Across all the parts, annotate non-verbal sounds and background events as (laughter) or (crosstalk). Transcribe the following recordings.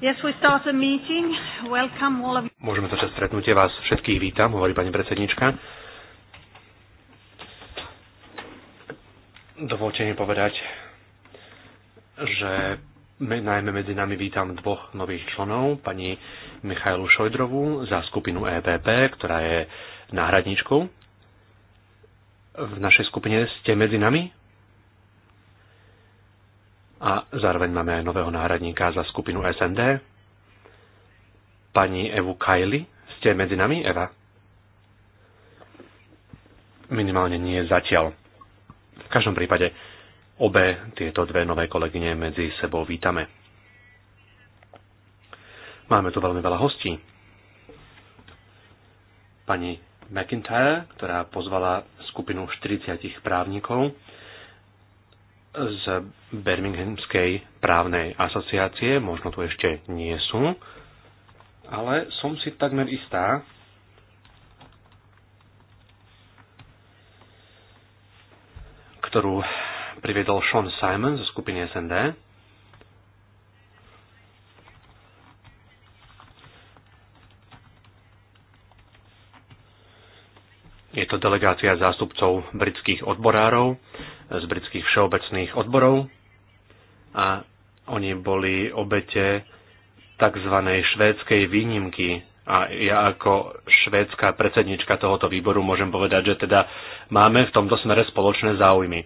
Yes, we start the meeting. Welcome all of you. Môžeme začať stretnutie. Vás všetkých vítam, hovorí pani predsednička. Dovolte mi povedať, že najmä medzi nami vítam dvoch nových členov, pani Michailu Šojdrovú za skupinu EPP, ktorá je náhradničkou. V našej skupine ste medzi nami? a zároveň máme aj nového náhradníka za skupinu SND. Pani Evu Kajli, ste medzi nami, Eva? Minimálne nie zatiaľ. V každom prípade obe tieto dve nové kolegyne medzi sebou vítame. Máme tu veľmi veľa hostí. Pani McIntyre, ktorá pozvala skupinu 40 právnikov, z Birminghamskej právnej asociácie, možno tu ešte nie sú, ale som si takmer istá, ktorú priviedol Sean Simon zo skupiny SND, Je to delegácia zástupcov britských odborárov z britských všeobecných odborov a oni boli obete tzv. švédskej výnimky a ja ako švédska predsednička tohoto výboru môžem povedať, že teda máme v tomto smere spoločné záujmy.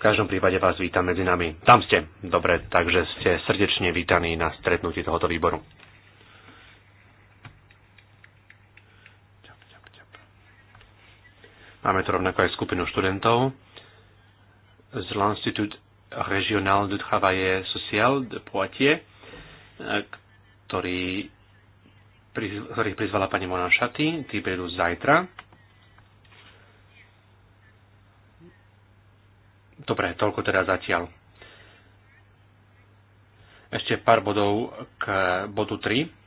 V každom prípade vás vítam medzi nami. Tam ste. Dobre, takže ste srdečne vítaní na stretnutí tohoto výboru. Máme tu rovnako aj skupinu študentov z l'Institut Regional du Travail Social de Poitiers, ktorý, ktorých prizvala pani Mona Šaty. Tí prídu zajtra. Dobre, toľko teda zatiaľ. Ešte pár bodov k bodu 3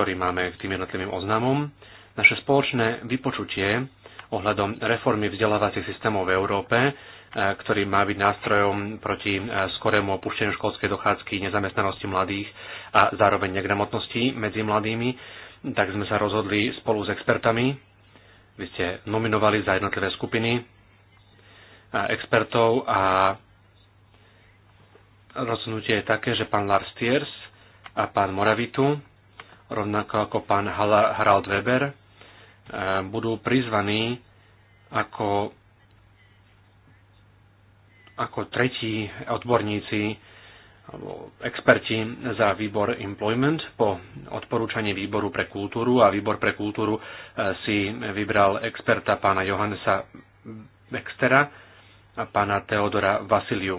ktorý máme k tým jednotlivým oznamom. Naše spoločné vypočutie ohľadom reformy vzdelávacích systémov v Európe, e, ktorý má byť nástrojom proti e, skorému opušteniu školskej dochádzky, nezamestnanosti mladých a zároveň negramotnosti medzi mladými, tak sme sa rozhodli spolu s expertami. Vy ste nominovali za jednotlivé skupiny e, expertov a rozhodnutie je také, že pán Lars Tiers a pán Moravitu rovnako ako pán Harald Weber, e, budú prizvaní ako, ako tretí odborníci alebo experti za výbor Employment po odporúčaní výboru pre kultúru a výbor pre kultúru e, si vybral experta pána Johannesa Bextera a pána Teodora Vasiliu.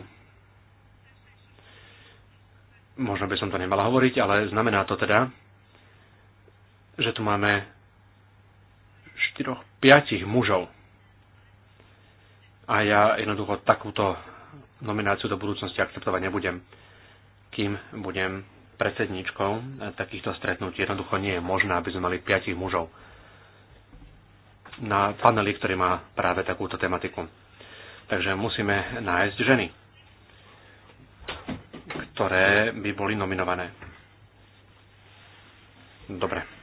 Možno by som to nemala hovoriť, ale znamená to teda, že tu máme štyroch, piatich mužov. A ja jednoducho takúto nomináciu do budúcnosti akceptovať nebudem. Kým budem predsedníčkou takýchto stretnutí, jednoducho nie je možné, aby sme mali piatich mužov na paneli, ktorý má práve takúto tematiku. Takže musíme nájsť ženy, ktoré by boli nominované. Dobre.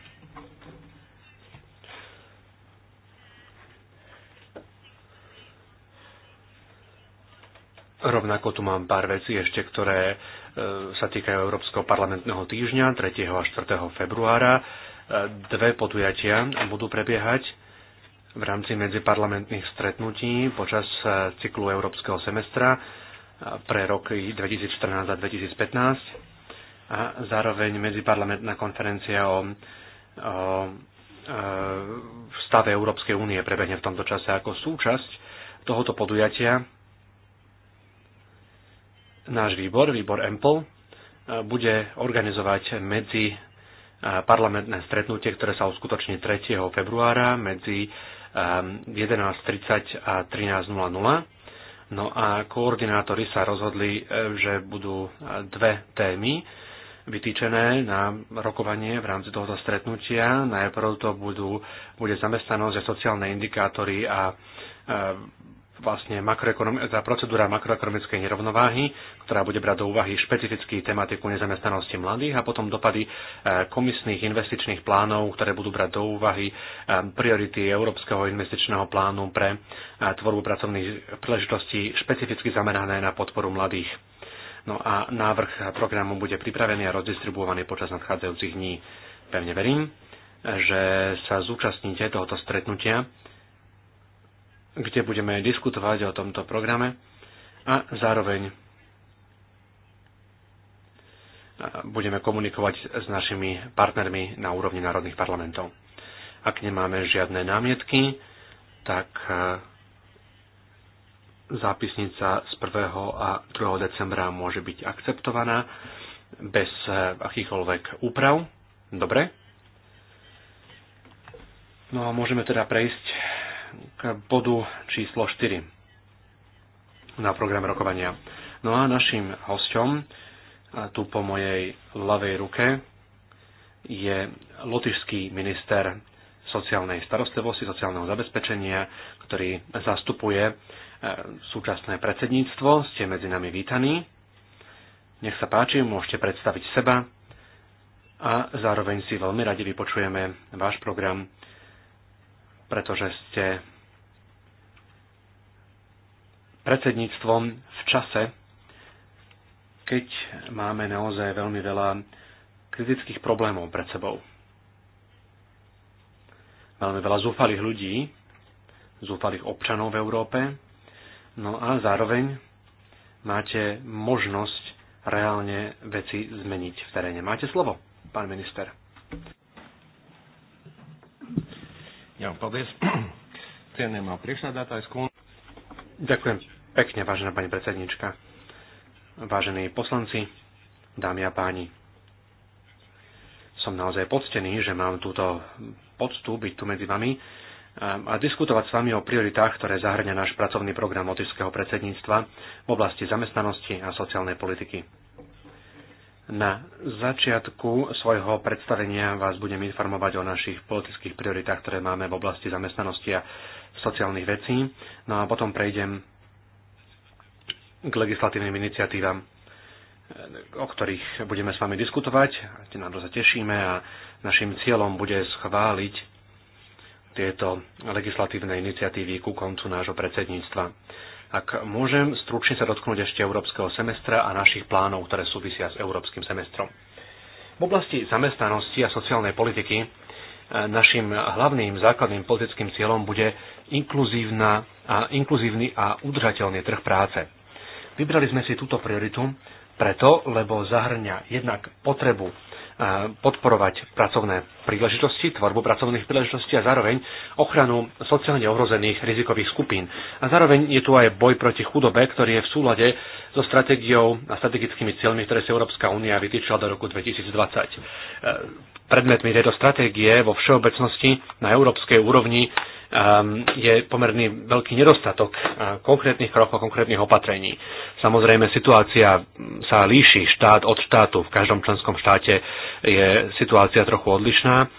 Rovnako tu mám pár vecí ešte, ktoré e, sa týkajú Európskeho parlamentného týždňa 3. a 4. februára. E, dve podujatia budú prebiehať v rámci medziparlamentných stretnutí počas e, cyklu Európskeho semestra pre roky 2014 a 2015 a zároveň medziparlamentná konferencia o, o v stave Európskej únie prebehne v tomto čase ako súčasť tohoto podujatia náš výbor, výbor EMPL, e, bude organizovať medzi e, parlamentné stretnutie, ktoré sa uskutoční 3. februára medzi 11.30 e, a 13.00. No a koordinátori sa rozhodli, že budú dve témy vytýčené na rokovanie v rámci tohoto stretnutia. Najprv to budú, bude zamestnanosť a sociálne indikátory a vlastne tá procedúra makroekonomickej nerovnováhy, ktorá bude brať do úvahy špecifický tematiku nezamestnanosti mladých a potom dopady eh, komisných investičných plánov, ktoré budú brať do úvahy eh, priority Európskeho investičného plánu pre eh, tvorbu pracovných príležitostí špecificky zamerané na podporu mladých. No a návrh programu bude pripravený a rozdistribuovaný počas nadchádzajúcich dní. Pevne verím, že sa zúčastníte tohoto stretnutia kde budeme diskutovať o tomto programe a zároveň budeme komunikovať s našimi partnermi na úrovni národných parlamentov. Ak nemáme žiadne námietky, tak e, zápisnica z 1. a 2. decembra môže byť akceptovaná bez e, akýchkoľvek úprav. Dobre? No a môžeme teda prejsť k bodu číslo 4 na program rokovania. No a našim hosťom tu po mojej ľavej ruke je lotišský minister sociálnej starostlivosti, sociálneho zabezpečenia, ktorý zastupuje e, súčasné predsedníctvo. Ste medzi nami vítaní. Nech sa páči, môžete predstaviť seba a zároveň si veľmi radi vypočujeme váš program pretože ste predsedníctvom v čase, keď máme naozaj veľmi veľa kritických problémov pred sebou. Veľmi veľa zúfalých ľudí, zúfalých občanov v Európe, no a zároveň máte možnosť reálne veci zmeniť v teréne. Máte slovo, pán minister. Jā, (clears throat) prišla Cienījumā aj kundze. Ďakujem pekne, vážená pani predsednička, vážení poslanci, dámy a páni. Som naozaj poctený, že mám túto poctu byť tu medzi vami ehm, a diskutovať s vami o prioritách, ktoré zahrňa náš pracovný program Lotyšského predsedníctva v oblasti zamestnanosti a sociálnej politiky. Na začiatku svojho predstavenia vás budem informovať o našich politických prioritách, ktoré máme v oblasti zamestnanosti a sociálnych vecí. No a potom prejdem k legislatívnym iniciatívam, o ktorých budeme s vami diskutovať. Na to sa tešíme a našim cieľom bude schváliť tieto legislatívne iniciatívy ku koncu nášho predsedníctva. Ak môžem, stručne sa dotknúť ešte európskeho semestra a našich plánov, ktoré súvisia s európskym semestrom. V oblasti zamestnanosti a sociálnej politiky e, našim hlavným základným politickým cieľom bude inkluzívna a, inkluzívny a udržateľný trh práce. Vybrali sme si túto prioritu preto, lebo zahrňa jednak potrebu podporovať pracovné príležitosti, tvorbu pracovných príležitostí a zároveň ochranu sociálne ohrozených rizikových skupín. A zároveň je tu aj boj proti chudobe, ktorý je v súlade so stratégiou a strategickými cieľmi, ktoré si Európska únia vytýčila do roku 2020. E, predmetmi tejto stratégie vo všeobecnosti na európskej úrovni Ehm, je pomerný veľký nedostatok konkrétnych krokov, konkrétnych opatrení. Samozrejme, situácia sa líši štát od štátu. V každom členskom štáte je situácia trochu odlišná.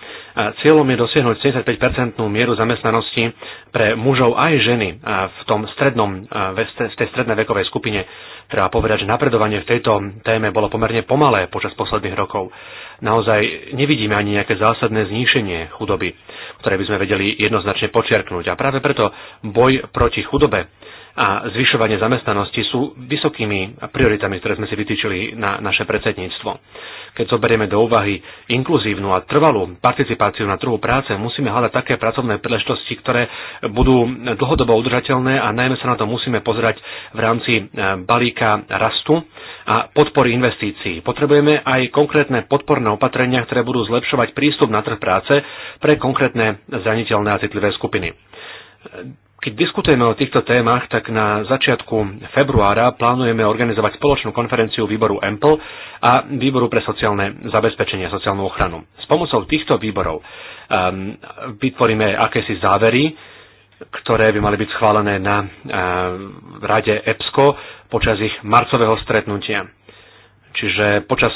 Cieľom je dosiahnuť 75-percentnú mieru zamestnanosti pre mužov aj ženy v tom strednom, v tej strednej vekovej skupine. Treba povedať, že napredovanie v tejto téme bolo pomerne pomalé počas posledných rokov naozaj nevidíme ani nejaké zásadné zníšenie chudoby, ktoré by sme vedeli jednoznačne počiarknúť. A práve preto boj proti chudobe a zvyšovanie zamestnanosti sú vysokými prioritami, ktoré sme si vytýčili na naše predsedníctvo. Keď zoberieme do úvahy inkluzívnu a trvalú participáciu na trhu práce, musíme hľadať také pracovné príležitosti, ktoré budú dlhodobo udržateľné a najmä sa na to musíme pozerať v rámci e, balíka rastu a podpory investícií. Potrebujeme aj konkrétne podporné opatrenia, ktoré budú zlepšovať prístup na trh práce pre konkrétne zraniteľné a citlivé skupiny keď diskutujeme o týchto témach, tak na začiatku februára plánujeme organizovať spoločnú konferenciu výboru EMPL a výboru pre sociálne zabezpečenie, a sociálnu ochranu. S pomocou týchto výborov um, vytvoríme akési závery, ktoré by mali byť schválené na uh, rade EPSCO počas ich marcového stretnutia. Čiže počas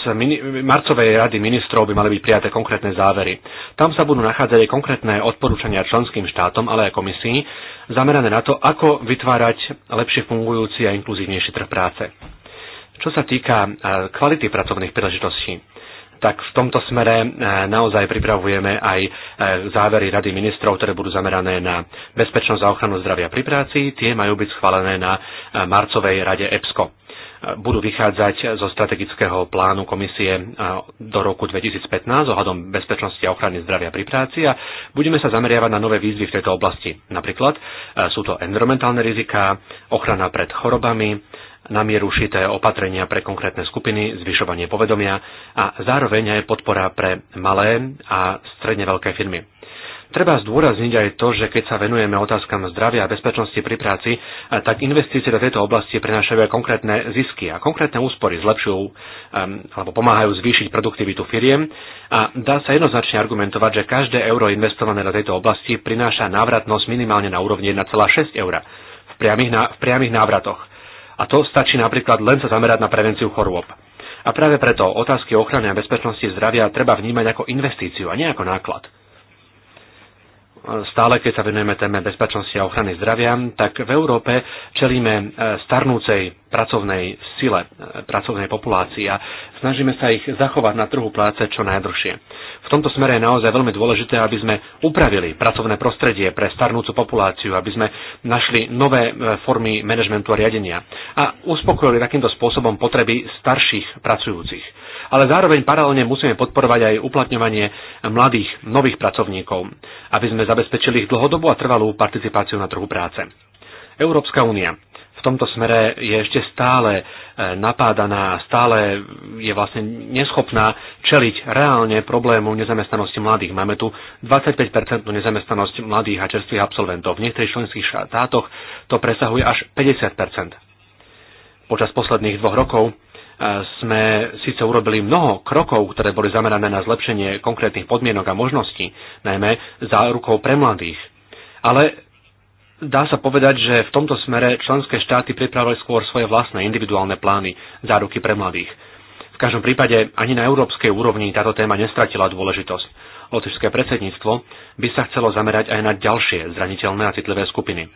marcovej rady ministrov by mali byť prijaté konkrétne závery. Tam sa budú nachádzať aj konkrétne odporúčania členským štátom, ale aj komisii, zamerané na to, ako vytvárať lepšie fungujúci a inkluzívnejší trh práce. Čo sa týka e, kvality pracovných príležitostí, tak v tomto smere e, naozaj pripravujeme aj e, závery Rady ministrov, ktoré budú zamerané na bezpečnosť a ochranu zdravia pri práci. Tie majú byť schválené na marcovej rade EPSCO budú vychádzať zo strategického plánu komisie do roku 2015 ohľadom bezpečnosti a ochrany zdravia pri práci a budeme sa zameriavať na nové výzvy v tejto oblasti. Napríklad sú to environmentálne riziká, ochrana pred chorobami, na mieru šité opatrenia pre konkrétne skupiny, zvyšovanie povedomia a zároveň aj podpora pre malé a stredne veľké firmy. Treba zdôrazniť aj to, že keď sa venujeme otázkam zdravia a bezpečnosti pri práci, tak investície do tejto oblasti prinášajú aj konkrétne zisky a konkrétne úspory zlepšujú um, alebo pomáhajú zvýšiť produktivitu firiem a dá sa jednoznačne argumentovať, že každé euro investované do tejto oblasti prináša návratnosť minimálne na úrovni 1,6 eur v priamých, v priamých návratoch. A to stačí napríklad len sa zamerať na prevenciu chorôb. A práve preto otázky ochrany a bezpečnosti zdravia treba vnímať ako investíciu a nie ako náklad stále keď sa venujeme téme bezpečnosti a ochrany zdravia, tak v Európe čelíme e, starnúcej pracovnej sile, e, pracovnej populácii a snažíme sa ich zachovať na trhu práce čo najdržšie. V tomto smere je naozaj veľmi dôležité, aby sme upravili pracovné prostredie pre starnúcu populáciu, aby sme našli nové e, formy manažmentu a riadenia a uspokojili takýmto spôsobom potreby starších pracujúcich ale zároveň paralelne musíme podporovať aj uplatňovanie mladých, nových pracovníkov, aby sme zabezpečili ich dlhodobú a trvalú participáciu na trhu práce. Európska únia v tomto smere je ešte stále e, napádaná, stále je vlastne neschopná čeliť reálne problému nezamestnanosti mladých. Máme tu 25% nezamestnanosť mladých a čerstvých absolventov. V niektorých členských štátoch to presahuje až 50%. Počas posledných dvoch rokov sme síce urobili mnoho krokov, ktoré boli zamerané na zlepšenie konkrétnych podmienok a možností, najmä za rukou pre mladých. Ale dá sa povedať, že v tomto smere členské štáty pripravili skôr svoje vlastné individuálne plány záruky pre mladých. V každom prípade ani na európskej úrovni táto téma nestratila dôležitosť. Lotyšské predsedníctvo by sa chcelo zamerať aj na ďalšie zraniteľné a citlivé skupiny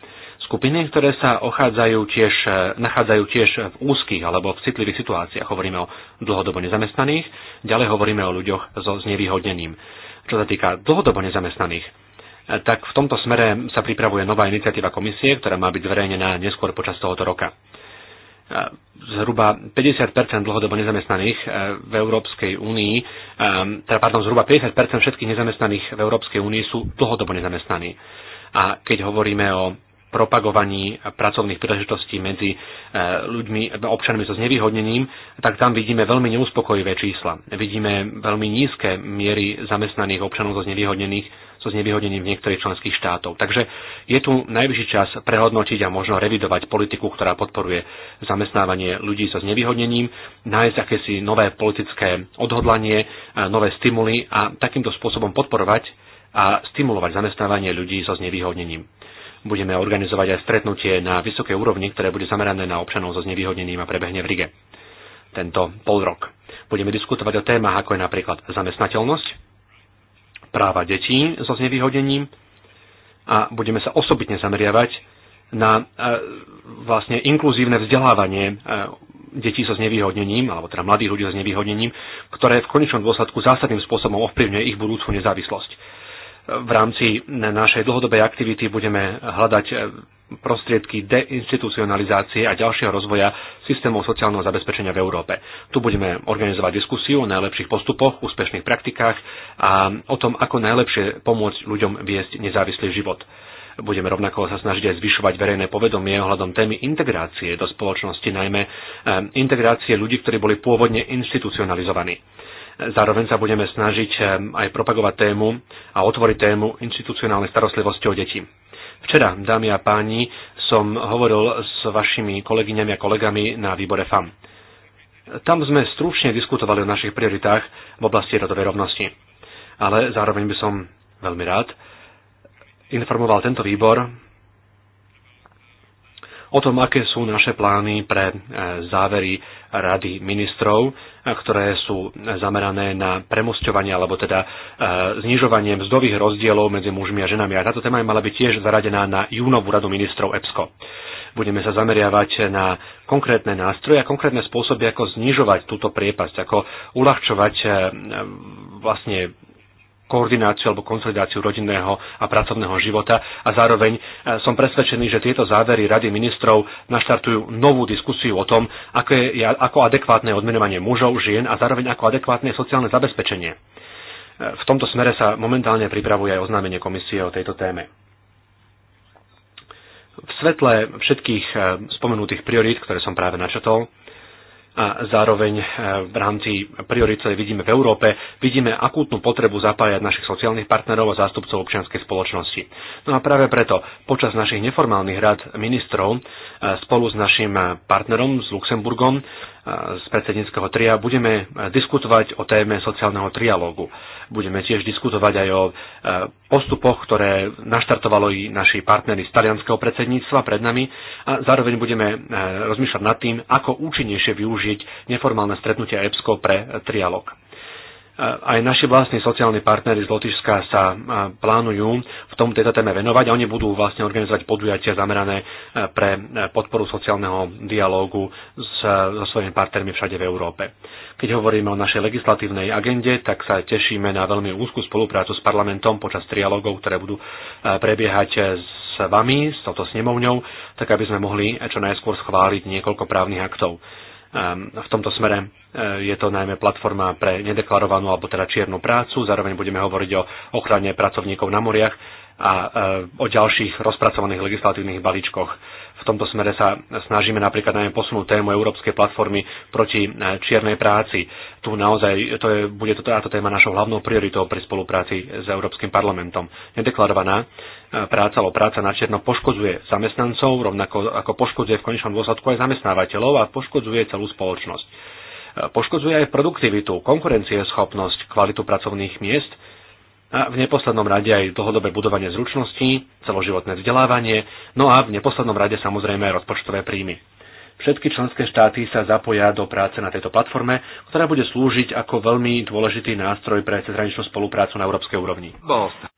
skupiny, ktoré sa ochádzajú tiež, e, nachádzajú tiež v úzkých alebo v citlivých situáciách. Hovoríme o dlhodobo nezamestnaných, ďalej hovoríme o ľuďoch so znevýhodnením. Čo sa týka dlhodobo nezamestnaných, e, tak v tomto smere sa pripravuje nová iniciatíva komisie, ktorá má byť zverejnená neskôr počas tohoto roka e, zhruba 50 dlhodobo nezamestnaných v Európskej únii, teda pardon, zhruba 50 všetkých nezamestnaných v Európskej únii sú dlhodobo nezamestnaní. A keď hovoríme o propagovaní pracovných príležitostí medzi e, ľuďmi, občanmi so znevýhodnením, tak tam vidíme veľmi neuspokojivé čísla. Vidíme veľmi nízke miery zamestnaných občanov so znevýhodnených so znevýhodnením v niektorých členských štátov. Takže je tu najvyšší čas prehodnotiť a možno revidovať politiku, ktorá podporuje zamestnávanie ľudí so znevýhodnením, nájsť akési nové politické odhodlanie, e, nové stimuly a takýmto spôsobom podporovať a stimulovať zamestnávanie ľudí so znevýhodnením budeme organizovať aj stretnutie na vysokej úrovni, ktoré bude zamerané na občanov so znevýhodneným a prebehne v Rige tento pol rok. Budeme diskutovať o témach, ako je napríklad zamestnateľnosť, práva detí so znevýhodením a budeme sa osobitne zameriavať na e, vlastne inkluzívne vzdelávanie e, detí so znevýhodnením, alebo teda mladých ľudí so znevýhodnením, ktoré v konečnom dôsledku zásadným spôsobom ovplyvňuje ich budúcu nezávislosť v rámci našej dlhodobej aktivity budeme hľadať eh, prostriedky deinstitucionalizácie a ďalšieho rozvoja systémov sociálneho zabezpečenia v Európe. Tu budeme organizovať diskusiu o najlepších postupoch, úspešných praktikách a o tom, ako najlepšie pomôcť ľuďom viesť nezávislý život. Budeme rovnako sa snažiť aj zvyšovať verejné povedomie ohľadom témy integrácie do spoločnosti, najmä eh, integrácie ľudí, ktorí boli pôvodne institucionalizovaní. Zároveň sa budeme snažiť eh, aj propagovať tému a otvoriť tému institucionálnej starostlivosti o deti. Včera, dámy a páni, som hovoril s vašimi kolegyňami a kolegami na výbore FAM. Tam sme stručne diskutovali o našich prioritách v oblasti rodovej rovnosti. Ale zároveň by som veľmi rád informoval tento výbor o tom, aké sú naše plány pre e, závery Rady ministrov, e, ktoré sú zamerané na premosťovanie alebo teda e, znižovanie mzdových rozdielov medzi mužmi a ženami. A táto téma je mala byť tiež zaradená na júnovú Radu ministrov EPSCO. Budeme sa zameriavať na konkrétne nástroje a konkrétne spôsoby, ako znižovať túto priepasť, ako uľahčovať vlastne koordináciu alebo konsolidáciu rodinného a pracovného života a zároveň e, som presvedčený, že tieto závery Rady ministrov naštartujú novú diskusiu o tom, ako, je, ako adekvátne odmenovanie mužov, žien a zároveň ako adekvátne sociálne zabezpečenie. E, v tomto smere sa momentálne pripravuje aj oznámenie komisie o tejto téme. V svetle všetkých e, spomenutých priorít, ktoré som práve načetol, a zároveň e, v rámci priorit, ktoré vidíme v Európe, vidíme akútnu potrebu zapájať našich sociálnych partnerov a zástupcov občianskej spoločnosti. No a práve preto počas našich neformálnych rád ministrov spolu s našim partnerom, z Luxemburgom, z predsedníckého tria, budeme diskutovať o téme sociálneho trialógu. Budeme tiež diskutovať aj o e, postupoch, ktoré naštartovalo i naši partnery z talianského predsedníctva pred nami a zároveň budeme e, rozmýšľať nad tým, ako účinnejšie využiť neformálne stretnutia EPSCO pre trialóg aj naši vlastní sociálni partnery z Lotyšska sa plánujú v tom tejto téme venovať a oni budú vlastne organizovať podujatia zamerané e, pre e, podporu sociálneho dialógu e, so svojimi partnermi všade v Európe. Keď hovoríme o našej legislatívnej agende, tak sa tešíme na veľmi úzkú spoluprácu s parlamentom počas trialógov, ktoré budú prebiehať s vami, s touto snemovňou, tak aby sme mohli čo najskôr schváliť niekoľko právnych aktov. Ehm, v tomto smere e, je to najmä platforma pre nedeklarovanú alebo teda čiernu prácu. Zároveň budeme hovoriť o ochrane pracovníkov na moriach a e, o ďalších rozpracovaných legislatívnych balíčkoch. V tomto smere sa snažíme napríklad najmä posunúť tému Európskej platformy proti e, čiernej práci. Tu naozaj to je, bude to, táto téma našou hlavnou prioritou pri spolupráci s Európskym parlamentom. Nedeklarovaná E, práca alebo práca na černo poškodzuje zamestnancov, rovnako ako poškodzuje v konečnom dôsledku aj zamestnávateľov a poškodzuje celú spoločnosť. E, poškodzuje aj produktivitu, konkurencieschopnosť, kvalitu pracovných miest a v neposlednom rade aj dlhodobé budovanie zručností, celoživotné vzdelávanie, no a v neposlednom rade samozrejme aj rozpočtové príjmy. Všetky členské štáty sa zapoja do práce na tejto platforme, ktorá bude slúžiť ako veľmi dôležitý nástroj pre cezhraničnú spoluprácu na európskej úrovni. Bosta.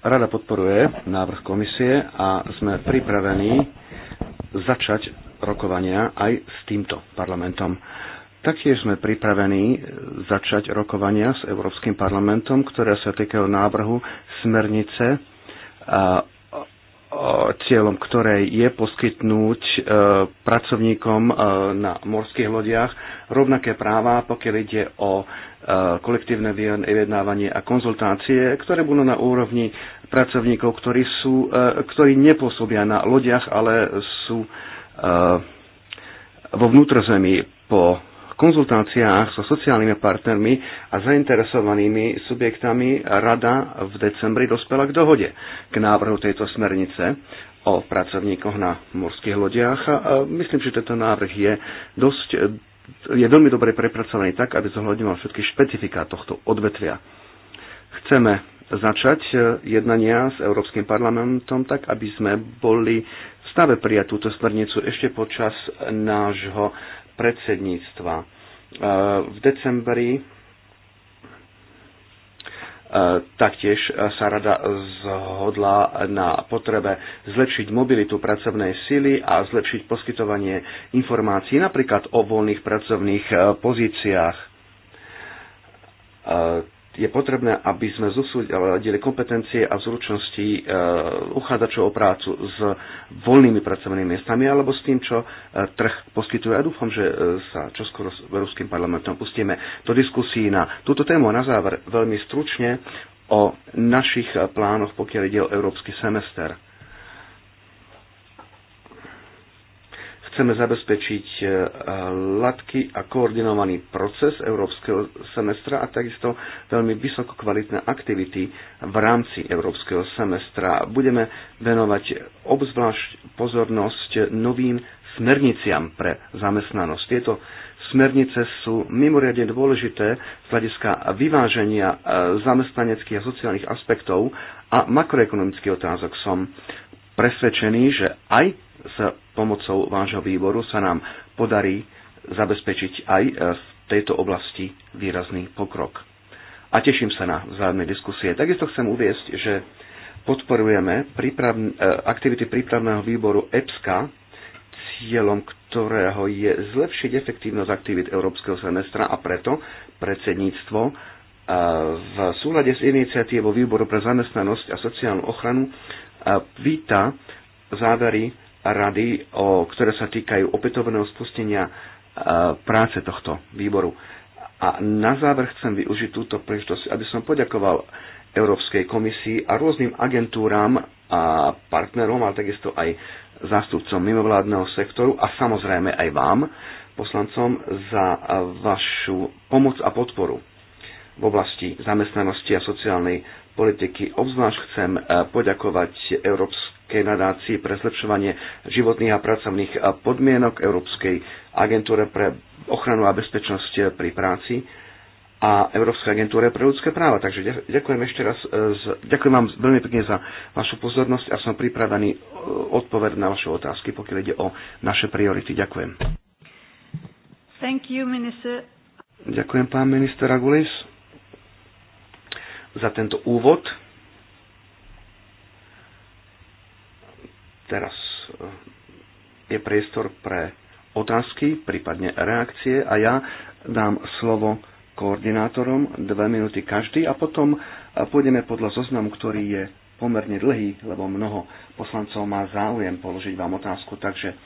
Rada podporuje návrh komisie a sme pripravení začať rokovania aj s týmto parlamentom. Taktiež sme pripravení začať rokovania s Európskym parlamentom, ktoré sa týkajú návrhu smernice, cieľom ktorej je poskytnúť e, pracovníkom e, na morských lodiach rovnaké práva, pokiaľ ide o kolektívne vyjednávanie a konzultácie, ktoré budú na úrovni pracovníkov, ktorí, sú, e, ktorí nepôsobia na lodiach, ale sú e, vo vnútrozemí po konzultáciách so sociálnymi partnermi a zainteresovanými subjektami rada v decembri dospela k dohode k návrhu tejto smernice o pracovníkoch na morských lodiach a myslím, že tento návrh je dosť je veľmi dobre prepracovaný tak, aby zohľadňoval všetky špecifika tohto odvetvia. Chceme začať e, jednania s Európskym parlamentom tak, aby sme boli v stave prijať túto smernicu ešte počas nášho predsedníctva. E, v decembri E, taktiež sa rada zhodla na potrebe zlepšiť mobilitu pracovnej sily a zlepšiť poskytovanie informácií napríklad o voľných pracovných e, pozíciách e, je potrebné, aby sme zosúdili kompetencie a zručnosti e, uchádzačov o prácu s voľnými pracovnými miestami alebo s tým, čo e, trh poskytuje. A dúfam, že e, sa čoskoro s Európskym parlamentom pustíme do diskusí na túto tému. A na záver veľmi stručne o našich plánoch, pokiaľ ide o Európsky semester chceme zabezpečiť e, ladký a koordinovaný proces európskeho semestra a takisto veľmi vysoko kvalitné aktivity v rámci európskeho semestra. Budeme venovať obzvlášť pozornosť novým smerniciam pre zamestnanosť. Tieto smernice sú mimoriadne dôležité z hľadiska vyváženia e, zamestnaneckých a sociálnych aspektov a makroekonomických otázok. Som presvedčený, že aj s pomocou vášho výboru sa nám podarí zabezpečiť aj e, v tejto oblasti výrazný pokrok. A teším sa na vzájomné diskusie. Takisto chcem uviesť, že podporujeme prípravn- e, aktivity prípravného výboru EPSKA, cieľom ktorého je zlepšiť efektívnosť aktivít Európskeho semestra a preto predsedníctvo e, v súlade s iniciatívou Výboru pre zamestnanosť a sociálnu ochranu víta závery rady, o, ktoré sa týkajú opätovného spustenia e, práce tohto výboru. A na záver chcem využiť túto príležitosť, aby som poďakoval Európskej komisii a rôznym agentúram a partnerom, ale takisto aj zástupcom mimovládneho sektoru a samozrejme aj vám, poslancom, za vašu pomoc a podporu v oblasti zamestnanosti a sociálnej politiky. Obzvlášť chcem e, poďakovať Európskej Európskej nadácii pre zlepšovanie životných a pracovných podmienok, Európskej agentúre pre ochranu a bezpečnosť pri práci a Európskej agentúre pre ľudské práva. Takže ďakujem ešte raz, e, ďakujem vám veľmi pekne za vašu pozornosť a som pripravený e, odpovedať na vaše otázky, pokiaľ ide o naše priority. Ďakujem. Thank you, minister. Ďakujem, pán minister Agulis, za tento úvod. Teraz eh, je priestor pre otázky, prípadne reakcie a ja dám slovo koordinátorom, dve minúty každý a potom eh, pôjdeme podľa zoznamu, ktorý je pomerne dlhý, lebo mnoho poslancov má záujem položiť vám otázku, takže eh,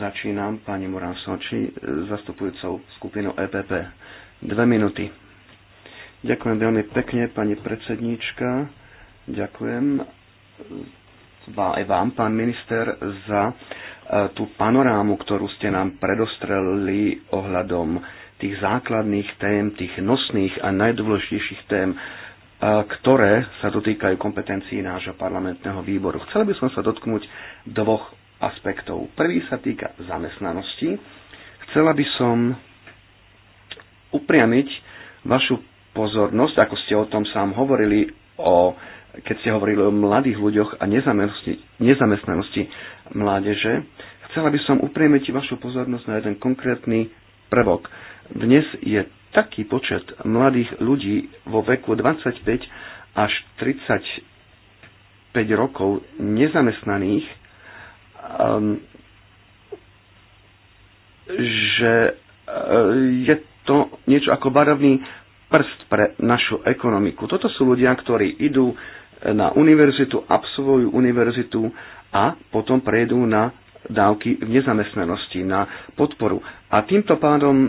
začínam pani Morán Soči, zastupujúcou skupinu EPP. Dve minúty. Ďakujem veľmi pekne, pani predsedníčka. Ďakujem aj vám, pán minister, za e, tú panorámu, ktorú ste nám predostreli ohľadom tých základných tém, tých nosných a najdôležitejších tém, e, ktoré sa dotýkajú kompetencií nášho parlamentného výboru. Chcel by som sa dotknúť dvoch aspektov. Prvý sa týka zamestnanosti. Chcela by som upriamiť vašu pozornosť, ako ste o tom sám hovorili, o keď ste hovorili o mladých ľuďoch a nezamestnanosti, nezamestnanosti mládeže, chcela by som upriemiť vašu pozornosť na jeden konkrétny prvok. Dnes je taký počet mladých ľudí vo veku 25 až 35 rokov nezamestnaných, ehm, že eh, je to niečo ako barovný prst pre našu ekonomiku. Toto sú ľudia, ktorí idú na univerzitu, absolvujú univerzitu a potom prejdú na dávky v nezamestnanosti, na podporu. A týmto pádom e,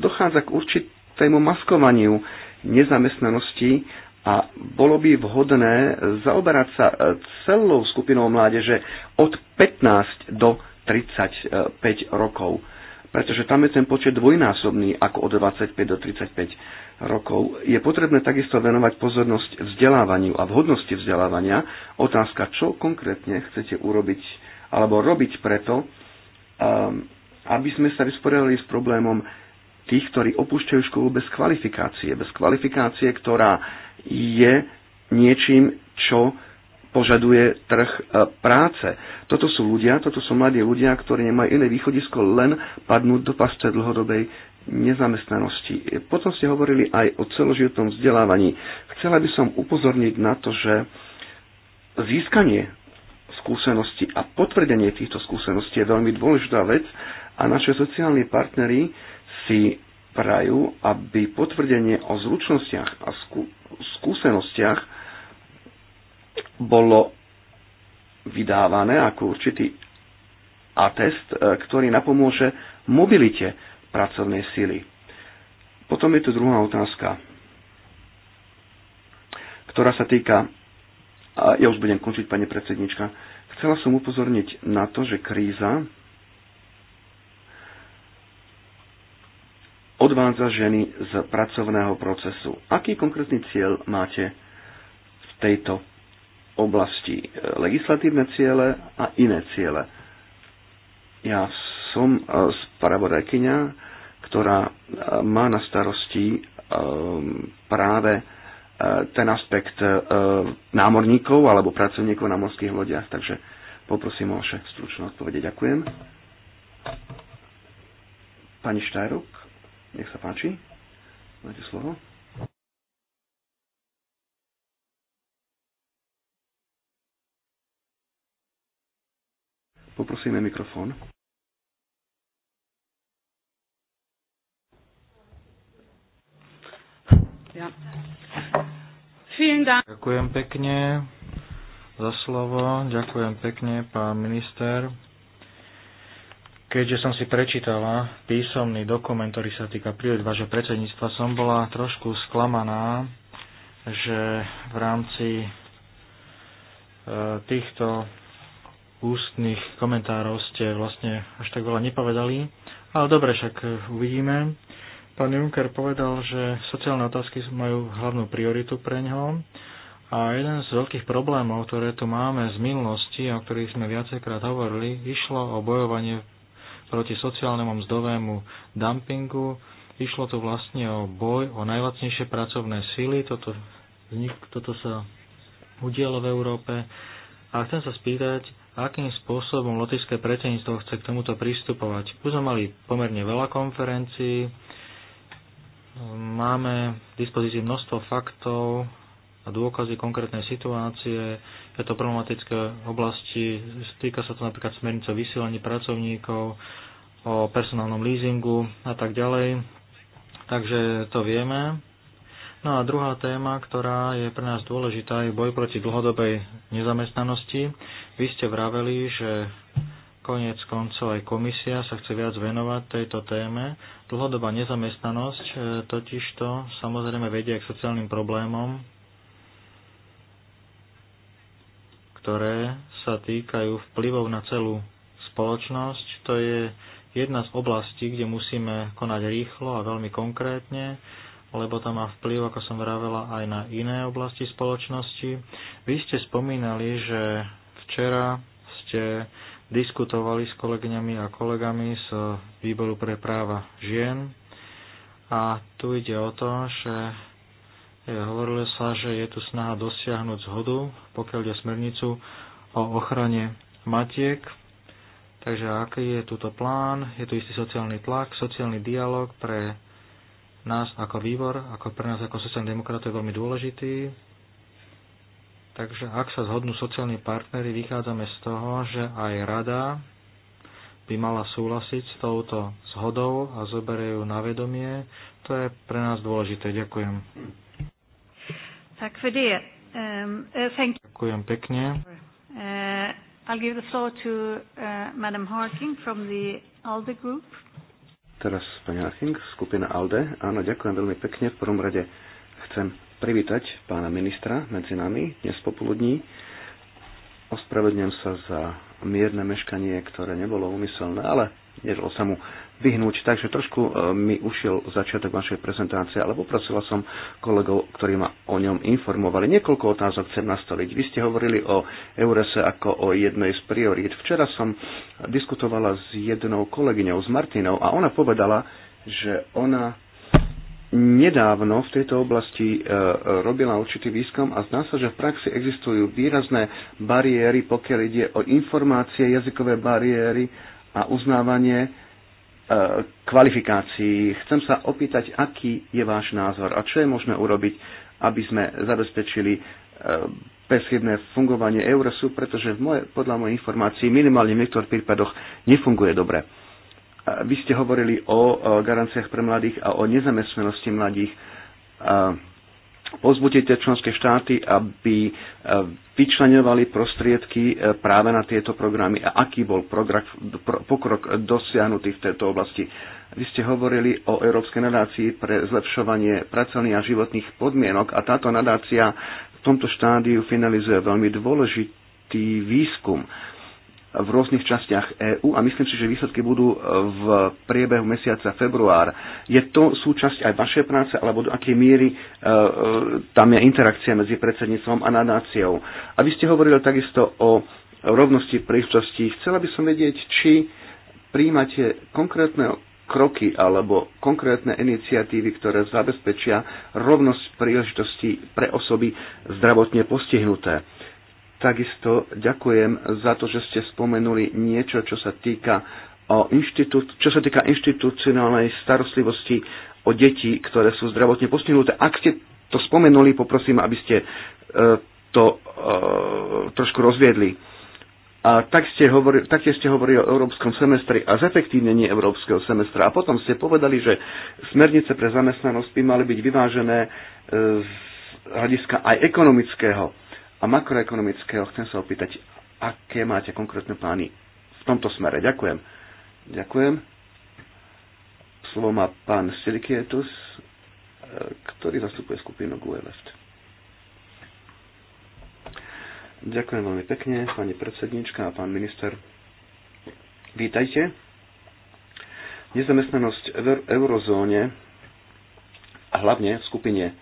dochádza k určitému maskovaniu nezamestnanosti a bolo by vhodné zaoberať sa e, celou skupinou mládeže od 15 do 35 rokov, pretože tam je ten počet dvojnásobný ako od 25 do 35 rokov, je potrebné takisto venovať pozornosť vzdelávaniu a vhodnosti vzdelávania. Otázka, čo konkrétne chcete urobiť alebo robiť preto, um, aby sme sa vysporiadali s problémom tých, ktorí opúšťajú školu bez kvalifikácie. Bez kvalifikácie, ktorá je niečím, čo požaduje trh e, práce. Toto sú ľudia, toto sú mladí ľudia, ktorí nemajú iné východisko, len padnúť do pasce dlhodobej nezamestnanosti. Potom ste hovorili aj o celoživotnom vzdelávaní. Chcela by som upozorniť na to, že získanie skúsenosti a potvrdenie týchto skúseností je veľmi dôležitá vec a naše sociálni partnery si prajú, aby potvrdenie o zručnostiach a skú, skúsenostiach bolo vydávané ako určitý atest, e, ktorý napomôže mobilite pracovnej sily. Potom je tu druhá otázka, ktorá sa týka, a ja už budem končiť, pani predsednička, chcela som upozorniť na to, že kríza odvádza ženy z pracovného procesu. Aký konkrétny cieľ máte v tejto oblasti? Legislatívne ciele a iné ciele. Ja som eh, spravodajkyňa ktorá e, má na starosti e, práve e, ten aspekt námorníkov alebo pracovníkov na morských lodiach. Takže poprosím o vaše stručné odpovede. Ďakujem. Pani Štajruk, nech sa páči. Máte slovo. Poprosíme mikrofón. Ja. Ďakujem pekne za slovo. Ďakujem pekne, pán minister. Keďže som si prečítala písomný dokument, ktorý sa týka prírod vášho predsedníctva, som bola trošku sklamaná, že v rámci e, týchto ústnych komentárov ste vlastne až tak veľa nepovedali. Ale dobre, však uvidíme. Pán Juncker povedal, že sociálne otázky majú hlavnú prioritu pre ňoho a jeden z veľkých problémov, ktoré tu máme z minulosti, o ktorých sme viacejkrát hovorili, išlo o bojovanie proti sociálnemu mzdovému dumpingu, išlo tu vlastne o boj o najlacnejšie pracovné síly, toto, toto sa udialo v Európe a chcem sa spýtať, akým spôsobom lotické predsedníctvo chce k tomuto pristupovať. Už sme mali pomerne veľa konferencií, Máme v dispozícii množstvo faktov a dôkazy konkrétnej situácie. Je to problematické oblasti, týka sa to napríklad smernice o vysielaní pracovníkov, o personálnom leasingu a tak ďalej. Takže to vieme. No a druhá téma, ktorá je pre nás dôležitá, je boj proti dlhodobej nezamestnanosti. Vy ste vraveli, že Konec koncov aj komisia sa chce viac venovať tejto téme. Dlhodobá nezamestnanosť e, totižto samozrejme vedie k sociálnym problémom, ktoré sa týkajú vplyvov na celú spoločnosť. To je jedna z oblastí, kde musíme konať rýchlo a veľmi konkrétne, lebo to má vplyv, ako som vravela, aj na iné oblasti spoločnosti. Vy ste spomínali, že včera ste diskutovali s kolegyňami a kolegami z Výboru pre práva žien. A tu ide o to, že hovorilo sa, že je tu snaha dosiahnuť zhodu, pokiaľ ide smernicu o ochrane matiek. Takže aký je tuto plán? Je tu istý sociálny tlak, sociálny dialog pre nás ako výbor, ako pre nás ako sociálny demokrat je veľmi dôležitý Takže ak sa zhodnú sociálni partnery, vychádzame z toho, že aj rada by mala súhlasiť s touto zhodou a zoberie ju na vedomie. To je pre nás dôležité. Ďakujem. Ehm, eh, ďakujem pekne. Eh, I'll give the floor to uh, Madam Harking from the ALDE group. Teraz pani Harking, skupina ALDE. Áno, ďakujem veľmi pekne. V prvom rade chcem privítať pána ministra medzi nami dnes popoludní. Ospravedlňujem sa za mierne meškanie, ktoré nebolo úmyselné, ale nedalo sa mu vyhnúť, takže trošku e, mi ušiel začiatok vašej prezentácie, ale poprosila som kolegov, ktorí ma o ňom informovali. Niekoľko otázok chcem nastaviť. Vy ste hovorili o Eurese ako o jednej z priorít. Včera som diskutovala s jednou kolegyňou, s Martinou, a ona povedala, že ona nedávno v tejto oblasti e, robila určitý výskum a zdá sa, že v praxi existujú výrazné bariéry, pokiaľ ide o informácie, jazykové bariéry a uznávanie e, kvalifikácií. Chcem sa opýtať, aký je váš názor a čo je možné urobiť, aby sme zabezpečili e, bezchybné fungovanie Eurosu, pretože v moje, podľa mojich informácií minimálne v niektorých prípadoch nefunguje dobre. Vy ste hovorili o garanciách pre mladých a o nezamestnanosti mladých. Pozbudite členské štáty, aby e, vyčlenovali prostriedky e, práve na tieto programy a aký bol program, pokrok dosiahnutý v tejto oblasti. Vy ste hovorili o Európskej nadácii pre zlepšovanie pracovných a životných podmienok a táto nadácia v tomto štádiu finalizuje veľmi dôležitý výskum v rôznych častiach EÚ a myslím si, že výsledky budú e, v priebehu mesiaca február. Je to súčasť aj vašej práce, alebo do akej miery e, e, tam je interakcia medzi predsedníctvom a nadáciou? A vy ste hovorili takisto o rovnosti príležitosti, Chcela by som vedieť, či príjmate konkrétne kroky alebo konkrétne iniciatívy, ktoré zabezpečia rovnosť príležitostí pre osoby zdravotne postihnuté. Takisto ďakujem za to, že ste spomenuli niečo, čo sa týka, o inštitút, čo sa týka inštitucionálnej starostlivosti o deti, ktoré sú zdravotne postihnuté. Ak ste to spomenuli, poprosím, aby ste e, to e, trošku rozviedli. A tak ste hovorili, taktiež ste hovorili o európskom semestri a zefektívnení európskeho semestra. A potom ste povedali, že smernice pre zamestnanosť by mali byť vyvážené e, z hľadiska aj ekonomického a makroekonomického chcem sa opýtať, aké máte konkrétne plány v tomto smere. Ďakujem. Ďakujem. Slovo má pán Silikietus, e, ktorý zastupuje skupinu Guelest. Ďakujem veľmi pekne, pani predsednička a pán minister. Vítajte. Nezamestnanosť v eurozóne a hlavne v skupine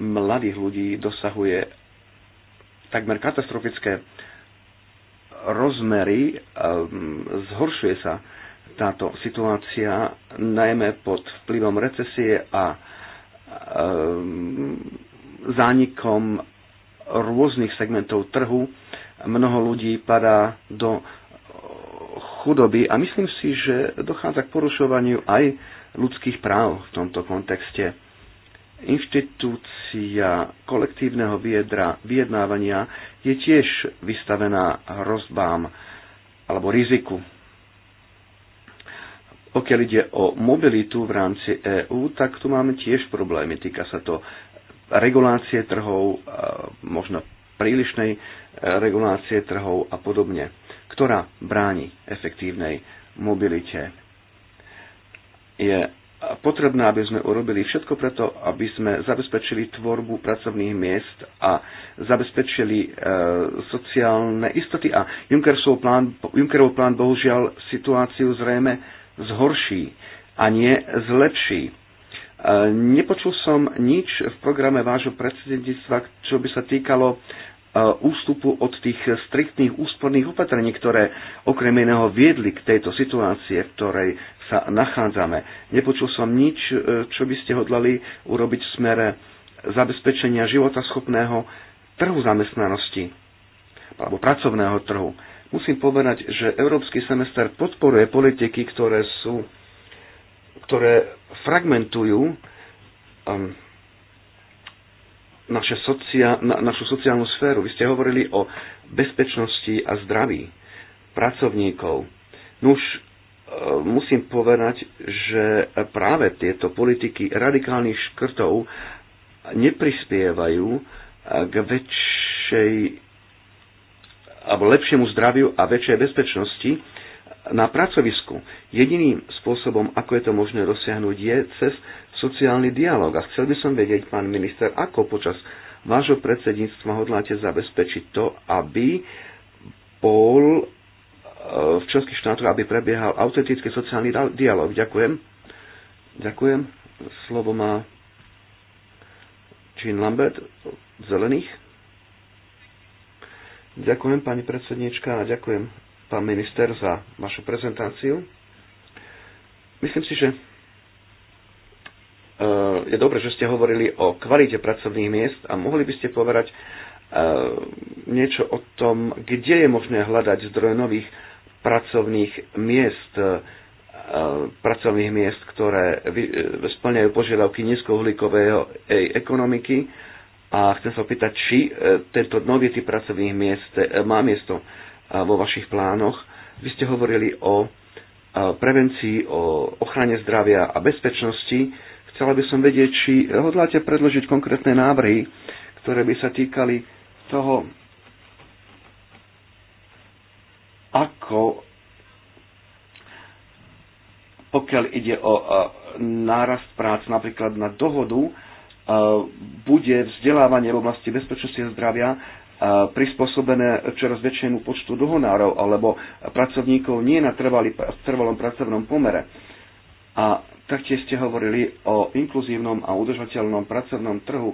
mladých ľudí dosahuje takmer katastrofické rozmery, e, zhoršuje sa táto situácia, najmä pod vplyvom recesie a e, zánikom rôznych segmentov trhu. Mnoho ľudí padá do chudoby a myslím si, že dochádza k porušovaniu aj ľudských práv v tomto kontexte inštitúcia kolektívneho viedra, vyjednávania je tiež vystavená hrozbám alebo riziku. Pokiaľ ide o mobilitu v rámci EÚ, tak tu máme tiež problémy. Týka sa to regulácie trhov, e, možno prílišnej e, regulácie trhov a podobne, ktorá bráni efektívnej mobilite. Je potrebné, aby sme urobili všetko preto, aby sme zabezpečili tvorbu pracovných miest a zabezpečili e, sociálne istoty. A Junckerov plán, Junckerov plán bohužiaľ situáciu zrejme zhorší a nie zlepší. E, nepočul som nič v programe vášho predsedníctva, čo by sa týkalo ústupu od tých striktných úsporných opatrení, ktoré okrem iného viedli k tejto situácie, v ktorej sa nachádzame. Nepočul som nič, e, čo by ste hodlali urobiť v smere zabezpečenia schopného trhu zamestnanosti alebo pracovného trhu. Musím povedať, že Európsky semester podporuje politiky, ktoré sú ktoré fragmentujú um, naša socia, na, našu sociálnu sféru. Vy ste hovorili o bezpečnosti a zdraví pracovníkov. Nuž, e, musím povedať, že práve tieto politiky radikálnych škrtov neprispievajú e, k väčšej alebo lepšiemu zdraviu a väčšej bezpečnosti na pracovisku. Jediným spôsobom, ako je to možné dosiahnuť, je cez sociálny dialog. A chcel by som vedieť, pán minister, ako počas vášho predsedníctva hodláte zabezpečiť to, aby bol e, v členských štátoch, aby prebiehal autentický sociálny dialog. Ďakujem. Ďakujem. Slovo má Jean Lambert, Zelených. Ďakujem, pani predsednička, a ďakujem, pán minister, za vašu prezentáciu. Myslím si, že Eh, je dobre, že ste hovorili o kvalite pracovných miest a mohli by ste povedať eh, niečo o tom, kde je možné hľadať zdroje nových pracovných miest, eh, pracovných miest, ktoré splňajú požiadavky nízkouhlíkovej ekonomiky. A chcem sa opýtať, či tento nový typ pracovných miest má miesto vo vašich plánoch. Vy ste hovorili o prevencii, o ochrane zdravia a bezpečnosti Chcela by som vedieť, či hodláte predložiť konkrétne návrhy, ktoré by sa týkali toho, ako pokiaľ ide o nárast prác napríklad na dohodu, bude vzdelávanie v oblasti bezpečnosti a zdravia prispôsobené čoraz väčšiemu počtu dohonárov alebo pracovníkov nie na trvalý, trvalom pracovnom pomere a taktiež ste hovorili o inkluzívnom a udržateľnom pracovnom trhu.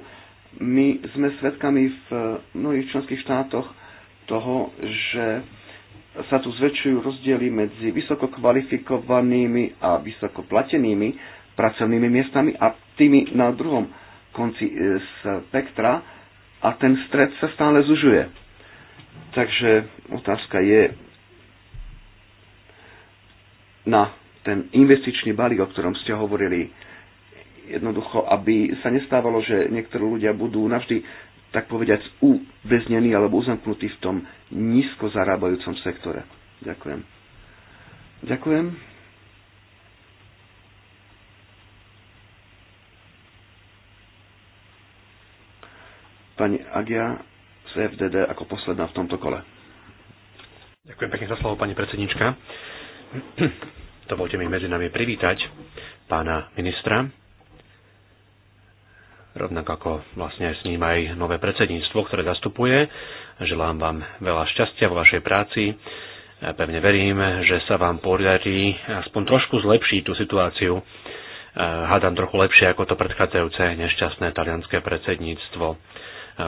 My sme svedkami v mnohých členských štátoch toho, že sa tu zväčšujú rozdiely medzi vysoko kvalifikovanými a vysoko platenými pracovnými miestami a tými na druhom konci e, spektra a ten stred sa stále zužuje. Takže otázka je na ten investičný balík, o ktorom ste hovorili, jednoducho, aby sa nestávalo, že niektorí ľudia budú navždy, tak povediať, uväznení alebo uzamknutí v tom nízko zarábajúcom sektore. Ďakujem. Ďakujem. Pani Agia z FDD ako posledná v tomto kole. Ďakujem pekne za slovo, pani predsednička dovolte mi medzi nami privítať pána ministra, rovnako ako vlastne s ním aj nové predsedníctvo, ktoré zastupuje. Želám vám veľa šťastia vo vašej práci. Pevne verím, že sa vám podarí aspoň trošku zlepšiť tú situáciu. Hádam trochu lepšie ako to predchádzajúce nešťastné talianské predsedníctvo.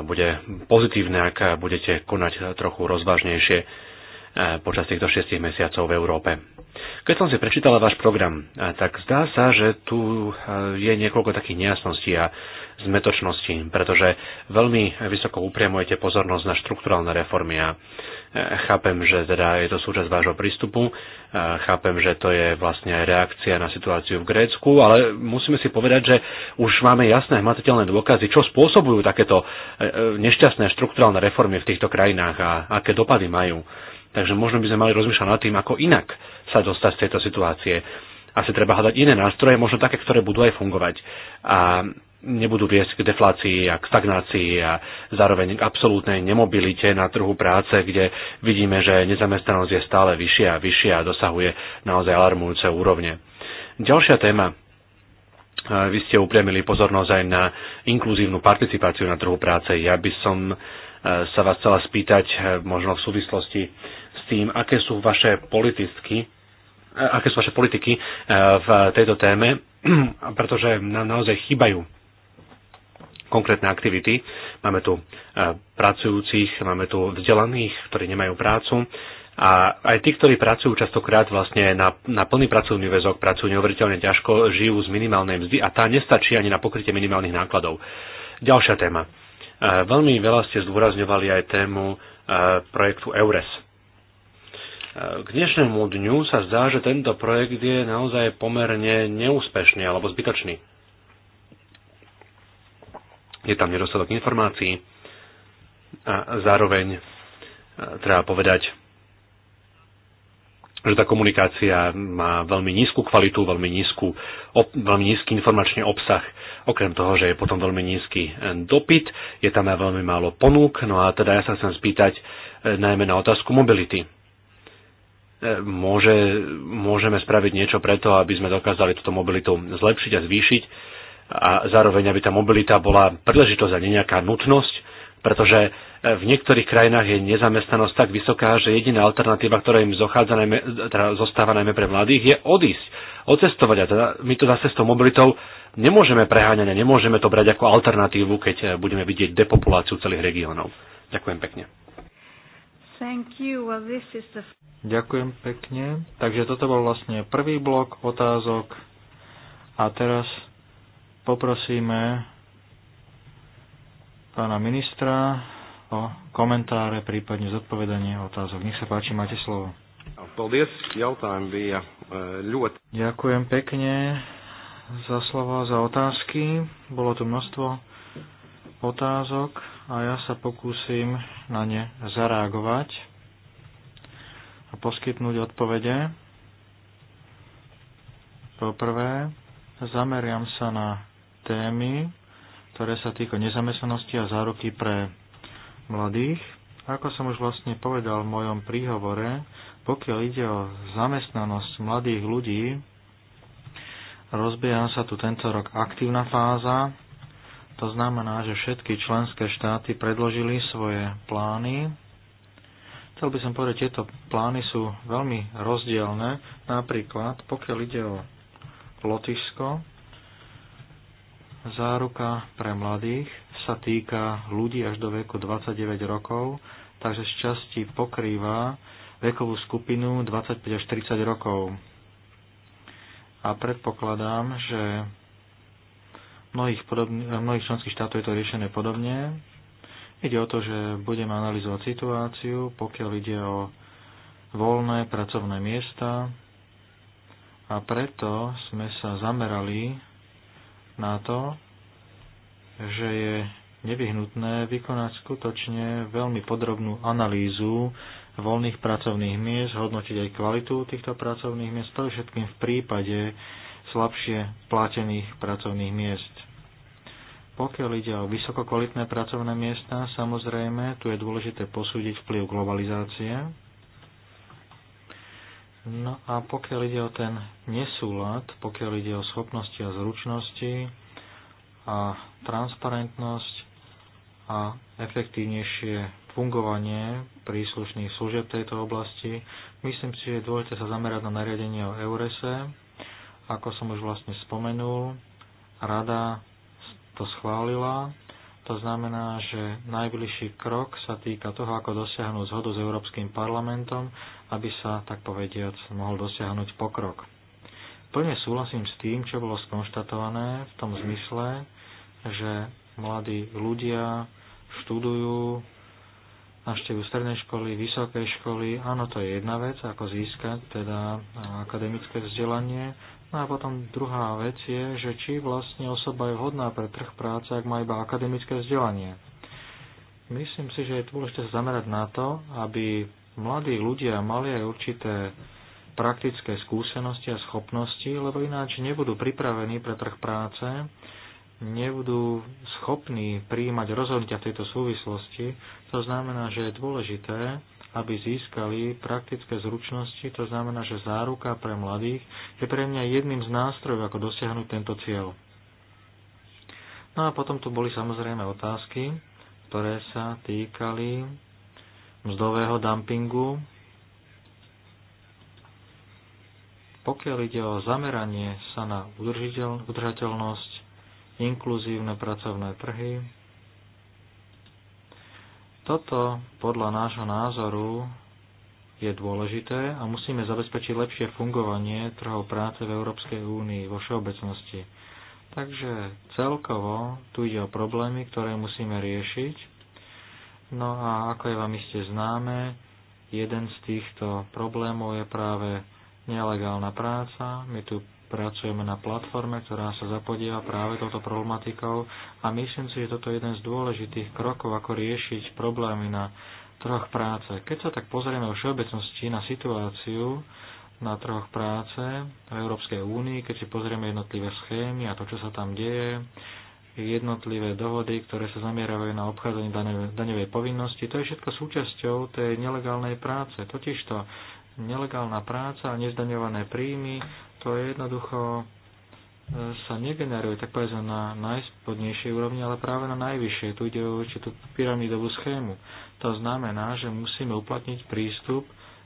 Bude pozitívne, ak budete konať trochu rozvážnejšie E, počas týchto šiestich mesiacov v Európe. Keď som si prečítala váš program, e, tak zdá sa, že tu e, je niekoľko takých nejasností a zmetočností, pretože veľmi vysoko upriamujete pozornosť na štrukturálne reformy a chápem, že teda je to súčasť vášho prístupu, chápem, že to je vlastne aj reakcia na situáciu v Grécku, ale musíme si povedať, že už máme jasné hmatateľné dôkazy, čo spôsobujú takéto nešťastné štrukturálne reformy v týchto krajinách a aké dopady majú Takže možno by sme mali rozmýšľať nad tým, ako inak sa dostať z tejto situácie. Asi treba hľadať iné nástroje, možno také, ktoré budú aj fungovať. A nebudú viesť k deflácii a k stagnácii a zároveň k absolútnej nemobilite na trhu práce, kde vidíme, že nezamestnanosť je stále vyššia a vyššia a dosahuje naozaj alarmujúce úrovne. Ďalšia téma. Vy ste upriamili pozornosť aj na inkluzívnu participáciu na trhu práce. Ja by som eh, sa vás chcela spýtať eh, možno v súvislosti tým, aké sú vaše politicky eh, aké sú vaše politiky eh, v tejto téme, (clears throat) pretože nám naozaj chýbajú konkrétne aktivity. Máme tu eh, pracujúcich, máme tu vzdelaných, ktorí nemajú prácu, a aj tí, ktorí pracujú častokrát vlastne na, na plný pracovný väzok, pracujú neuveriteľne ťažko, žijú z minimálnej mzdy a tá nestačí ani na pokrytie minimálnych nákladov. Ďalšia téma. Veľmi veľa ste zdôrazňovali aj tému projektu EURES. K dnešnému dňu sa zdá, že tento projekt je naozaj pomerne neúspešný alebo zbytočný. Je tam nedostatok informácií a zároveň e, treba povedať, že tá komunikácia má veľmi nízku kvalitu, veľmi, nízku, op, veľmi nízky informačný obsah. Okrem toho, že je potom veľmi nízky e, dopyt, je tam aj veľmi málo ponúk. No a teda ja sa chcem spýtať e, najmä na otázku mobility môže, môžeme spraviť niečo preto, aby sme dokázali túto mobilitu zlepšiť a zvýšiť a zároveň, aby tá mobilita bola príležitosť a nie nejaká nutnosť, pretože e, v niektorých krajinách je nezamestnanosť tak vysoká, že jediná alternatíva, ktorá im najmä, teda zostáva najmä pre mladých, je odísť, odcestovať. A teda my to zase s tou mobilitou nemôžeme preháňať a nemôžeme to brať ako alternatívu, keď e, budeme vidieť depopuláciu celých regiónov. Ďakujem pekne. Thank you. Well, this is the... Ďakujem pekne. Takže toto bol vlastne prvý blok otázok. A teraz poprosíme pána ministra o komentáre, prípadne zodpovedanie otázok. Nech sa páči, máte slovo. Eh, Ďakujem pekne za slovo, za otázky. Bolo tu množstvo otázok a ja sa pokúsim na ne zareagovať a poskytnúť odpovede. Poprvé, zameriam sa na témy, ktoré sa týka nezamestnanosti a záruky pre mladých. Ako som už vlastne povedal v mojom príhovore, pokiaľ ide o zamestnanosť mladých ľudí, rozbieha sa tu tento rok aktívna fáza, to znamená, že všetky členské štáty predložili svoje plány. Chcel by som povedať, tieto plány sú veľmi rozdielne. Napríklad, pokiaľ ide o Lotyšsko, záruka pre mladých sa týka ľudí až do veku 29 rokov, takže z časti pokrýva vekovú skupinu 25 až 30 rokov. A predpokladám, že mnohých, podobne, mnohých členských štátov je to riešené podobne. Ide o to, že budeme analyzovať situáciu, pokiaľ ide o voľné pracovné miesta a preto sme sa zamerali na to, že je nevyhnutné vykonať skutočne veľmi podrobnú analýzu voľných pracovných miest, hodnotiť aj kvalitu týchto pracovných miest, to všetkým v prípade slabšie platených pracovných miest. Pokiaľ ide o vysokokvalitné pracovné miesta, samozrejme, tu je dôležité posúdiť vplyv globalizácie. No a pokiaľ ide o ten nesúlad, pokiaľ ide o schopnosti a zručnosti a transparentnosť a efektívnejšie fungovanie príslušných služieb tejto oblasti. Myslím si, že je dôležité sa zamerať na nariadenie o Eurese, ako som už vlastne spomenul, rada to schválila. To znamená, že najbližší krok sa týka toho, ako dosiahnuť zhodu s Európskym parlamentom, aby sa, tak povediac, mohol dosiahnuť pokrok. Plne súhlasím s tým, čo bolo skonštatované v tom zmysle, že mladí ľudia študujú, navštevujú strednej školy, vysokej školy. Áno, to je jedna vec, ako získať teda akademické vzdelanie. No a potom druhá vec je, že či vlastne osoba je vhodná pre trh práce, ak má iba akademické vzdelanie. Myslím si, že je dôležité sa zamerať na to, aby mladí ľudia mali aj určité praktické skúsenosti a schopnosti, lebo ináč nebudú pripravení pre trh práce, nebudú schopní prijímať rozhodnutia v tejto súvislosti. To znamená, že je dôležité, aby získali praktické zručnosti, to znamená, že záruka pre mladých je pre mňa jedným z nástrojov, ako dosiahnuť tento cieľ. No a potom tu boli samozrejme otázky, ktoré sa týkali mzdového dumpingu. Pokiaľ ide o zameranie sa na udržateľnosť, inkluzívne pracovné trhy, toto podľa nášho názoru je dôležité a musíme zabezpečiť lepšie fungovanie trhov práce v Európskej únii vo všeobecnosti. Takže celkovo tu ide o problémy, ktoré musíme riešiť. No a ako je vám iste známe, jeden z týchto problémov je práve nelegálna práca. My tu Pracujeme na platforme, ktorá sa zapodieva práve touto problematikou a myslím si, že toto je jeden z dôležitých krokov, ako riešiť problémy na trhoch práce. Keď sa tak pozrieme o všeobecnosti na situáciu na trhoch práce v Európskej únii, keď si pozrieme jednotlivé schémy a to, čo sa tam deje, jednotlivé dohody, ktoré sa zamierajú na obchádzanie daňovej povinnosti. To je všetko súčasťou tej nelegálnej práce. Totižto nelegálna práca a nezdaňované príjmy to je jednoducho e, sa negeneruje, tak povedzme, na najspodnejšej úrovni, ale práve na najvyššej. Tu ide o určitú pyramidovú schému. To znamená, že musíme uplatniť prístup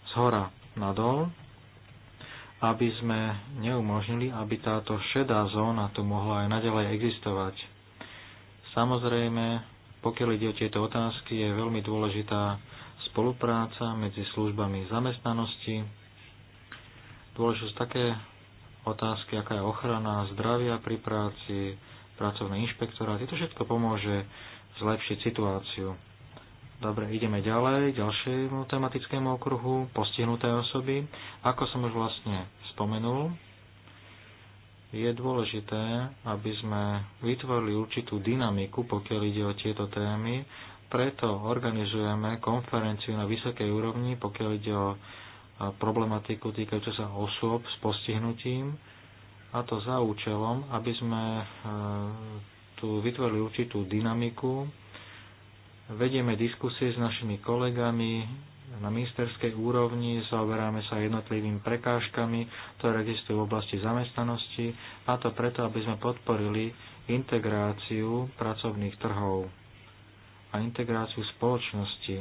z hora na dol, aby sme neumožnili, aby táto šedá zóna tu mohla aj naďalej existovať. Samozrejme, pokiaľ ide o tieto otázky, je veľmi dôležitá spolupráca medzi službami zamestnanosti. dôležitosť také otázky, aká je ochrana zdravia pri práci, pracovný inšpektorát. To všetko pomôže zlepšiť situáciu. Dobre, ideme ďalej, ďalšiemu tematickému okruhu, postihnuté osoby. Ako som už vlastne spomenul, je dôležité, aby sme vytvorili určitú dynamiku, pokiaľ ide o tieto témy, preto organizujeme konferenciu na vysokej úrovni, pokiaľ ide o problematiku týkajúce sa osôb s postihnutím a to za účelom, aby sme e, tu vytvorili určitú dynamiku. Vedieme diskusie s našimi kolegami na ministerskej úrovni, zaoberáme sa jednotlivými prekážkami, ktoré existujú v oblasti zamestnanosti, a to preto, aby sme podporili integráciu pracovných trhov a integráciu spoločnosti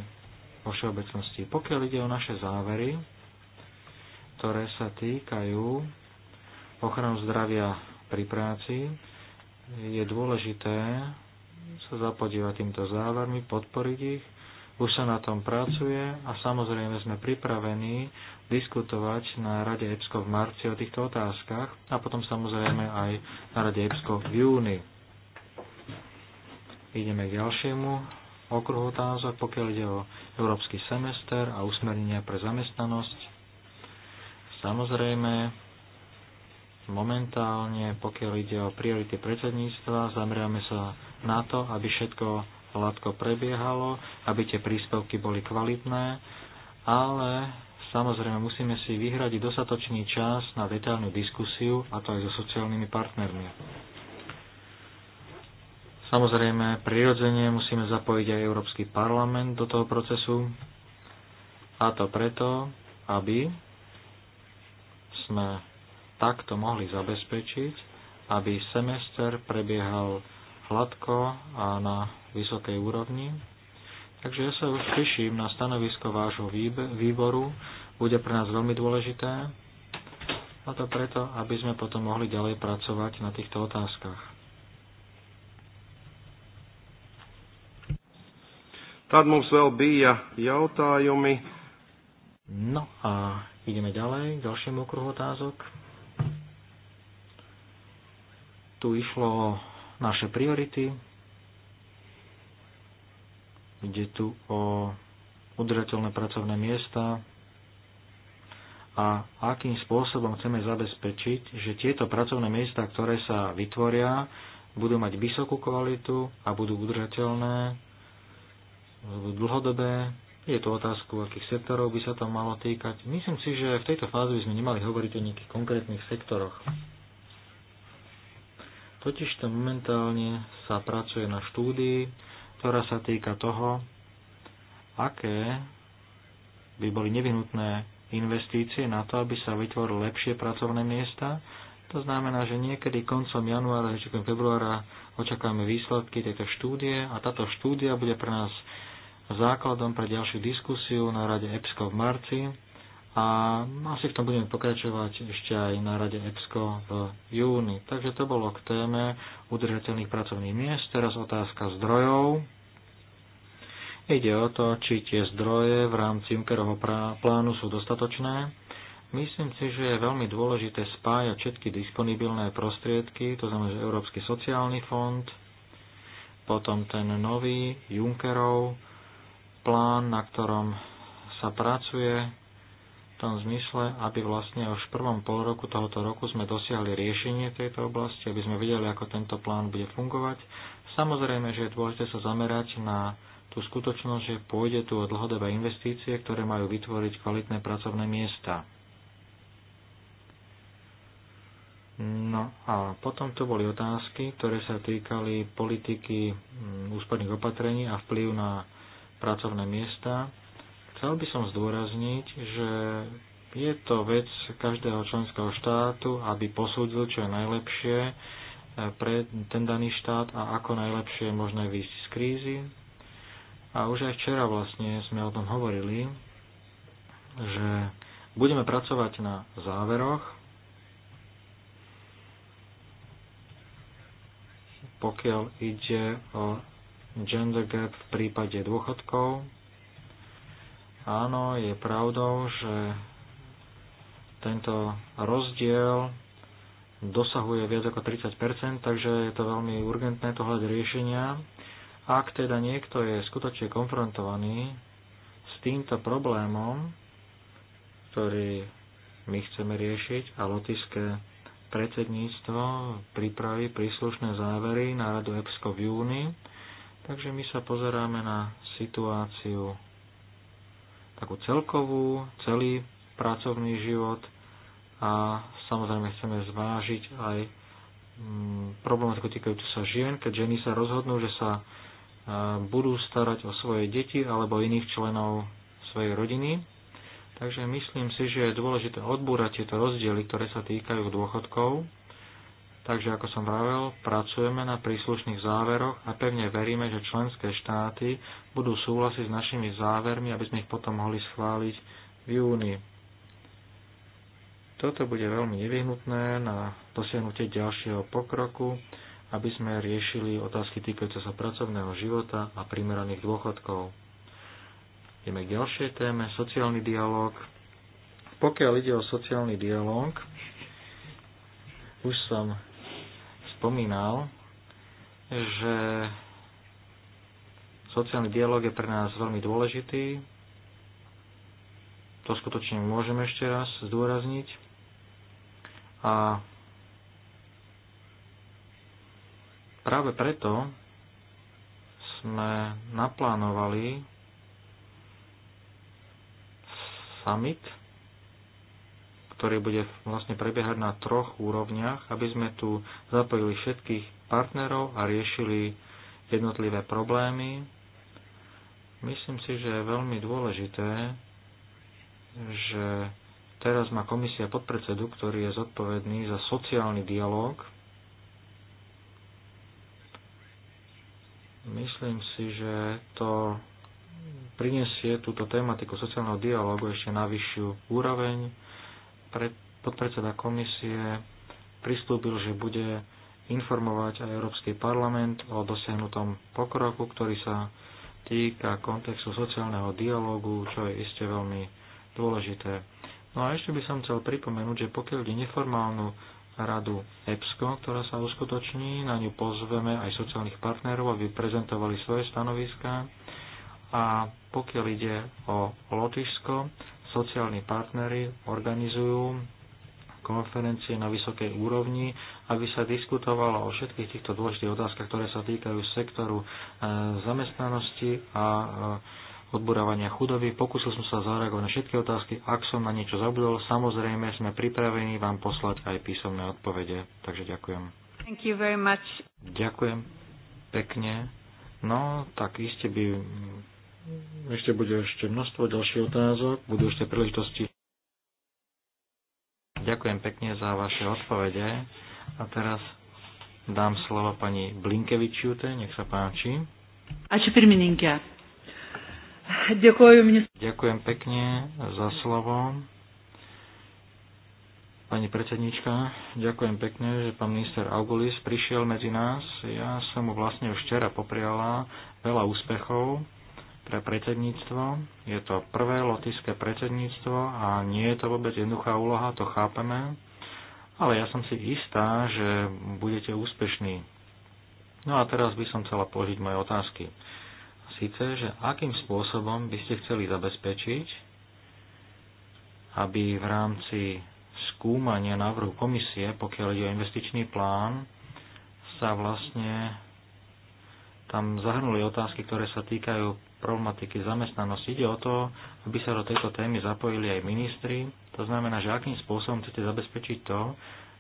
vo všeobecnosti. Pokiaľ ide o naše závery, ktoré sa týkajú ochranu zdravia pri práci, je dôležité sa zapodívať týmto závermi, podporiť ich. Už sa na tom pracuje a samozrejme sme pripravení diskutovať na Rade EPSCO v marci o týchto otázkach a potom samozrejme aj na Rade EPSCO v júni. Ideme k ďalšiemu okruhu otázok, pokiaľ ide o európsky semester a usmernenia pre zamestnanosť. Samozrejme, momentálne, pokiaľ ide o priority predsedníctva, zameráme sa na to, aby všetko hladko prebiehalo, aby tie príspevky boli kvalitné, ale samozrejme musíme si vyhradiť dostatočný čas na detailnú diskusiu, a to aj so sociálnymi partnermi. Samozrejme, prirodzene musíme zapojiť aj Európsky parlament do toho procesu, a to preto, aby sme takto mohli zabezpečiť, aby semester prebiehal hladko a na vysokej úrovni. Takže ja sa už teším na stanovisko vášho výboru, bude pre nás veľmi dôležité, a to preto, aby sme potom mohli ďalej pracovať na týchto otázkach. Tad mums vēl bija jautājumi No a ideme ďalej k ďalšiemu okruhu otázok. Tu išlo o naše priority. Ide tu o udržateľné pracovné miesta a akým spôsobom chceme zabezpečiť, že tieto pracovné miesta, ktoré sa vytvoria, budú mať vysokú kvalitu a budú udržateľné, budú dlhodobé je to otázku, akých sektorov by sa to malo týkať. Myslím si, že v tejto fáze by sme nemali hovoriť o nejakých konkrétnych sektoroch. Totižto momentálne sa pracuje na štúdii, ktorá sa týka toho, aké by boli nevyhnutné investície na to, aby sa vytvorili lepšie pracovné miesta. To znamená, že niekedy koncom januára, začiatkom februára očakávame výsledky tejto štúdie a táto štúdia bude pre nás základom pre ďalšiu diskusiu na rade EPSCO v marci a asi v tom budeme pokračovať ešte aj na rade EPSCO v júni. Takže to bolo k téme udržateľných pracovných miest. Teraz otázka zdrojov. Ide o to, či tie zdroje v rámci Junckerovho plánu sú dostatočné. Myslím si, že je veľmi dôležité spájať všetky disponibilné prostriedky, to znamená, že Európsky sociálny fond, potom ten nový Junckerov plán, na ktorom sa pracuje v tom zmysle, aby vlastne už v prvom pol roku tohoto roku sme dosiahli riešenie tejto oblasti, aby sme videli, ako tento plán bude fungovať. Samozrejme, že je dôležité sa zamerať na tú skutočnosť, že pôjde tu o dlhodobé investície, ktoré majú vytvoriť kvalitné pracovné miesta. No a potom tu boli otázky, ktoré sa týkali politiky mm, úsporných opatrení a vplyv na pracovné miesta. Chcel by som zdôrazniť, že je to vec každého členského štátu, aby posúdil, čo je najlepšie eh, pre ten daný štát a ako najlepšie je možné výjsť z krízy. A už aj včera vlastne sme o tom hovorili, že budeme pracovať na záveroch, pokiaľ ide o gender gap v prípade dôchodkov. Áno, je pravdou, že tento rozdiel dosahuje viac ako 30%, takže je to veľmi urgentné to hľadať riešenia. Ak teda niekto je skutočne konfrontovaný s týmto problémom, ktorý my chceme riešiť a lotiské predsedníctvo pripraví príslušné závery na radu EPSCO v júni, Takže my sa pozeráme na situáciu takú celkovú, celý pracovný život a samozrejme chceme zvážiť aj mm, problematiku týkajúcu sa žien, keď ženy sa rozhodnú, že sa budú starať o svoje deti alebo iných členov svojej rodiny. Takže myslím si, že je dôležité odbúrať tieto rozdiely, ktoré sa týkajú dôchodkov Takže ako som vravel, pracujeme na príslušných záveroch a pevne veríme, že členské štáty budú súhlasiť s našimi závermi, aby sme ich potom mohli schváliť v júni. Toto bude veľmi nevyhnutné na dosiahnutie ďalšieho pokroku, aby sme riešili otázky týkajúce sa pracovného života a primeraných dôchodkov. Ideme k ďalšej téme, sociálny dialog. Pokiaľ ide o sociálny dialog, už som spomínal, že sociálny dialog je pre nás veľmi dôležitý. To skutočne môžeme ešte raz zdôrazniť. A práve preto sme naplánovali summit ktorý bude vlastne prebiehať na troch úrovniach, aby sme tu zapojili všetkých partnerov a riešili jednotlivé problémy. Myslím si, že je veľmi dôležité, že teraz má komisia podpredsedu, ktorý je zodpovedný za sociálny dialog. Myslím si, že to prinesie túto tematiku sociálneho dialogu ešte na vyššiu úroveň podpredseda komisie pristúpil, že bude informovať aj Európsky parlament o dosiahnutom pokroku, ktorý sa týka kontextu sociálneho dialógu, čo je iste veľmi dôležité. No a ešte by som chcel pripomenúť, že pokiaľ ide neformálnu radu EPSCO, ktorá sa uskutoční, na ňu pozveme aj sociálnych partnerov, aby prezentovali svoje stanoviská. A pokiaľ ide o Lotyšsko, sociálni partnery organizujú konferencie na vysokej úrovni, aby sa diskutovalo o všetkých týchto dôležitých otázkach, ktoré sa týkajú sektoru e, zamestnanosti a e, odburávania chudoby. Pokúsil som sa zareagovať na všetky otázky. Ak som na niečo zabudol, samozrejme sme pripravení vám poslať aj písomné odpovede. Takže ďakujem. Thank you very much. Ďakujem pekne. No, tak iste by ešte bude ešte množstvo ďalších otázok, budú ešte príležitosti. Ďakujem pekne za vaše odpovede. A teraz dám slovo pani Blinkevičiute, nech sa páči. A či pirmininkia. Ďakujem. Ďakujem pekne za slovo. Pani predsednička, ďakujem pekne, že pán minister Augulis prišiel medzi nás. Ja som mu vlastne už včera popriala veľa úspechov pre predsedníctvo. Je to prvé lotické predsedníctvo a nie je to vôbec jednoduchá úloha, to chápeme, ale ja som si istá, že budete úspešní. No a teraz by som chcela položiť moje otázky. Sice, že akým spôsobom by ste chceli zabezpečiť, aby v rámci skúmania návrhu komisie, pokiaľ ide o investičný plán, sa vlastne tam zahrnuli otázky, ktoré sa týkajú problematiky zamestnanosti. Ide o to, aby sa do tejto témy zapojili aj ministri. To znamená, že akým spôsobom chcete zabezpečiť to,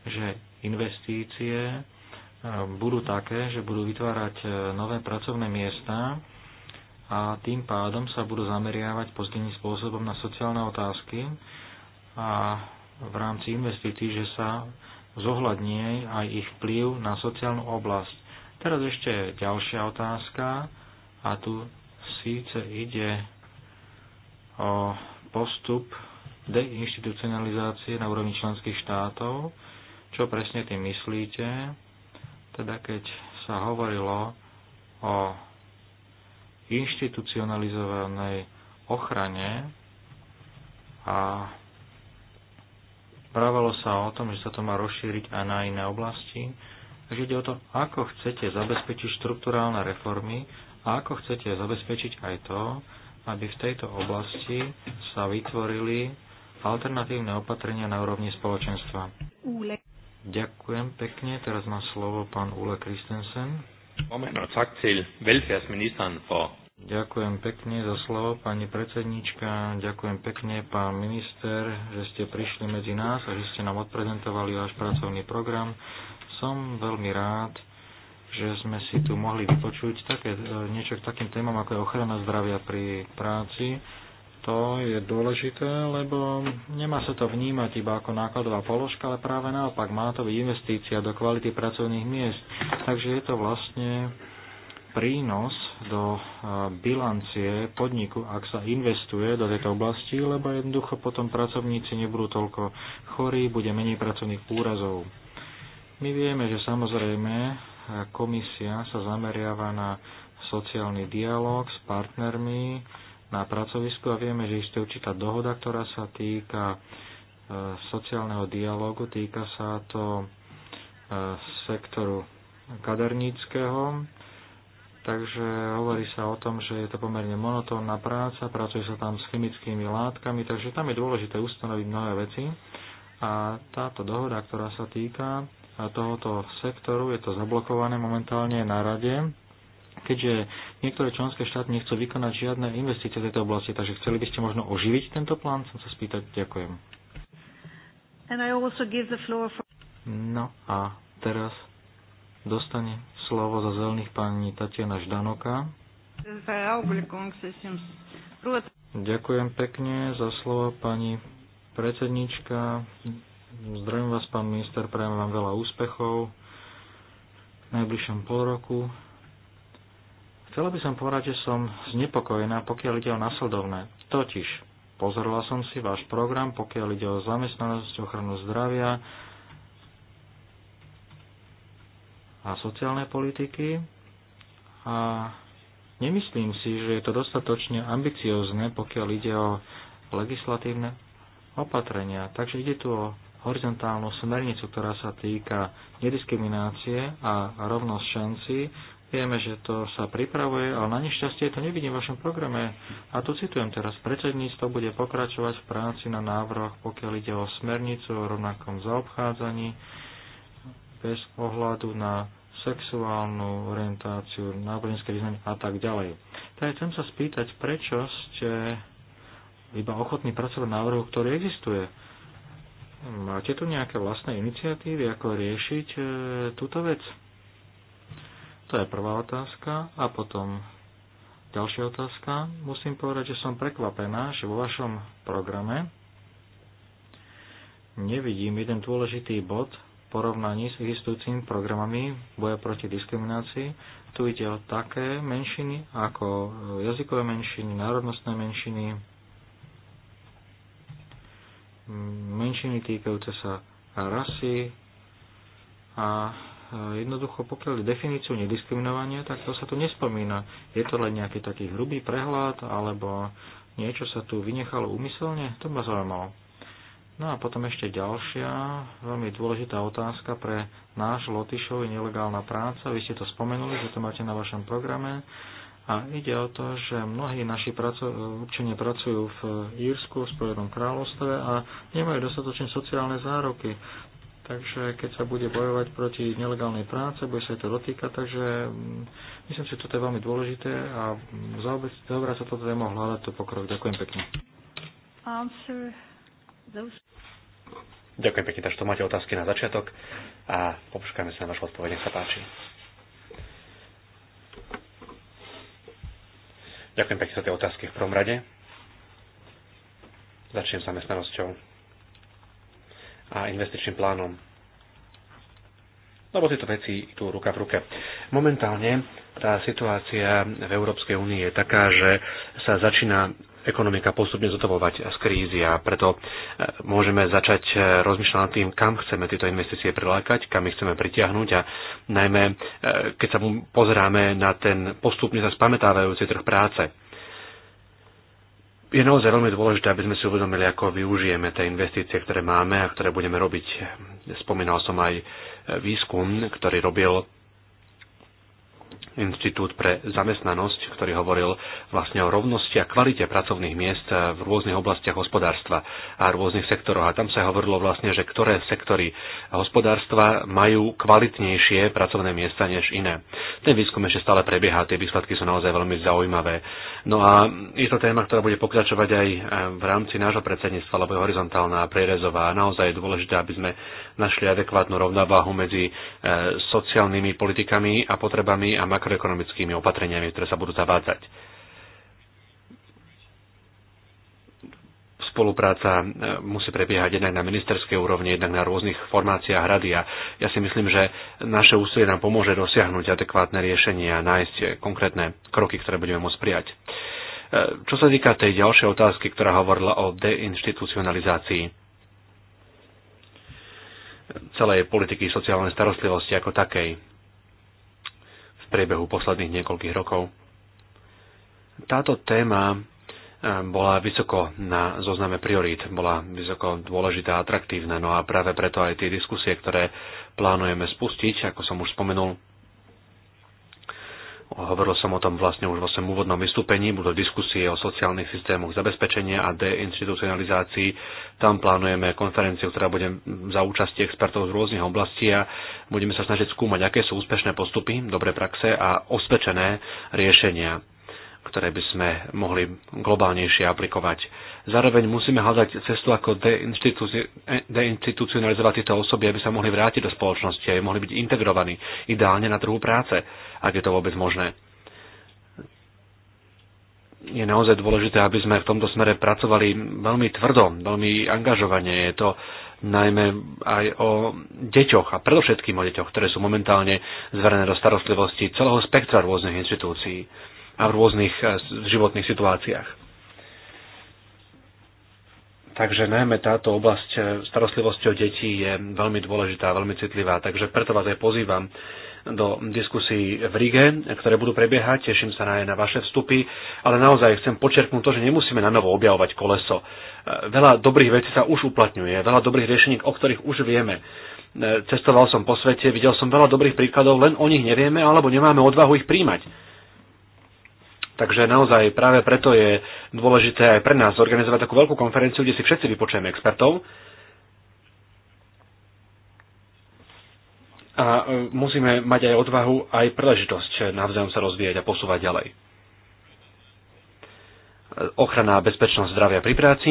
že investície e, budú také, že budú vytvárať e, nové pracovné miesta a tým pádom sa budú zameriavať pozitívnym spôsobom na sociálne otázky a v rámci investícií, že sa zohľadní aj ich vplyv na sociálnu oblasť. Teraz ešte ďalšia otázka a tu Síce ide o postup deinstitucionalizácie na úrovni členských štátov, čo presne tým myslíte, teda keď sa hovorilo o inštitucionalizovanej ochrane a Právalo sa o tom, že sa to má rozšíriť aj na iné oblasti. Takže ide o to, ako chcete zabezpečiť štruktúrálne reformy, a ako chcete zabezpečiť aj to, aby v tejto oblasti sa vytvorili alternatívne opatrenia na úrovni spoločenstva. Ule. Ďakujem pekne. Teraz má slovo pán Ule Kristensen. Ďakujem pekne za slovo, pani predsednička. Ďakujem pekne, pán minister, že ste prišli medzi nás a že ste nám odprezentovali váš pracovný program. Som veľmi rád, že sme si tu mohli vypočuť také, e, niečo k takým témam, ako je ochrana zdravia pri práci. To je dôležité, lebo nemá sa to vnímať iba ako nákladová položka, ale práve naopak má to byť investícia do kvality pracovných miest. Takže je to vlastne prínos do e, bilancie podniku, ak sa investuje do tejto oblasti, lebo jednoducho potom pracovníci nebudú toľko chorí, bude menej pracovných úrazov. My vieme, že samozrejme komisia sa zameriava na sociálny dialog s partnermi na pracovisku a vieme, že isté určitá dohoda, ktorá sa týka e, sociálneho dialogu, týka sa to e, sektoru kaderníckého, takže hovorí sa o tom, že je to pomerne monotónna práca, pracuje sa tam s chemickými látkami, takže tam je dôležité ustanoviť mnohé veci. A táto dohoda, ktorá sa týka tohoto sektoru, je to zablokované momentálne na rade, keďže niektoré členské štáty nechcú vykonať žiadne investície v tejto oblasti, takže chceli by ste možno oživiť tento plán? Chcem sa spýtať, ďakujem. And I also give the floor for... No a teraz dostane slovo za zelených pani Tatiana Ždanoka. Ďakujem pekne za slovo pani predsednička. Zdravím vás, pán minister, prajem vám veľa úspechov v najbližšom pol roku. Chcela by som povedať, že som znepokojená, pokiaľ ide o nasledovné. Totiž, pozerala som si váš program, pokiaľ ide o zamestnanosť, ochranu zdravia a sociálne politiky. A nemyslím si, že je to dostatočne ambiciozne, pokiaľ ide o legislatívne opatrenia. Takže ide tu o horizontálnu smernicu, ktorá sa týka nediskriminácie a rovnosť šanci. Vieme, že to sa pripravuje, ale na nešťastie to nevidím v vašom programe. A tu citujem teraz, predsedníctvo bude pokračovať v práci na návrhoch, pokiaľ ide o smernicu o rovnakom zaobchádzaní, bez ohľadu na sexuálnu orientáciu, náboženské význanie a tak ďalej. Tak chcem sa spýtať, prečo ste iba ochotní pracovať návrhu, ktorý existuje. Máte tu nejaké vlastné iniciatívy, ako riešiť e, túto vec? To je prvá otázka. A potom ďalšia otázka. Musím povedať, že som prekvapená, že vo vašom programe nevidím jeden dôležitý bod v porovnaní s existujúcimi programami boja proti diskriminácii. Tu ide o také menšiny ako e, jazykové menšiny, národnostné menšiny, menšiny týkajúce sa rasy a e, jednoducho pokiaľ definíciu nediskriminovania, tak to sa tu nespomína. Je to len nejaký taký hrubý prehľad alebo niečo sa tu vynechalo úmyselne? To ma zaujímalo. No a potom ešte ďalšia veľmi dôležitá otázka pre náš Lotyšov je nelegálna práca. Vy ste to spomenuli, že to máte na vašom programe. A ide o to, že mnohí naši praco- občania pracujú v Írsku, v Spojenom kráľovstve a nemajú dostatočne sociálne zároky. Takže keď sa bude bojovať proti nelegálnej práce, bude sa to dotýkať, takže mm, myslím si, že toto je veľmi dôležité a zaobrať sa toto tému hľadať to pokrok. Ďakujem pekne. Ďakujem pekne, takže to máte otázky na začiatok a popočkáme sa na vašu odpoveď, sa páči. Ďakujem pekne za tie otázky v prvom rade. Začnem zamestnanosťou a investičným plánom. Lebo tieto veci idú ruka v ruke. Momentálne tá situácia v Európskej únii je taká, že sa začína ekonomika postupne zotovovať z krízy a preto e, môžeme začať e, rozmýšľať nad tým, kam chceme tieto investície prilákať, kam ich chceme pritiahnuť a najmä e, keď sa pozeráme na ten postupne sa spametávajúci trh práce. Je naozaj veľmi dôležité, aby sme si uvedomili, ako využijeme tie investície, ktoré máme a ktoré budeme robiť. Spomínal som aj výskum, ktorý robil Inštitút pre zamestnanosť, ktorý hovoril vlastne o rovnosti a kvalite pracovných miest v rôznych oblastiach hospodárstva a rôznych sektoroch. A tam sa hovorilo vlastne, že ktoré sektory hospodárstva majú kvalitnejšie pracovné miesta než iné. Ten výskum ešte stále prebieha, tie výsledky sú naozaj veľmi zaujímavé. No a je to téma, ktorá bude pokračovať aj e, v rámci nášho predsedníctva, lebo je horizontálna a prierezová. A naozaj je dôležité, aby sme našli adekvátnu rovnováhu medzi e, sociálnymi politikami a potrebami a makroekonomickými opatreniami, ktoré sa budú zavádzať. spolupráca e, musí prebiehať jednak na ministerskej úrovni, jednak na rôznych formáciách rady a ja si myslím, že naše úsilie nám pomôže dosiahnuť adekvátne riešenie a nájsť konkrétne kroky, ktoré budeme môcť prijať. E, čo sa týka tej ďalšej otázky, ktorá hovorila o deinstitucionalizácii celej politiky sociálnej starostlivosti ako takej priebehu posledných niekoľkých rokov. Táto téma eh, bola vysoko na zozname priorít, bola vysoko dôležitá a atraktívna, no a práve preto aj tie diskusie, ktoré plánujeme spustiť, ako som už spomenul, Hovoril som o tom vlastne už vo svojom úvodnom vystúpení. Budú diskusie o sociálnych systémoch zabezpečenia a deinstitucionalizácii. Tam plánujeme konferenciu, ktorá bude za účasti expertov z rôznych oblastí a budeme sa snažiť skúmať, aké sú úspešné postupy, dobré praxe a osvečené riešenia, ktoré by sme mohli globálnejšie aplikovať Zároveň musíme hľadať cestu, ako e, deinstitucionalizovať tieto osoby, aby sa mohli vrátiť do spoločnosti, aby mohli byť integrovaní ideálne na trhu práce, ak je to vôbec možné je naozaj dôležité, aby sme v tomto smere pracovali veľmi tvrdo, veľmi angažovane. Je to najmä aj o deťoch a predovšetkým o deťoch, ktoré sú momentálne zverené do starostlivosti celého spektra rôznych inštitúcií a v rôznych e, životných situáciách. Takže najmä táto oblasť e, starostlivosti o deti je veľmi dôležitá, veľmi citlivá. Takže preto vás aj pozývam do diskusí v Rige, ktoré budú prebiehať. Teším sa aj na vaše vstupy, ale naozaj chcem počerknúť to, že nemusíme na novo objavovať koleso. E, veľa dobrých vecí sa už uplatňuje, veľa dobrých riešení, o ktorých už vieme. E, cestoval som po svete, videl som veľa dobrých príkladov, len o nich nevieme alebo nemáme odvahu ich príjmať. Takže naozaj práve preto je dôležité aj pre nás organizovať takú veľkú konferenciu, kde si všetci vypočujeme expertov. A e, musíme mať aj odvahu, aj príležitosť navzájom sa rozvíjať a posúvať ďalej. Ochrana a bezpečnosť zdravia pri práci.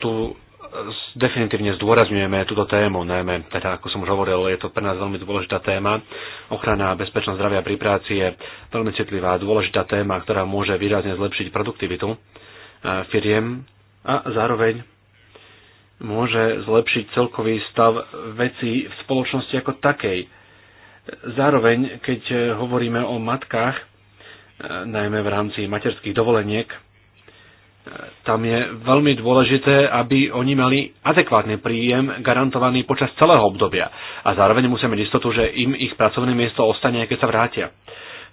Tu definitívne zdôrazňujeme túto tému, najmä, teda ako som už hovoril, je to pre nás veľmi dôležitá téma. Ochrana a bezpečnosť zdravia pri práci je veľmi citlivá a dôležitá téma, ktorá môže výrazne zlepšiť produktivitu e, firiem a zároveň môže zlepšiť celkový stav vecí v spoločnosti ako takej. Zároveň, keď hovoríme o matkách, e, najmä v rámci materských dovoleniek, tam je veľmi dôležité, aby oni mali adekvátny príjem garantovaný počas celého obdobia. A zároveň musia mať istotu, že im ich pracovné miesto ostane, keď sa vrátia.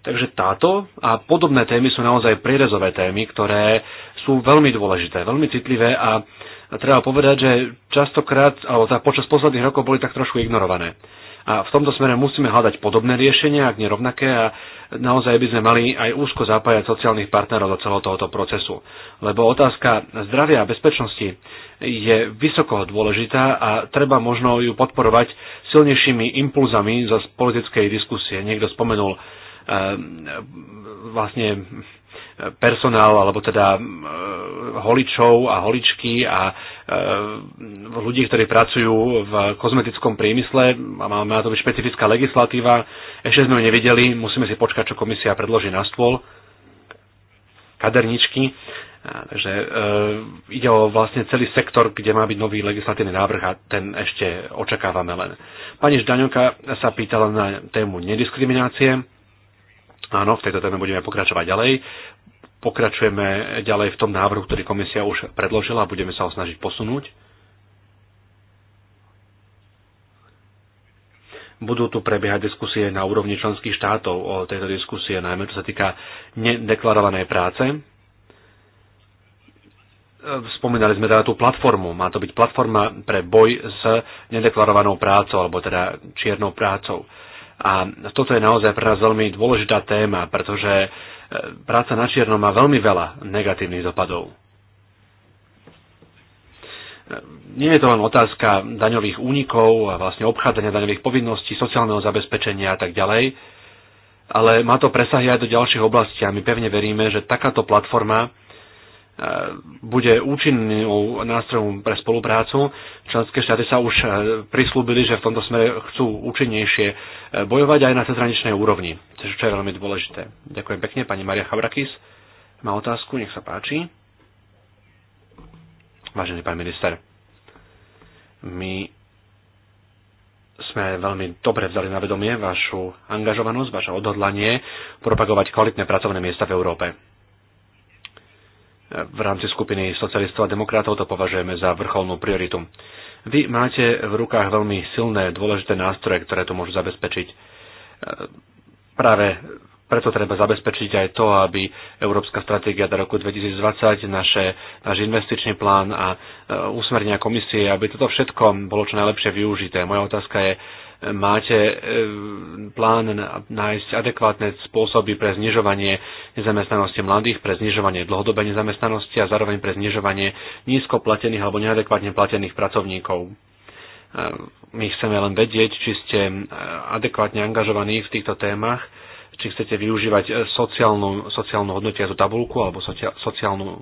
Takže táto a podobné témy sú naozaj prierezové témy, ktoré sú veľmi dôležité, veľmi citlivé a treba povedať, že častokrát, alebo počas posledných rokov boli tak trošku ignorované. A v tomto smere musíme hľadať podobné riešenia, ak nerovnaké, a naozaj by sme mali aj úzko zapájať sociálnych partnerov do celého tohoto procesu. Lebo otázka zdravia a bezpečnosti je vysoko dôležitá a treba možno ju podporovať silnejšími impulzami zo politickej diskusie. Niekto spomenul Ehm, vlastne personál, alebo teda ehm, holičov a holičky a ehm, ľudí, ktorí pracujú v kozmetickom priemysle a máme na to byť špecifická legislatíva. Ešte sme ju nevideli, musíme si počkať, čo komisia predloží na stôl kaderničky. Takže e, ide o vlastne celý sektor, kde má byť nový legislatívny návrh a ten ešte očakávame len. Pani Ždaňoka sa pýtala na tému nediskriminácie Áno, v tejto téme budeme pokračovať ďalej. Pokračujeme ďalej v tom návrhu, ktorý komisia už predložila a budeme sa ho snažiť posunúť. budú tu prebiehať diskusie na úrovni členských štátov o tejto diskusie, najmä čo sa týka nedeklarovanej práce. Spomínali sme teda tú platformu. Má to byť platforma pre boj s nedeklarovanou prácou, alebo teda čiernou prácou. A toto je naozaj pre nás veľmi dôležitá téma, pretože e, práca na čierno má veľmi veľa negatívnych dopadov. E, nie je to len otázka daňových únikov a vlastne obchádzania daňových povinností, sociálneho zabezpečenia a tak ďalej, ale má to presahy aj do ďalších oblastí a my pevne veríme, že takáto platforma bude účinným nástrojom pre spoluprácu. Členské štáty sa už e, prislúbili, že v tomto smere chcú účinnejšie e, bojovať aj na cezhraničnej úrovni, čo je veľmi dôležité. Ďakujem pekne. Pani Maria Chabrakis má otázku, nech sa páči. Vážený pán minister, my sme veľmi dobre vzali na vedomie vašu angažovanosť, vaše odhodlanie propagovať kvalitné pracovné miesta v Európe v rámci skupiny socialistov a demokratov to považujeme za vrcholnú prioritu. Vy máte v rukách veľmi silné, dôležité nástroje, ktoré to môžu zabezpečiť. E, práve preto treba zabezpečiť aj to, aby Európska stratégia do roku 2020, naše, náš investičný plán a e, úsmernia komisie, aby toto všetko bolo čo najlepšie využité. Moja otázka je, máte e, plán nájsť adekvátne spôsoby pre znižovanie nezamestnanosti mladých, pre znižovanie dlhodobej nezamestnanosti a zároveň pre znižovanie nízko platených alebo neadekvátne platených pracovníkov. E, my chceme len vedieť, či ste e, adekvátne angažovaní v týchto témach, či chcete využívať sociálnu, sociálnu hodnotiacu tabulku alebo sociálnu,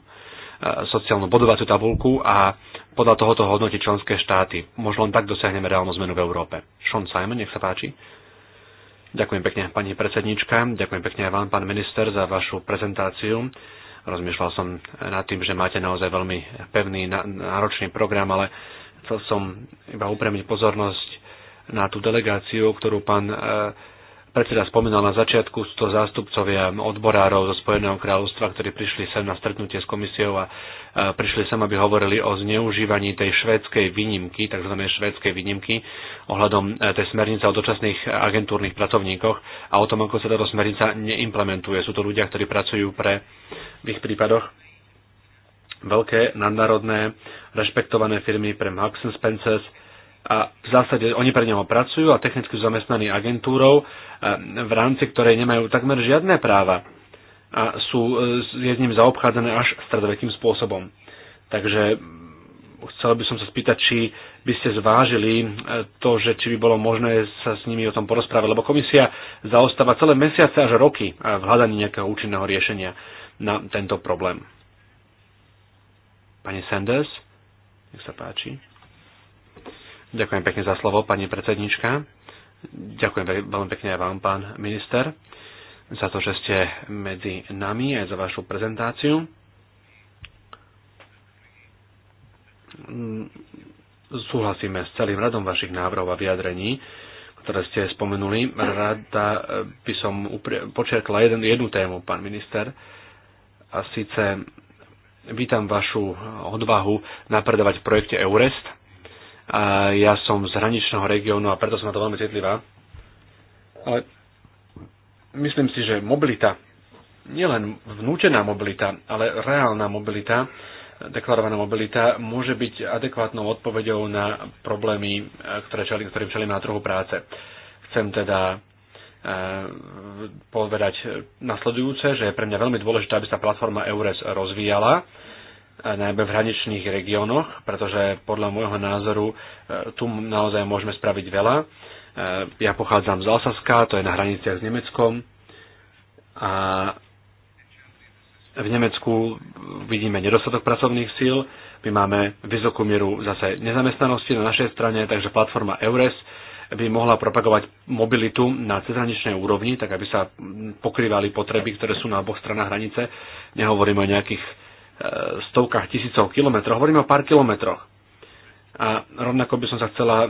sociálnu bodovaciu tabulku a podľa tohoto hodnotí členské štáty. Možno len tak dosiahneme reálnu zmenu v Európe. Sean Simon, nech sa páči. Ďakujem pekne, pani predsednička. Ďakujem pekne aj vám, pán minister, za vašu prezentáciu. Rozmýšľal som nad tým, že máte naozaj veľmi pevný, náročný program, ale chcel som iba upremiť pozornosť na tú delegáciu, ktorú pán eh, predseda spomínal na začiatku, sú to zástupcovia odborárov zo Spojeného kráľovstva, ktorí prišli sem na stretnutie s komisiou a prišli sem, aby hovorili o zneužívaní tej švédskej výnimky, tzv. švédskej výnimky, ohľadom e, tej smernice o dočasných agentúrnych pracovníkoch a o tom, ako sa táto smernica neimplementuje. Sú to ľudia, ktorí pracujú pre v ich prípadoch veľké nadnárodné rešpektované firmy pre Max Spencers, a v zásade oni pre neho pracujú a technicky sú zamestnaní agentúrou, e, v rámci ktorej nemajú takmer žiadne práva a sú, e, je s ním zaobchádzané až stredovekým spôsobom. Takže chcel by som sa spýtať, či by ste zvážili e, to, že či by bolo možné sa s nimi o tom porozprávať, lebo komisia zaostáva celé mesiace až roky v hľadaní nejakého účinného riešenia na tento problém. Pani Sanders, nech sa páči. Ďakujem pekne za slovo, pani predsednička. Ďakujem veľmi pekne aj vám, pán minister, za to, že ste medzi nami aj za vašu prezentáciu. Súhlasíme s celým radom vašich návrhov a vyjadrení, ktoré ste spomenuli. Rada eh, by som počerkla jeden, jednu tému, pán minister, a síce vítam vašu odvahu napredovať v projekte Eurest ja som z hraničného regiónu a preto som na to veľmi citlivá. Ale myslím si, že mobilita, nielen vnúčená mobilita, ale reálna mobilita, deklarovaná mobilita môže byť adekvátnou odpoveďou na problémy, ktoré čali, ktorým čelíme na trhu práce. Chcem teda e, povedať nasledujúce, že je pre mňa veľmi dôležité, aby sa platforma EURES rozvíjala najmä v hraničných regiónoch, pretože podľa môjho názoru e, tu naozaj môžeme spraviť veľa. E, ja pochádzam z Alsaska, to je na hraniciach s Nemeckom a v Nemecku vidíme nedostatok pracovných síl, my máme vysokú mieru zase nezamestnanosti na našej strane, takže platforma EURES by mohla propagovať mobilitu na cezhraničnej úrovni, tak aby sa pokrývali potreby, ktoré sú na oboch stranách hranice. Nehovoríme o nejakých E, stovkách tisícov kilometrov, hovoríme o pár kilometroch. A rovnako by som sa chcela e,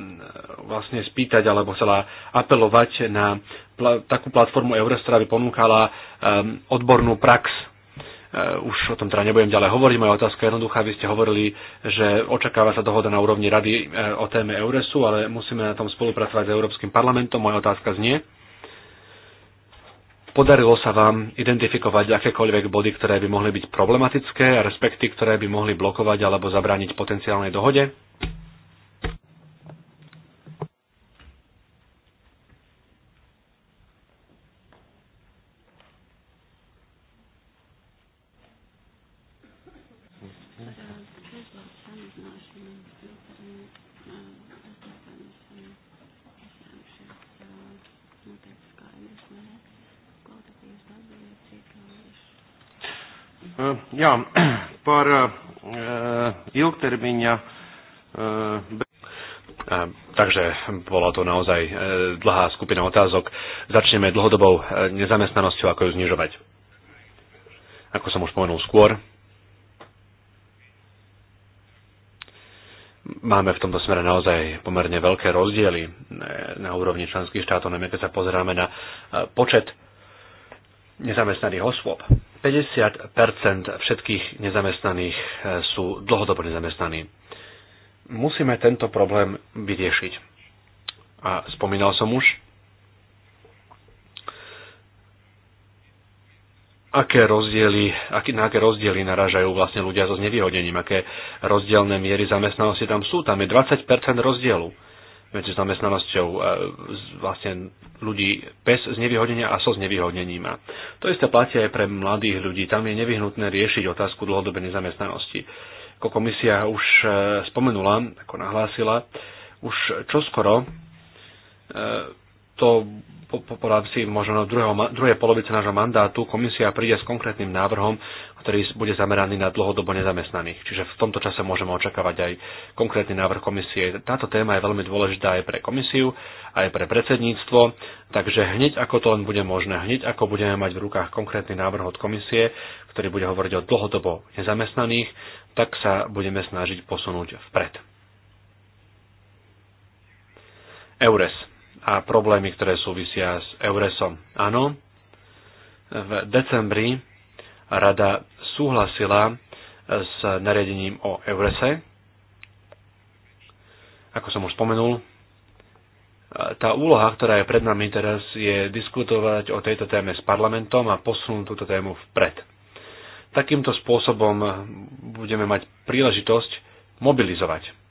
vlastne spýtať alebo chcela apelovať na pl- takú platformu Eurostra, by ponúkala um, odbornú prax už o tom teda nebudem ďalej hovoriť. Moja otázka je jednoduchá. Vy ste hovorili, že očakáva sa dohoda na úrovni rady o téme Euresu, ale musíme na tom spolupracovať s Európskym parlamentom. Moja otázka znie, Podarilo sa vám identifikovať akékoľvek body, ktoré by mohli byť problematické a respekty, ktoré by mohli blokovať alebo zabrániť potenciálnej dohode? Ehm, Jā, (clears throat) par eh, ilgtermiņa. Eh, ehm, takže bola to naozaj eh, dlhá skupina otázok. Začneme dlhodobou nezamestnanosťou, ako ju znižovať. Ako som už spomenul skôr, máme v tomto smere naozaj pomerne veľké rozdiely na úrovni členských štátov, najmä keď sa pozeráme na počet nezamestnaných osôb 50 všetkých nezamestnaných eh, sú dlhodobo nezamestnaní. Musíme tento problém vyriešiť. A spomínal som už, aké rozdiely, aký, na aké rozdiely naražajú vlastne ľudia so znevýhodením, aké rozdielne miery zamestnanosti tam sú. Tam je 20% rozdielu medzi zamestnanosťou e, vlastne ľudí bez znevýhodnenia a so znevýhodnením. To isté platí aj pre mladých ľudí. Tam je nevyhnutné riešiť otázku dlhodobej nezamestnanosti. Ako komisia už e, spomenula, ako nahlásila, už čoskoro e, to po, po, po rámci možno druhého, druhej polovice nášho mandátu komisia príde s konkrétnym návrhom, ktorý bude zameraný na dlhodobo nezamestnaných. Čiže v tomto čase môžeme očakávať aj konkrétny návrh komisie. Táto téma je veľmi dôležitá aj pre komisiu, aj pre predsedníctvo, takže hneď ako to len bude možné, hneď ako budeme mať v rukách konkrétny návrh od komisie, ktorý bude hovoriť o dlhodobo nezamestnaných, tak sa budeme snažiť posunúť vpred. EURES a problémy, ktoré súvisia s Euresom. Áno, v decembri rada súhlasila s nariadením o Eurese. Ako som už spomenul, tá úloha, ktorá je pred nami teraz, je diskutovať o tejto téme s parlamentom a posunúť túto tému vpred. Takýmto spôsobom budeme mať príležitosť mobilizovať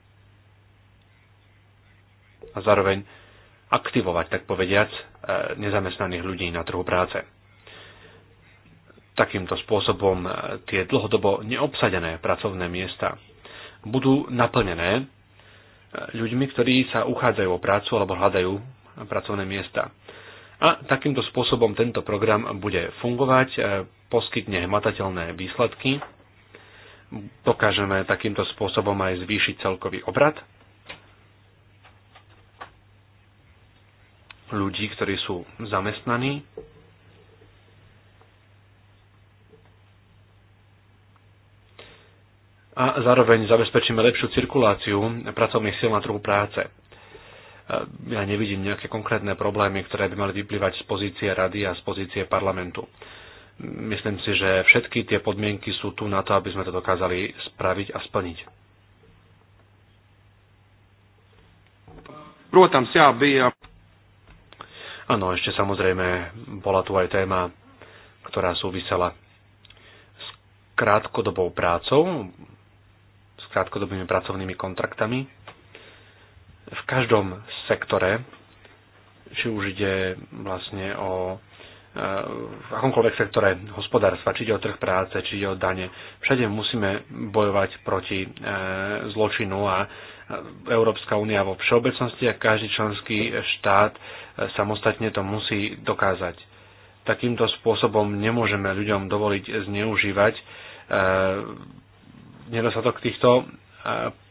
a zároveň aktivovať, tak povediac, e, nezamestnaných ľudí na trhu práce. Takýmto spôsobom e, tie dlhodobo neobsadené pracovné miesta budú naplnené e, ľuďmi, ktorí sa uchádzajú o prácu alebo hľadajú pracovné miesta. A takýmto spôsobom tento program bude fungovať, poskytne hmatateľné výsledky, dokážeme takýmto spôsobom aj zvýšiť celkový obrad ľudí, ktorí sú zamestnaní. A zároveň zabezpečíme lepšiu cirkuláciu pracovných síl na trhu práce. Ja nevidím nejaké konkrétne problémy, ktoré by mali vyplývať z pozície rady a z pozície parlamentu. Myslím si, že všetky tie podmienky sú tu na to, aby sme to dokázali spraviť a splniť. Protams, jā, bija Áno, ešte samozrejme bola tu aj téma, ktorá súvisela s krátkodobou prácou, s krátkodobými pracovnými kontraktami. V každom sektore, či už ide vlastne o e, v akomkoľvek sektore hospodárstva, či ide o trh práce, či ide o dane. Všade musíme bojovať proti e, zločinu a Európska únia vo všeobecnosti a každý členský štát e, samostatne to musí dokázať. Takýmto spôsobom nemôžeme ľuďom dovoliť zneužívať e, nedostatok týchto e,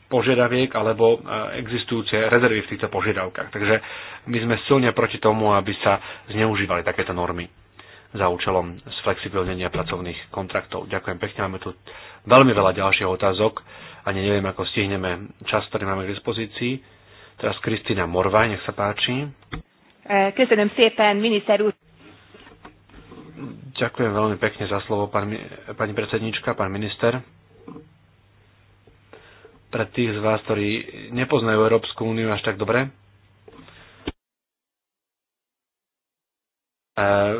požiadaviek alebo existujúce rezervy v týchto požiadavkách. Takže my sme silne proti tomu, aby sa zneužívali takéto normy za účelom sflexibilnenia pracovných kontraktov. Ďakujem pekne, máme tu veľmi veľa ďalších otázok ani neviem, ako stihneme čas, ktorý máme k dispozícii. Teraz Kristina Morvaj, nech sa páči. Eh, köszönöm siepen, minister úr. Ďakujem veľmi pekne za slovo, pán, pani predsednička, pán minister. Pre tých z vás, ktorí nepoznajú Európsku úniu až tak dobre, eh,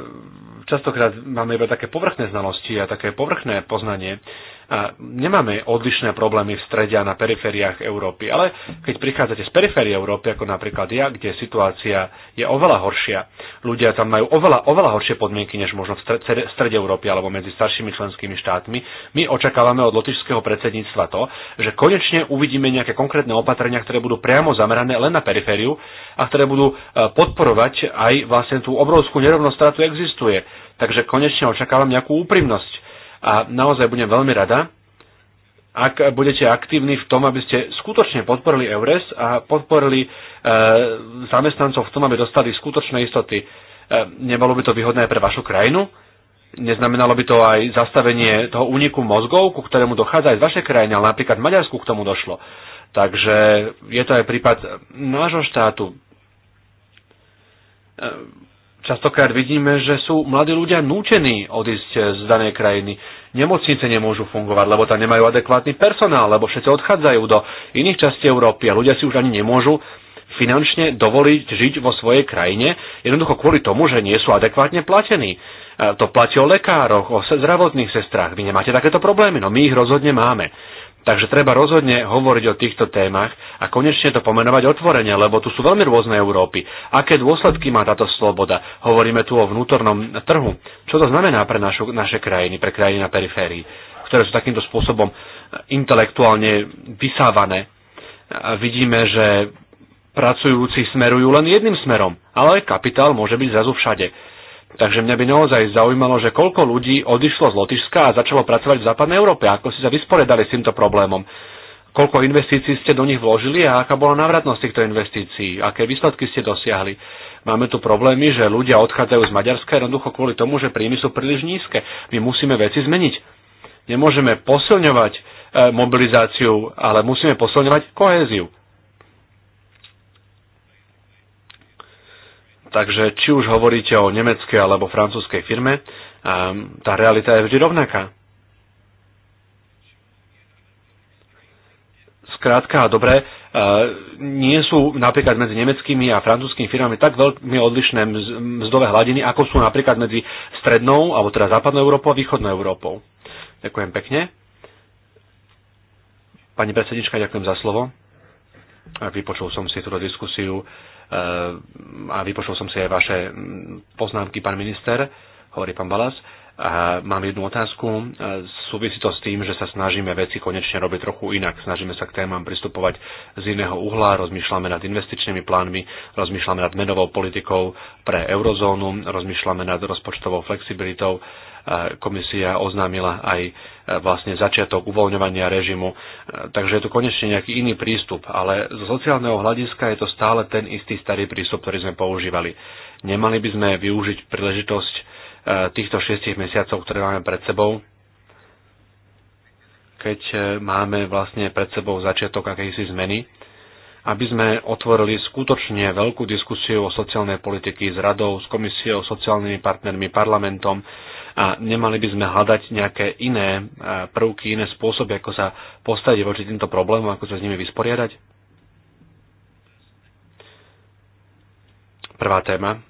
častokrát máme iba také povrchné znalosti a také povrchné poznanie nemáme odlišné problémy v strede a na perifériách Európy, ale keď prichádzate z periférie Európy, ako napríklad ja, kde situácia je oveľa horšia, ľudia tam majú oveľa, oveľa horšie podmienky než možno v strede Európy alebo medzi staršími členskými štátmi, my očakávame od lotišského predsedníctva to, že konečne uvidíme nejaké konkrétne opatrenia, ktoré budú priamo zamerané len na perifériu a ktoré budú e, podporovať aj vlastne tú obrovskú nerovnosť, ktorá tu existuje. Takže konečne očakávam nejakú úprimnosť a naozaj budem veľmi rada, ak budete aktívni v tom, aby ste skutočne podporili EURES a podporili e, zamestnancov v tom, aby dostali skutočné istoty. E, nebolo by to výhodné pre vašu krajinu? Neznamenalo by to aj zastavenie toho úniku mozgov, ku ktorému dochádza aj z vašej krajiny, ale napríklad v Maďarsku k tomu došlo. Takže je to aj prípad nášho štátu. E, Častokrát vidíme, že sú mladí ľudia nútení odísť z danej krajiny. Nemocnice nemôžu fungovať, lebo tam nemajú adekvátny personál, lebo všetci odchádzajú do iných častí Európy a ľudia si už ani nemôžu finančne dovoliť žiť vo svojej krajine, jednoducho kvôli tomu, že nie sú adekvátne platení. E, to platí o lekároch, o zdravotných sestrách. Vy nemáte takéto problémy, no my ich rozhodne máme. Takže treba rozhodne hovoriť o týchto témach a konečne to pomenovať otvorene, lebo tu sú veľmi rôzne Európy. Aké dôsledky má táto sloboda? Hovoríme tu o vnútornom trhu. Čo to znamená pre našu, naše krajiny, pre krajiny na periférii, ktoré sú takýmto spôsobom intelektuálne vysávané? A vidíme, že pracujúci smerujú len jedným smerom, ale kapitál môže byť zrazu všade Takže mňa by naozaj zaujímalo, že koľko ľudí odišlo z Lotyšska a začalo pracovať v západnej Európe, ako si sa vysporiadali s týmto problémom koľko investícií ste do nich vložili a aká bola návratnosť týchto investícií, aké výsledky ste dosiahli. Máme tu problémy, že ľudia odchádzajú z Maďarska jednoducho kvôli tomu, že príjmy sú príliš nízke. My musíme veci zmeniť. Nemôžeme posilňovať eh, mobilizáciu, ale musíme posilňovať kohéziu. Takže či už hovoríte o nemeckej alebo francúzskej firme, ehm, tá realita je vždy rovnaká. Skrátka a dobre, ehm, nie sú napríklad medzi nemeckými a francúzskými firmami tak veľmi odlišné mzdové hladiny, ako sú napríklad medzi strednou, alebo teda západnou Európou a východnou Európou. Ďakujem pekne. Pani predsednička, ďakujem za slovo. Vypočul som si túto diskusiu Eh, a vypočul som si aj vaše mm, poznámky, pán minister, hovorí pán Balas. A mám jednu otázku. Eh, súvisí to s tým, že sa snažíme veci konečne robiť trochu inak. Snažíme sa k témam pristupovať z iného uhla, rozmýšľame nad investičnými plánmi, rozmýšľame nad menovou politikou pre eurozónu, rozmýšľame nad rozpočtovou flexibilitou komisia oznámila aj e, vlastne začiatok uvoľňovania režimu. E, takže je tu konečne nejaký iný prístup, ale zo sociálneho hľadiska je to stále ten istý starý prístup, ktorý sme používali. Nemali by sme využiť príležitosť e, týchto šiestich mesiacov, ktoré máme pred sebou, keď máme vlastne pred sebou začiatok akejsi zmeny, aby sme otvorili skutočne veľkú diskusiu o sociálnej politiky s radou, s komisiou, sociálnymi partnermi, parlamentom, a nemali by sme hľadať nejaké iné e, prvky, iné spôsoby, ako sa postaviť voči týmto problémom, ako sa s nimi vysporiadať? Prvá téma.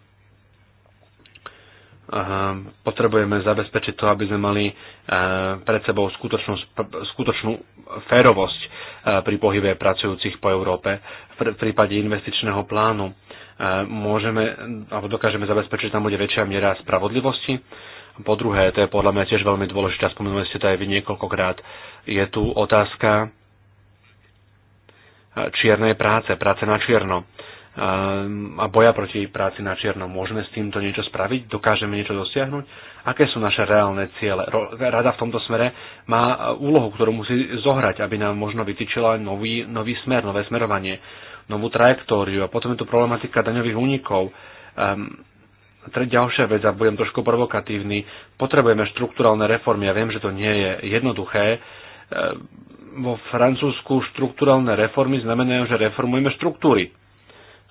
Potrebujeme zabezpečiť to, aby sme mali e, pred sebou skutočnú, skutočnú férovosť e, pri pohybe pracujúcich po Európe v prípade investičného plánu môžeme, alebo dokážeme zabezpečiť, že tam bude väčšia miera spravodlivosti po druhé, to je podľa mňa tiež veľmi dôležité, spomenuli ste to aj vy niekoľkokrát, je tu otázka čiernej práce, práce na čierno a boja proti práci na čierno. Môžeme s týmto niečo spraviť? Dokážeme niečo dosiahnuť? Aké sú naše reálne ciele? Rada v tomto smere má úlohu, ktorú musí zohrať, aby nám možno vytýčila nový, nový smer, nové smerovanie, novú trajektóriu. A potom je tu problematika daňových únikov. Ehm, ďalšia vec, a budem trošku provokatívny, potrebujeme štruktúralne reformy. Ja viem, že to nie je jednoduché. E, vo Francúzsku štruktúralne reformy znamenajú, že reformujeme štruktúry.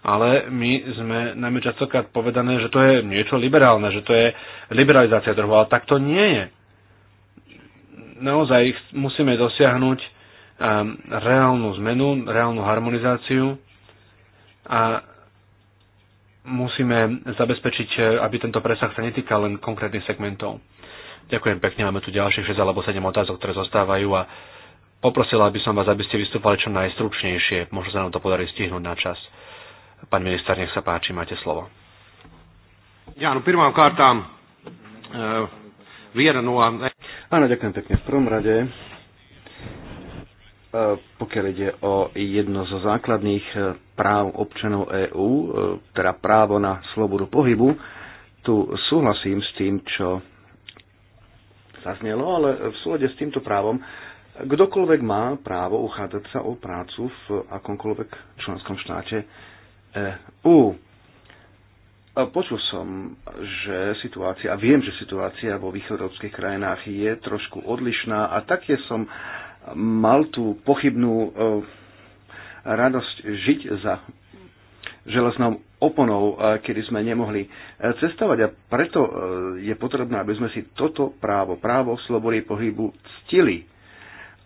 Ale my sme najmä častokrát povedané, že to je niečo liberálne, že to je liberalizácia trhu, ale tak to nie je. Naozaj ich musíme dosiahnuť e, reálnu zmenu, reálnu harmonizáciu a musíme zabezpečiť, e, aby tento presah sa netýkal len konkrétnych segmentov. Ďakujem pekne, máme tu ďalších 6 alebo 7 otázok, ktoré zostávajú a poprosila by som vás, aby ste vystúpali čo najstručnejšie. Možno sa nám to podarí stihnúť na čas. Pán minister, nech sa páči, máte slovo. Ja, no prvá karta. E, a... Áno, ďakujem pekne. V prvom rade E, pokiaľ ide o jedno zo základných e, práv občanov EÚ, e, teda právo na slobodu pohybu, tu súhlasím s tým, čo zaznelo, ale v súlade s týmto právom kdokoľvek má právo uchádzať sa o prácu v akomkoľvek členskom štáte EÚ. Počul som, že situácia, a viem, že situácia vo východovských krajinách je trošku odlišná a také som mal tú pochybnú e, radosť žiť za železnou oponou, e, kedy sme nemohli e, cestovať a preto je potrebné, aby sme si toto právo, právo slobody pohybu ctili,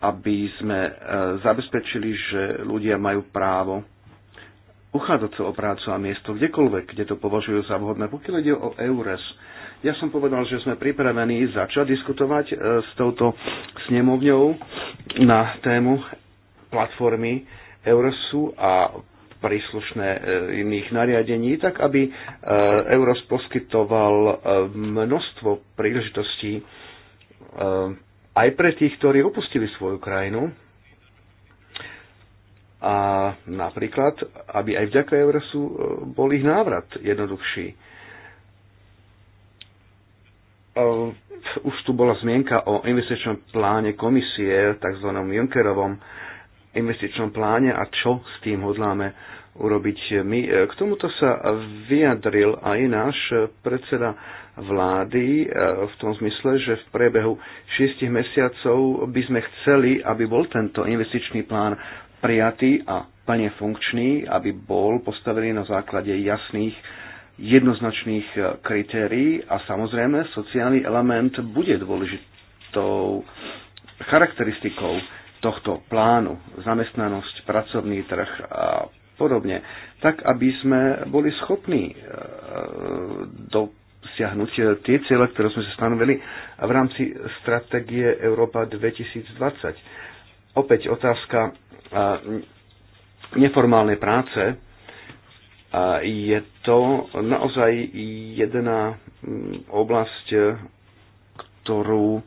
aby sme zabezpečili, že ľudia majú právo uchádzať sa o prácu a miesto kdekoľvek, kde to považujú za vhodné. Pokiaľ ide o EURES, ja som povedal, že sme pripravení začať diskutovať e, s touto snemovňou na tému platformy Eurosu a príslušné e, iných nariadení, tak aby e, Euros poskytoval množstvo príležitostí aj pre tých, ktorí opustili svoju krajinu, a napríklad, aby aj vďaka Eurosu bol ich návrat jednoduchší Ehm, už tu bola zmienka o investičnom pláne komisie, tzv. Junckerovom investičnom pláne a čo s tým hodláme urobiť my. Ehm, k tomuto sa vyjadril aj náš predseda vlády ehm, v tom zmysle, že v priebehu šiestich mesiacov by sme chceli, aby bol tento investičný plán prijatý a plne funkčný, aby bol postavený na základe jasných jednoznačných e, kritérií a samozrejme sociálny element bude dôležitou charakteristikou tohto plánu, zamestnanosť, pracovný trh a podobne, tak aby sme boli schopní e, e, dosiahnuť tie cieľe, ktoré sme sa stanovili v rámci stratégie Európa 2020. Opäť otázka neformálnej práce a je to naozaj jedna mm, oblasť, ktorú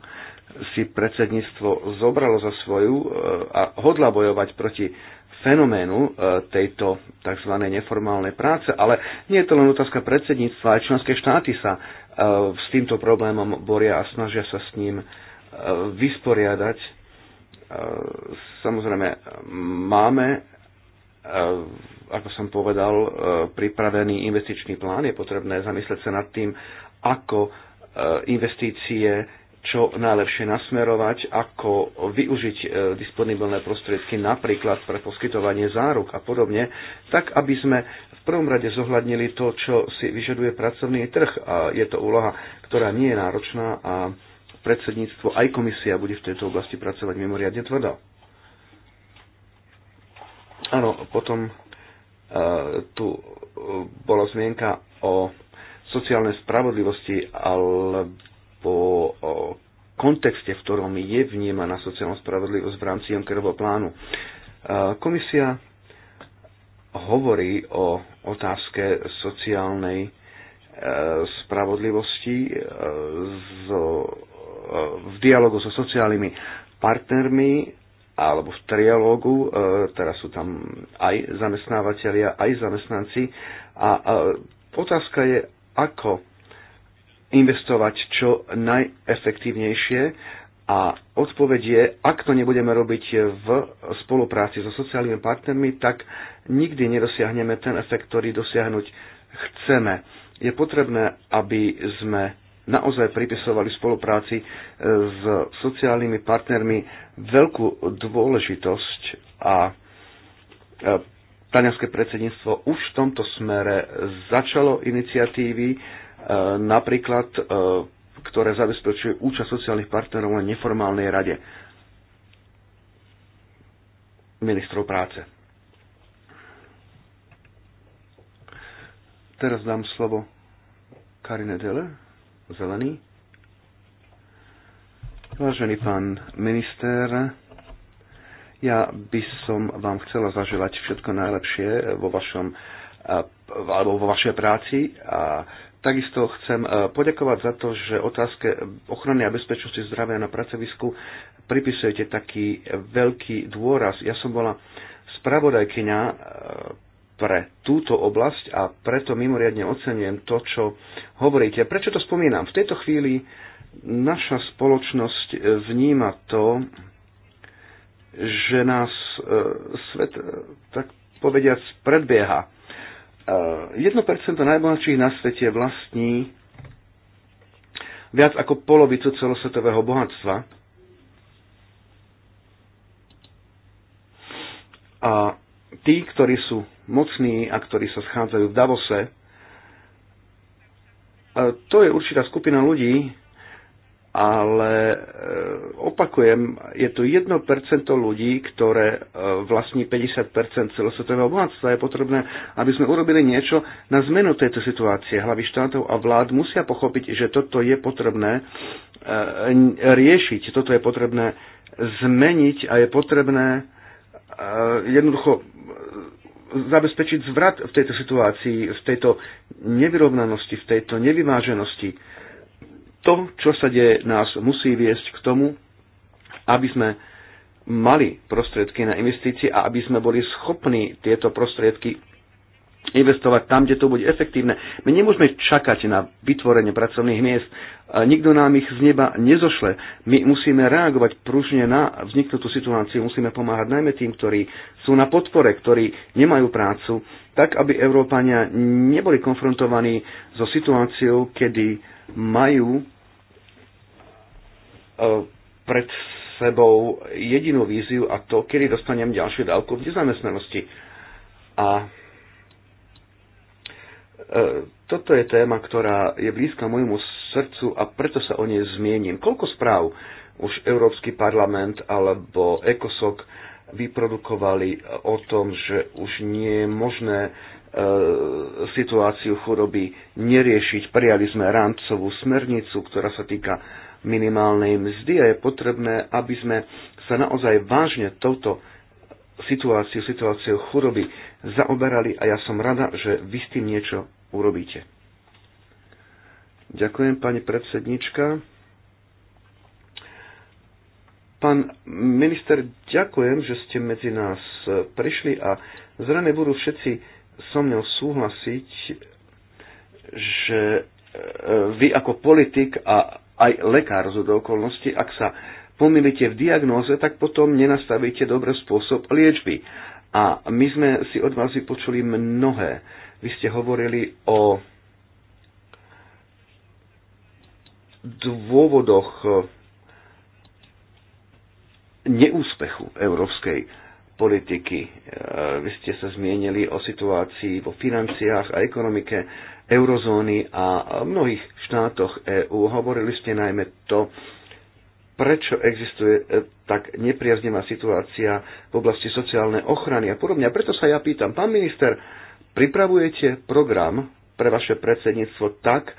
si predsedníctvo zobralo za svoju e, a hodla bojovať proti fenoménu e, tejto tzv. neformálnej práce, ale nie je to len otázka predsedníctva, aj členské štáty sa e, s týmto problémom boria a snažia sa s ním vysporiadať. Samozrejme, máme E, ako som povedal, e, pripravený investičný plán. Je potrebné zamyslieť sa nad tým, ako e, investície čo najlepšie nasmerovať, ako využiť disponibilné prostriedky napríklad pre poskytovanie záruk a podobne, tak aby sme v prvom rade zohľadnili to, čo si vyžaduje pracovný trh. A je to úloha, ktorá nie je náročná a predsedníctvo aj komisia bude v tejto oblasti pracovať mimoriadne tvrdo. Áno, potom e, tu e, bola zmienka o sociálnej spravodlivosti alebo o kontexte, v ktorom je vnímaná sociálna spravodlivosť v rámci Junckerovho plánu. E, komisia hovorí o otázke sociálnej spravodlivosti v dialogu so sociálnymi partnermi alebo v trialógu, e, teraz sú tam aj zamestnávateľia, aj zamestnanci a e, otázka je, ako investovať čo najefektívnejšie a odpoveď je, ak to nebudeme robiť v spolupráci so sociálnymi partnermi, tak nikdy nedosiahneme ten efekt, ktorý dosiahnuť chceme. Je potrebné, aby sme naozaj pripisovali spolupráci e, s sociálnymi partnermi veľkú dôležitosť a e, Taňanské predsedníctvo už v tomto smere začalo iniciatívy, e, napríklad, ktoré zabezpečujú účasť sociálnych partnerov na neformálnej rade ministrov práce. Teraz dám slovo Karine Dele. Zelený. Vážený pán minister, ja by som vám chcela zaželať všetko najlepšie vo vašom eh, alebo vo vašej práci a takisto chcem eh, poďakovať za to, že otázke ochrany a bezpečnosti zdravia na pracovisku pripisujete taký veľký dôraz. Ja som bola spravodajkyňa eh, pre túto oblasť a preto mimoriadne ocenujem to, čo hovoríte. Prečo to spomínam? V tejto chvíli naša spoločnosť vníma to, že nás e, svet, e, tak povediac, predbieha. E, 1% najbohatších na svete vlastní viac ako polovicu celosvetového bohatstva. A tí, ktorí sú mocní a ktorí sa schádzajú v Davose, e, to je určitá skupina ľudí, ale e, opakujem, je tu 1% ľudí, ktoré e, vlastní 50% celosvetového bohatstva. Je potrebné, aby sme urobili niečo na zmenu tejto situácie. Hlavy štátov a vlád musia pochopiť, že toto je potrebné riešiť, toto je potrebné zmeniť a je potrebné Eh, jednoducho eh, zabezpečiť zvrat v tejto situácii, v tejto nevyrovnanosti, v tejto nevyváženosti. To, čo sa deje, nás musí viesť k tomu, aby sme mali prostriedky na investície a aby sme boli schopní tieto prostriedky investovať tam, kde to bude efektívne. My nemôžeme čakať na vytvorenie pracovných miest. Nikto nám ich z neba nezošle. My musíme reagovať pružne na vzniknutú situáciu. Musíme pomáhať najmä tým, ktorí sú na podpore, ktorí nemajú prácu, tak aby Európania neboli konfrontovaní so situáciou, kedy majú e, pred sebou jedinú víziu a to, kedy dostanem ďalšiu dávku v nezamestnanosti. A E, toto je téma, ktorá je blízka môjmu srdcu a preto sa o nej zmiením. Koľko správ už Európsky parlament alebo ECOSOC vyprodukovali o tom, že už nie je možné e, situáciu choroby neriešiť. Prijali sme rámcovú smernicu, ktorá sa týka minimálnej mzdy a je potrebné, aby sme sa naozaj vážne touto situáciu, situáciu chudoby zaoberali a ja som rada, že vy s tým niečo urobíte. Ďakujem, pani predsednička. Pán minister, ďakujem, že ste medzi nás prišli a zrejme budú všetci so mnou súhlasiť, že e, vy ako politik a aj lekár zo do ak sa pomýlite v diagnóze, tak potom nenastavíte dobrý spôsob liečby. A my sme si od vás vypočuli mnohé vy ste hovorili o dôvodoch e, neúspechu európskej politiky. E, vy ste sa zmienili o situácii vo financiách a ekonomike eurozóny a mnohých štátoch EÚ. Hovorili ste najmä to, prečo existuje e, tak nepriaznivá situácia v oblasti sociálnej ochrany a podobne. A preto sa ja pýtam, pán minister, pripravujete program pre vaše predsedníctvo tak,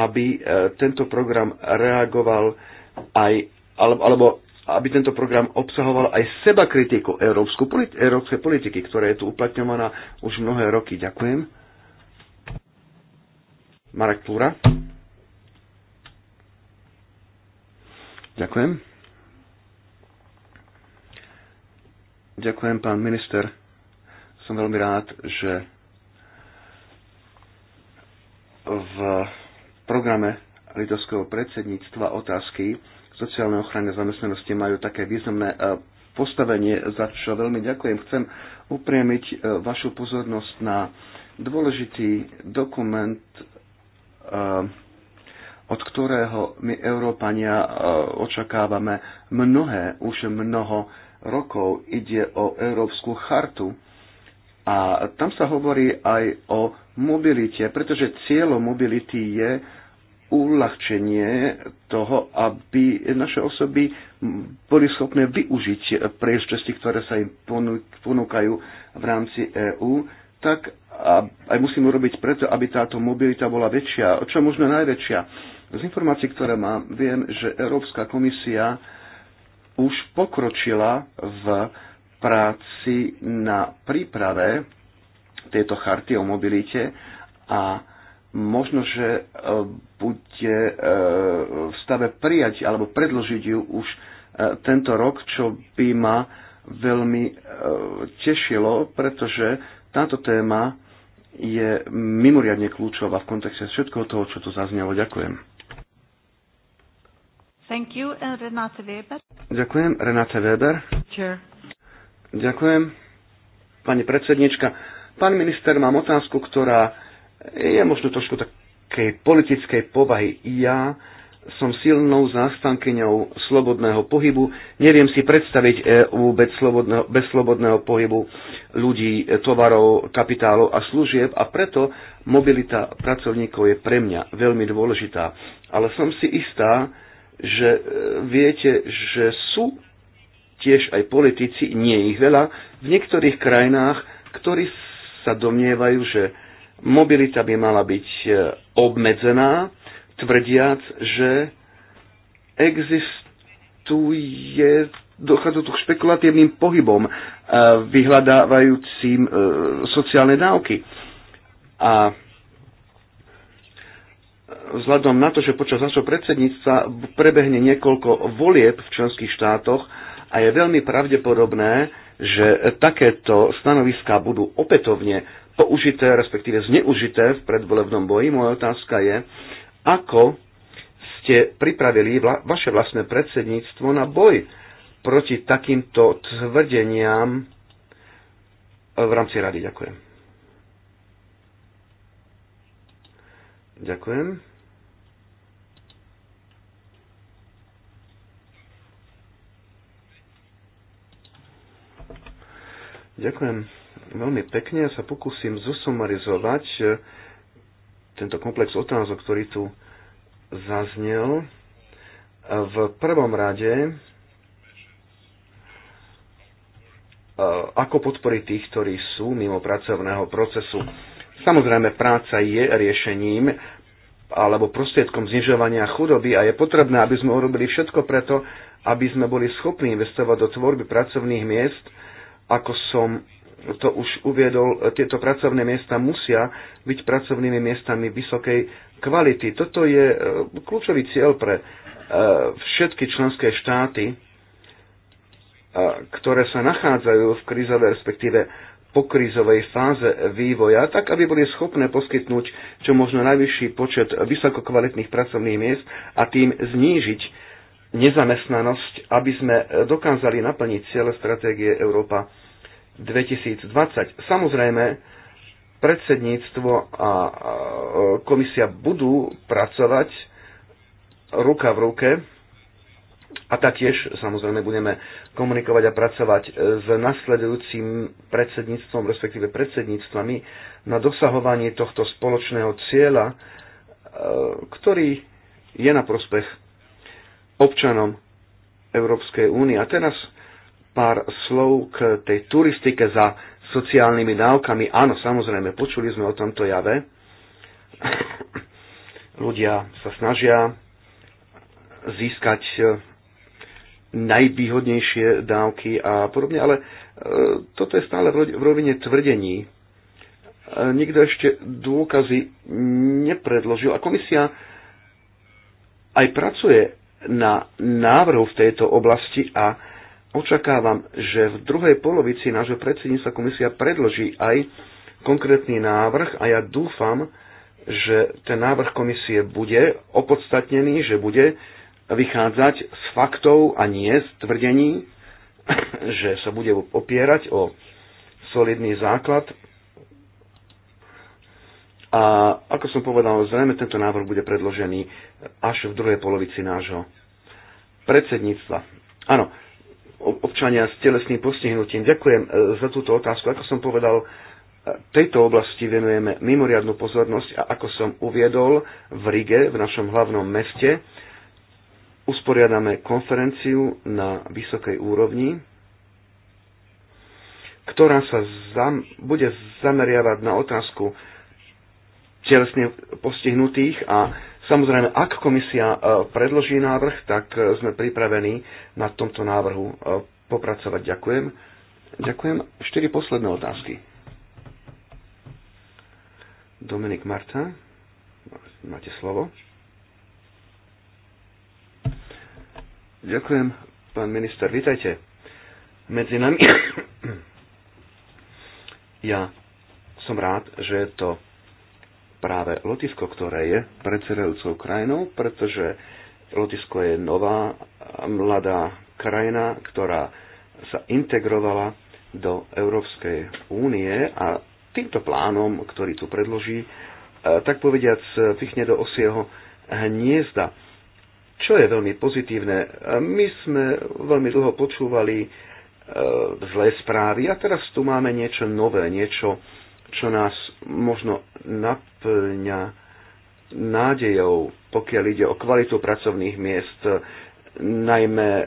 aby e, tento program reagoval aj, alebo aby tento program obsahoval aj seba kritiku európskej politi- politiky, ktorá je tu uplatňovaná už mnohé roky. Ďakujem. Marek Túra. Ďakujem. Ďakujem, pán minister. Som veľmi rád, že v programe litovského predsedníctva otázky sociálnej ochrany a zamestnanosti majú také významné e, postavenie, za čo veľmi ďakujem. Chcem upriemiť e, vašu pozornosť na dôležitý dokument, e, od ktorého my Európania očakávame mnohé, už mnoho rokov. Ide o Európsku chartu a tam sa hovorí aj o mobilite, pretože cieľom mobility je uľahčenie toho, aby naše osoby boli schopné využiť príležitosti, ktoré sa im ponúkajú v rámci EÚ, tak aj musíme urobiť preto, aby táto mobilita bola väčšia, čo možno najväčšia. Z informácií, ktoré mám, viem, že Európska komisia už pokročila v práci na príprave tejto charty o mobilite a možno, že e, bude e, v stave prijať alebo predložiť ju už e, tento rok, čo by ma veľmi tešilo, pretože táto téma je mimoriadne kľúčová v kontexte všetkého toho, čo tu zaznelo. Ďakujem. Thank you, Renate Weber. Ďakujem, Renate Weber. Sure. Ďakujem. Pani predsednička, pán minister, mám otázku, ktorá je možno trošku takej politickej povahy. Ja som silnou zástankyňou slobodného pohybu. Neviem si predstaviť EU bez slobodného, bez slobodného pohybu ľudí, e, tovarov, kapitálov a služieb a preto mobilita pracovníkov je pre mňa veľmi dôležitá. Ale som si istá, že e, viete, že sú tiež aj politici, nie ich veľa, v niektorých krajinách, ktorí sa domnievajú, že mobilita by mala byť e, obmedzená, tvrdiac, že existuje dochádza tu k špekulatívnym pohybom e, vyhľadávajúcim e, sociálne dávky. A vzhľadom na to, že počas našho predsedníctva prebehne niekoľko volieb v členských štátoch, a je veľmi pravdepodobné, že takéto stanoviská budú opätovne použité, respektíve zneužité v predvolebnom boji. Moja otázka je, ako ste pripravili vla- vaše vlastné predsedníctvo na boj proti takýmto tvrdeniam v rámci rady. Ďakujem. Ďakujem. Ďakujem veľmi pekne. Ja sa pokúsim zosumarizovať e, tento komplex otázok, ktorý tu zaznel. E, v prvom rade, e, ako podporiť tých, ktorí sú mimo pracovného procesu. Samozrejme, práca je riešením alebo prostriedkom znižovania chudoby a je potrebné, aby sme urobili všetko preto, aby sme boli schopní investovať do tvorby pracovných miest, ako som to už uviedol, tieto pracovné miesta musia byť pracovnými miestami vysokej kvality. Toto je e, kľúčový cieľ pre e, všetky členské štáty, e, ktoré sa nachádzajú v krízovej, respektíve pokrízovej fáze vývoja, tak aby boli schopné poskytnúť čo možno najvyšší počet vysokokvalitných pracovných miest a tým znížiť nezamestnanosť, aby sme e, dokázali naplniť ciele stratégie Európa 2020. Samozrejme, predsedníctvo a komisia budú pracovať ruka v ruke a taktiež samozrejme budeme komunikovať a pracovať e, s nasledujúcim predsedníctvom, respektíve predsedníctvami na dosahovaní tohto spoločného cieľa, e, ktorý je na prospech občanom Európskej únie. A teraz pár slov k tej turistike za sociálnymi dávkami. Áno, samozrejme, počuli sme o tomto jave. Ľudia sa snažia získať eh, najvýhodnejšie dávky a podobne, ale eh, toto je stále v rovine tvrdení. Eh, nikto ešte dôkazy nepredložil a komisia aj pracuje na návrhu v tejto oblasti a očakávam, že v druhej polovici nášho predsedníctva komisia predloží aj konkrétny návrh a ja dúfam, že ten návrh komisie bude opodstatnený, že bude vychádzať z faktov a nie z tvrdení, (clears throat) že sa bude opierať o solidný základ a ako som povedal, zrejme tento návrh bude predložený až v druhej polovici nášho predsedníctva. Áno, občania s telesným postihnutím. Ďakujem e, za túto otázku. Ako som povedal, e, tejto oblasti venujeme mimoriadnu pozornosť a ako som uviedol v Rige, v našom hlavnom meste, usporiadame konferenciu na vysokej úrovni, ktorá sa zam, bude zameriavať na otázku telesne postihnutých a samozrejme, ak komisia e, predloží návrh, tak e, sme pripravení na tomto návrhu e, popracovať. Ďakujem. Ďakujem. Štyri posledné otázky. Dominik Marta, máte slovo. Ďakujem, pán minister. Vítajte medzi nami. (coughs) Ja som rád, že to práve Lotisko, ktoré je predsedajúcou krajinou, pretože Lotisko je nová, mladá krajina, ktorá sa integrovala do Európskej únie a týmto plánom, ktorý tu predloží, e, tak povediac, pichne do osieho hniezda, čo je veľmi pozitívne. E, my sme veľmi dlho počúvali e, zlé správy a teraz tu máme niečo nové, niečo čo nás možno naplňa nádejou, pokiaľ ide o kvalitu pracovných miest, najmä e,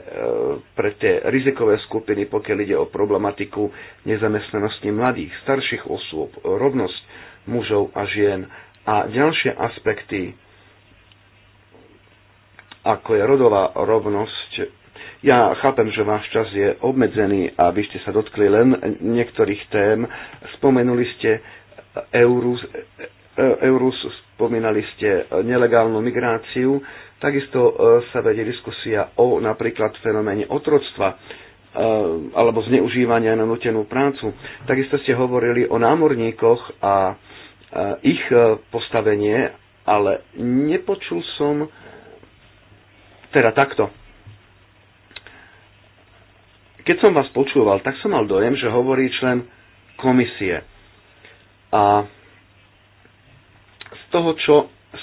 pre tie rizikové skupiny, pokiaľ ide o problematiku nezamestnanosti mladých, starších osôb, rovnosť mužov a žien a ďalšie aspekty, ako je rodová rovnosť ja chápem, že váš čas je obmedzený, aby ste sa dotkli len niektorých tém. Spomenuli ste Eurus, e, e, Eurus spomínali ste nelegálnu migráciu, takisto e, sa vedie diskusia o napríklad fenoméne otroctva alebo zneužívania na nutenú prácu. Takisto ste hovorili o námorníkoch a ich postavenie, ale nepočul som teda takto keď som vás počúval, tak som mal dojem, že hovorí člen komisie. A z toho, čo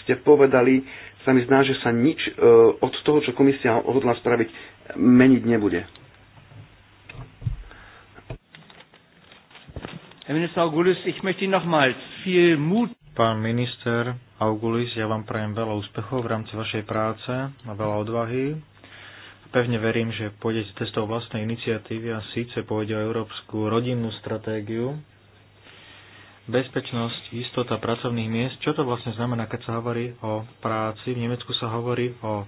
ste povedali, sa mi zdá, že sa nič e, od toho, čo komisia odhodla spraviť, meniť nebude. Minister Augulis, Pán minister Augulis, ja vám prajem veľa úspechov v rámci vašej práce a veľa odvahy. Pevne verím, že pôjdete cestou vlastnej iniciatívy a síce pôjde o európsku rodinnú stratégiu, bezpečnosť, istota pracovných miest. Čo to vlastne znamená, keď sa hovorí o práci? V Nemecku sa hovorí o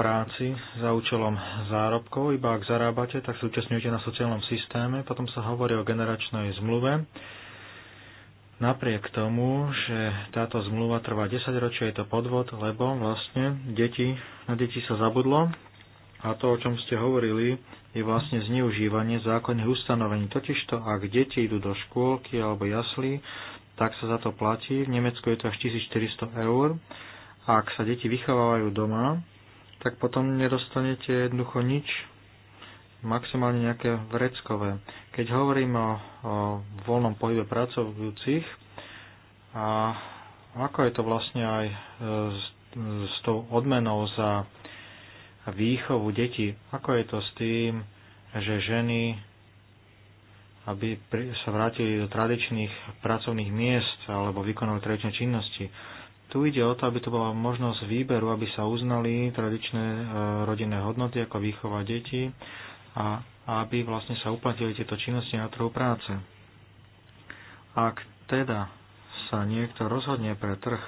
práci za účelom zárobkov, iba ak zarábate, tak sa účastňujete na sociálnom systéme, potom sa hovorí o generačnej zmluve. Napriek tomu, že táto zmluva trvá 10 ročia, je to podvod, lebo vlastne deti, na deti sa zabudlo, a to, o čom ste hovorili, je vlastne zneužívanie zákonných ustanovení. Totižto, ak deti idú do škôlky alebo jaslí, tak sa za to platí. V Nemecku je to až 1400 eur. A ak sa deti vychovávajú doma, tak potom nedostanete jednoducho nič, maximálne nejaké vreckové. Keď hovoríme o, o voľnom pohybe pracujúcich, a ako je to vlastne aj e, s, s tou odmenou za výchovu detí. Ako je to s tým, že ženy, aby sa vrátili do tradičných pracovných miest alebo vykonali tradičné činnosti. Tu ide o to, aby to bola možnosť výberu, aby sa uznali tradičné e, rodinné hodnoty ako výchova detí a aby vlastne sa uplatili tieto činnosti na trhu práce. Ak teda sa niekto rozhodne pre trh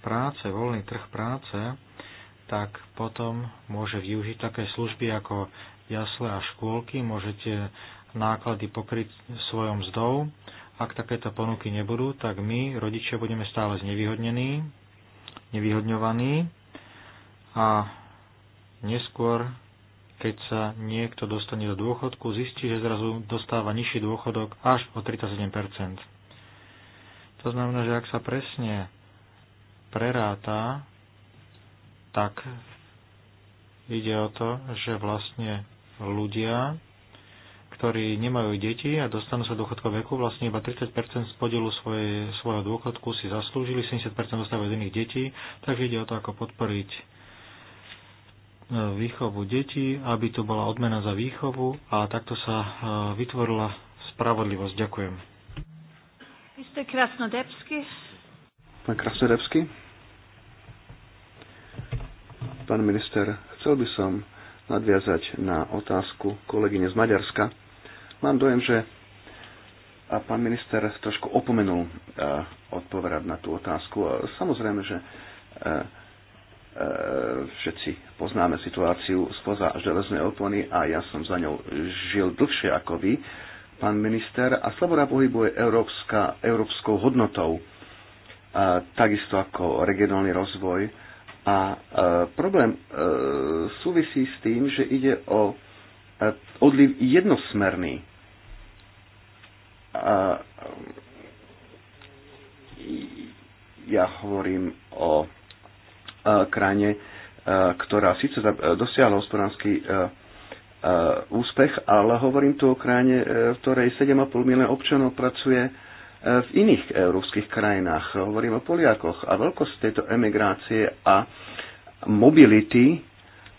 práce, voľný trh práce, tak potom môže využiť také služby ako jasle a škôlky, môžete náklady pokryť svojom mzdou. Ak takéto ponuky nebudú, tak my, rodičia, budeme stále znevýhodnení, nevyhodňovaní a neskôr, keď sa niekto dostane do dôchodku, zistí, že zrazu dostáva nižší dôchodok až o 37 To znamená, že ak sa presne preráta tak ide o to, že vlastne ľudia, ktorí nemajú deti a dostanú sa do veku, vlastne iba 30% z podielu svoje, svojho dôchodku si zaslúžili, 70% dostávajú od iných detí, takže ide o to, ako podporiť e, výchovu detí, aby tu bola odmena za výchovu a takto sa e, vytvorila spravodlivosť. Ďakujem. Vy ste krasnodebský? Pán Krasnodebský? Pán minister, chcel by som nadviazať na otázku kolegyne z Maďarska. Mám dojem, že a pán minister trošku opomenul e, odpovedať na tú otázku. E, samozrejme, že e, všetci poznáme situáciu spoza železnej opony a ja som za ňou žil dlhšie ako vy, pán minister, a sloboda pohybu je európska, európskou hodnotou, a takisto ako regionálny rozvoj a e, problém e, súvisí s tým, že ide o e, odliv jednosmerný. A, e, ja hovorím o e, krajine, e, ktorá síce e, dosiahla hospodársky e, e, úspech, ale hovorím tu o krajine, e, v ktorej 7,5 milióna občanov pracuje v iných európskych krajinách. Hovorím o Poliakoch a veľkosť tejto emigrácie a mobility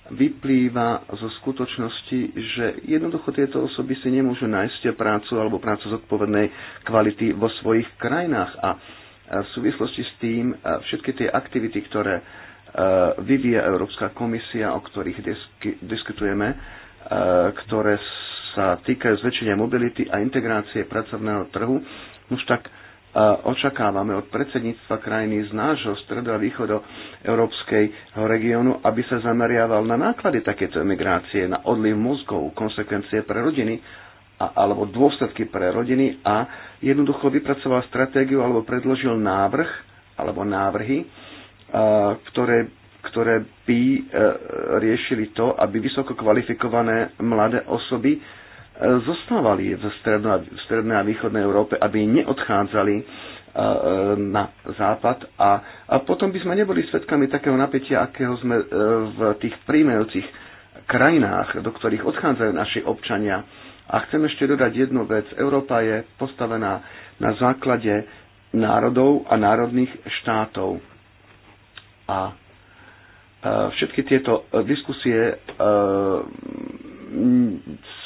vyplýva zo skutočnosti, že jednoducho tieto osoby si nemôžu nájsť prácu alebo prácu zodpovednej kvality vo svojich krajinách. A v súvislosti s tým všetky tie aktivity, ktoré vyvíja Európska komisia, o ktorých diskutujeme, ktoré sa týkajú zväčšenia mobility a integrácie pracovného trhu, už tak e, očakávame od predsedníctva krajiny z nášho stredo- a východo európskeho regiónu, aby sa zameriaval na náklady takéto emigrácie, na odliv mozgov, konsekvencie pre rodiny a, alebo dôsledky pre rodiny a jednoducho vypracoval stratégiu alebo predložil návrh alebo návrhy, a, e, ktoré, ktoré by e, riešili to, aby vysoko kvalifikované mladé osoby zostávali v, strednej a východnej Európe, aby neodchádzali e, na západ a, a potom by sme neboli svedkami takého napätia, akého sme e, v tých príjmajúcich krajinách, do ktorých odchádzajú naši občania. A chcem ešte dodať jednu vec. Európa je postavená na základe národov a národných štátov. A e, všetky tieto diskusie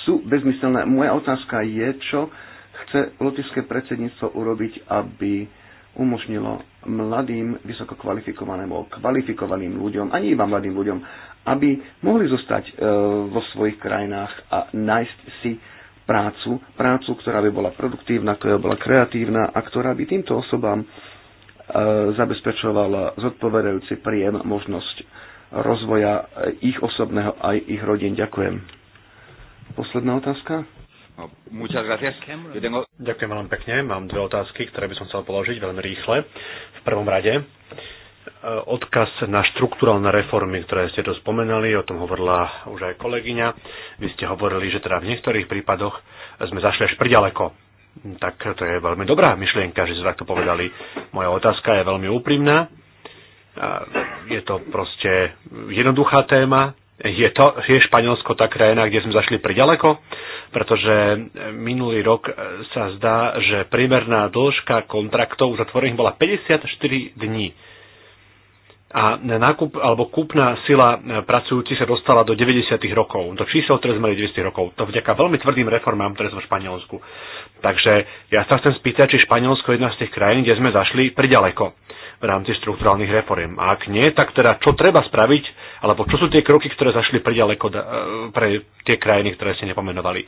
sú bezmyselné. Moja otázka je, čo chce lotické predsedníctvo urobiť, aby umožnilo mladým, vysoko kvalifikovaným, kvalifikovaným ľuďom, ani iba mladým ľuďom, aby mohli zostať e, vo svojich krajinách a nájsť si prácu, prácu, ktorá by bola produktívna, ktorá by bola kreatívna a ktorá by týmto osobám e, zabezpečovala zodpovedajúci príjem, možnosť rozvoja e, ich osobného aj ich rodín. Ďakujem. Posledná otázka. No, Ďakujem veľmi pekne. Mám dve otázky, ktoré by som chcel položiť veľmi rýchle. V prvom rade, e, odkaz na štruktúralné reformy, ktoré ste to spomenali, o tom hovorila už aj kolegyňa. Vy ste hovorili, že teda v niektorých prípadoch sme zašli až priďaleko. Tak to je veľmi dobrá myšlienka, že ste takto povedali. Moja otázka je veľmi úprimná. E, je to proste jednoduchá téma, je, to, je Španielsko tá krajina, kde sme zašli priďaleko? Pretože eh, minulý rok eh, sa zdá, že priemerná dĺžka kontraktov zatvorených bola 54 dní. A nákup alebo kúpna sila eh, pracujúcich sa dostala do 90. rokov, do čísel, ktoré sme mali 90. rokov. To vďaka veľmi tvrdým reformám, ktoré sú v Španielsku. Takže ja sa chcem spýtať, či Španielsko je jedna z tých krajín, kde sme zašli priďaleko v rámci štruktúrálnych reform. A ak nie, tak teda čo treba spraviť, alebo čo sú tie kroky, ktoré zašli preďaleko eh, pre tie krajiny, ktoré ste nepomenovali.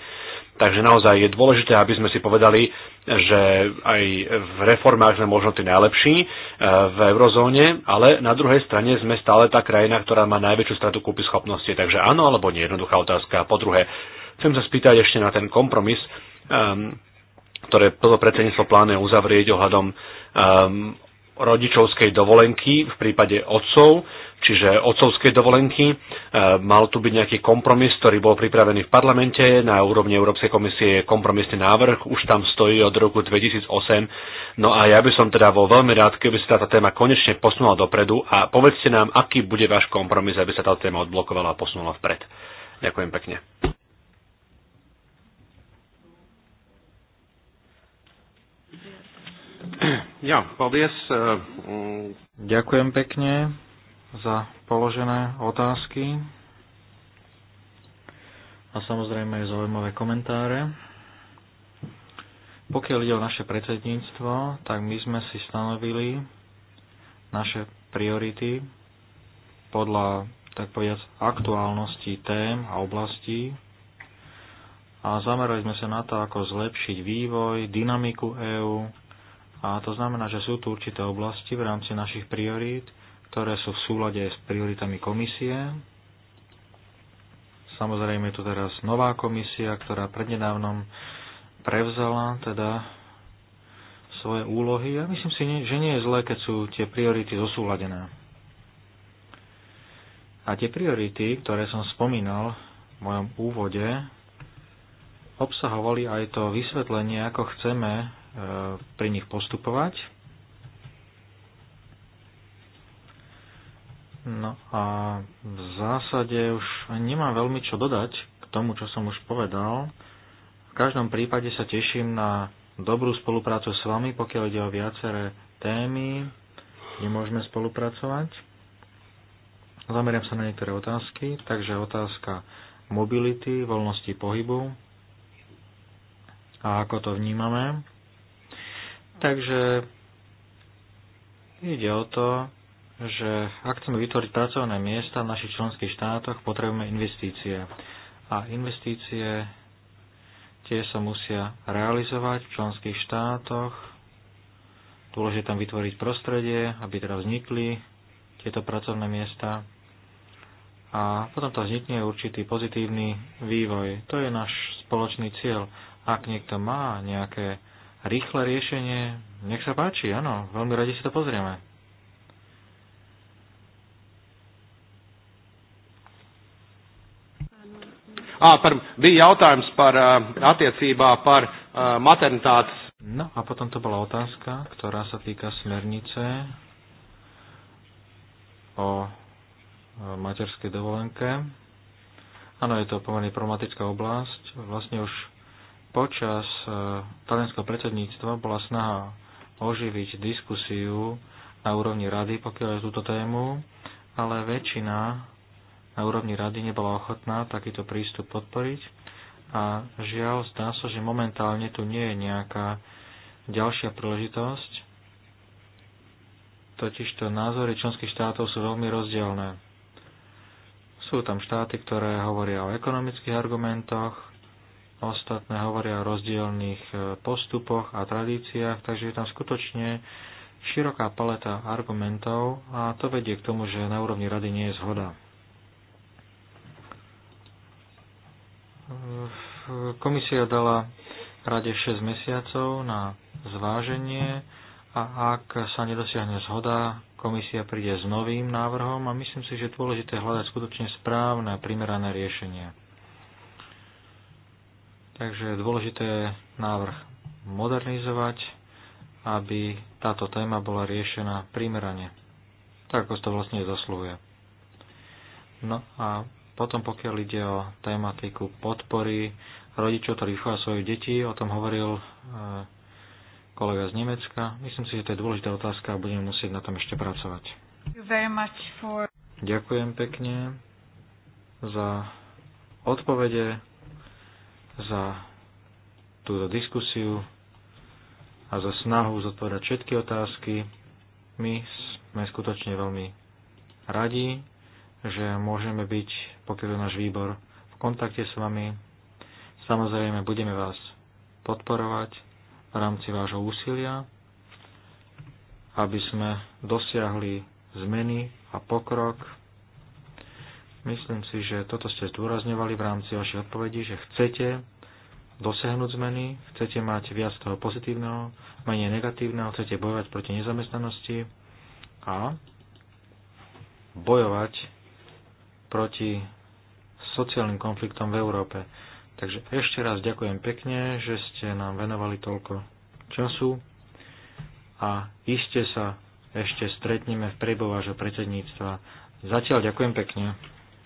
Takže naozaj je dôležité, aby sme si povedali, že aj v reformách sme možno tí najlepší eh, v eurozóne, ale na druhej strane sme stále tá krajina, ktorá má najväčšiu stratu kúpy schopnosti. Takže áno alebo nie, jednoduchá otázka. Po druhé, chcem sa spýtať ešte na ten kompromis, um, ktoré toto predsedníctvo pláne uzavrieť ohľadom um, rodičovskej dovolenky v prípade otcov, čiže otcovskej dovolenky. E, mal tu byť nejaký kompromis, ktorý bol pripravený v parlamente. Na úrovni Európskej komisie je kompromisný návrh, už tam stojí od roku 2008. No a ja by som teda bol veľmi rád, keby sa táto téma konečne posunula dopredu a povedzte nám, aký bude váš kompromis, aby sa táto téma odblokovala a posunula vpred. Ďakujem pekne. Ja, paldies. Eh, mm. Ďakujem pekne za položené otázky a samozrejme aj zaujímavé komentáre. Pokiaľ ide o naše predsedníctvo, tak my sme si stanovili naše priority podľa, tak povedať, aktuálnosti tém a oblastí a zamerali sme sa na to, ako zlepšiť vývoj, dynamiku EÚ, a to znamená, že sú tu určité oblasti v rámci našich priorít, ktoré sú v súlade s prioritami komisie. Samozrejme je tu teraz nová komisia, ktorá prednedávnom prevzala teda svoje úlohy a ja myslím si, že nie je zlé, keď sú tie priority zosúladené. A tie priority, ktoré som spomínal v mojom úvode, obsahovali aj to vysvetlenie, ako chceme E, pri nich postupovať. No a v zásade už nemám veľmi čo dodať k tomu, čo som už povedal. V každom prípade sa teším na dobrú spoluprácu s vami, pokiaľ ide o viaceré témy, kde môžeme spolupracovať. Zameriam sa na niektoré otázky, takže otázka mobility, voľnosti pohybu a ako to vnímame. Takže ide o to, že ak chceme vytvoriť pracovné miesta v našich členských štátoch, potrebujeme investície. A investície tie sa musia realizovať v členských štátoch. Dôležité tam vytvoriť prostredie, aby teda vznikli tieto pracovné miesta. A potom tam vznikne určitý pozitívny vývoj. To je náš spoločný cieľ. Ak niekto má nejaké rýchle riešenie. Nech sa páči, áno, veľmi radi si to pozrieme. Ah, par, bija jautājums par attiecībā par maternitātes. No a potom to bola otázka, ktorá sa týka smernice o materskej dovolenke. Áno, je to pomerne problematická oblasť. Vlastne už Počas e, talianského predsedníctva bola snaha oživiť diskusiu na úrovni rady, pokiaľ je túto tému, ale väčšina na úrovni rady nebola ochotná takýto prístup podporiť a žiaľ zdá sa, so, že momentálne tu nie je nejaká ďalšia príležitosť, totižto názory členských štátov sú veľmi rozdielne. Sú tam štáty, ktoré hovoria o ekonomických argumentoch, ostatné hovoria o rozdielných e, postupoch a tradíciách, takže je tam skutočne široká paleta argumentov a to vedie k tomu, že na úrovni rady nie je zhoda. E, komisia dala rade 6 mesiacov na zváženie a ak sa nedosiahne zhoda, komisia príde s novým návrhom a myslím si, že je dôležité hľadať skutočne správne a primerané riešenie. Takže je dôležité návrh modernizovať, aby táto téma bola riešená primerane, tak ako to vlastne zaslúhuje. No a potom pokiaľ ide o tematiku podpory rodičov, ktorí vychovajú svojich deti, o tom hovoril e, kolega z Nemecka. Myslím si, že to je dôležitá otázka a budeme musieť na tom ešte pracovať. Ďakujem pekne za odpovede za túto diskusiu a za snahu zodpovedať všetky otázky. My sme skutočne veľmi radi, že môžeme byť, pokiaľ je náš výbor, v kontakte s vami. Samozrejme, budeme vás podporovať v rámci vášho úsilia, aby sme dosiahli zmeny a pokrok Myslím si, že toto ste zdôrazňovali v rámci vašej odpovedí, že chcete dosiahnuť zmeny, chcete mať viac toho pozitívneho, menej negatívneho, chcete bojovať proti nezamestnanosti a bojovať proti sociálnym konfliktom v Európe. Takže ešte raz ďakujem pekne, že ste nám venovali toľko času a iste sa ešte stretneme v priebehu vášho predsedníctva. Zatiaľ ďakujem pekne.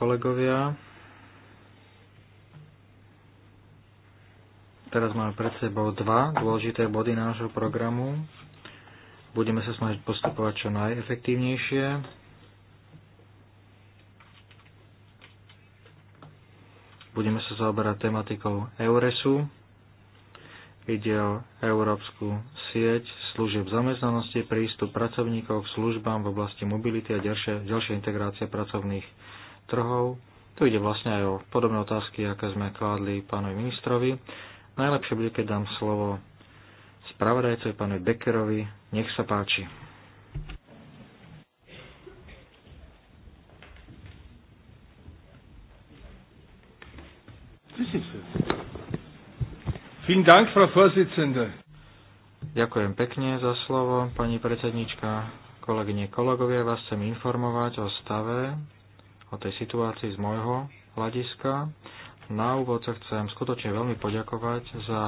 kolegovia. Teraz máme pred sebou dva dôležité body nášho programu. Budeme sa snažiť postupovať čo najefektívnejšie. Budeme sa zaoberať tematikou Euresu. Ide o Európsku sieť služieb zamestnanosti, prístup pracovníkov k službám v oblasti mobility a ďalšia, ďalšia integrácia pracovných trhov. Tu ide vlastne aj o podobné otázky, aké sme kládli pánovi ministrovi. Najlepšie bude, keď dám slovo spravodajcovi pánovi Beckerovi. Nech sa páči. Vielen Dank, Frau Vorsitzende. Ďakujem pekne za slovo, pani predsednička. Kolegyne, kolegovia, vás chcem informovať o stave o tej situácii z môjho hľadiska. Na úvod sa chcem skutočne veľmi poďakovať za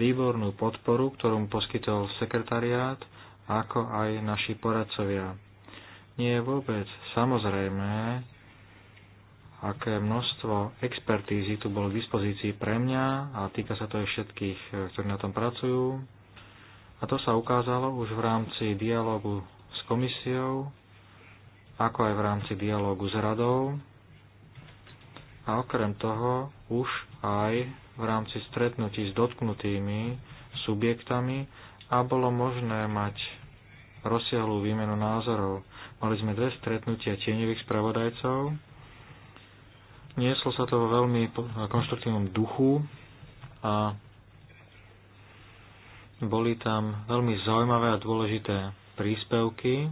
výbornú podporu, ktorú mu poskytol sekretariát, ako aj naši poradcovia. Nie je vôbec samozrejme, aké množstvo expertízy tu bolo k dispozícii pre mňa a týka sa to aj všetkých, ktorí na tom pracujú. A to sa ukázalo už v rámci dialogu s komisiou ako aj v rámci dialógu s radou a okrem toho už aj v rámci stretnutí s dotknutými subjektami a bolo možné mať rozsiahlú výmenu názorov. Mali sme dve stretnutia tieňových spravodajcov. Nieslo sa to vo veľmi konštruktívnom duchu a boli tam veľmi zaujímavé a dôležité príspevky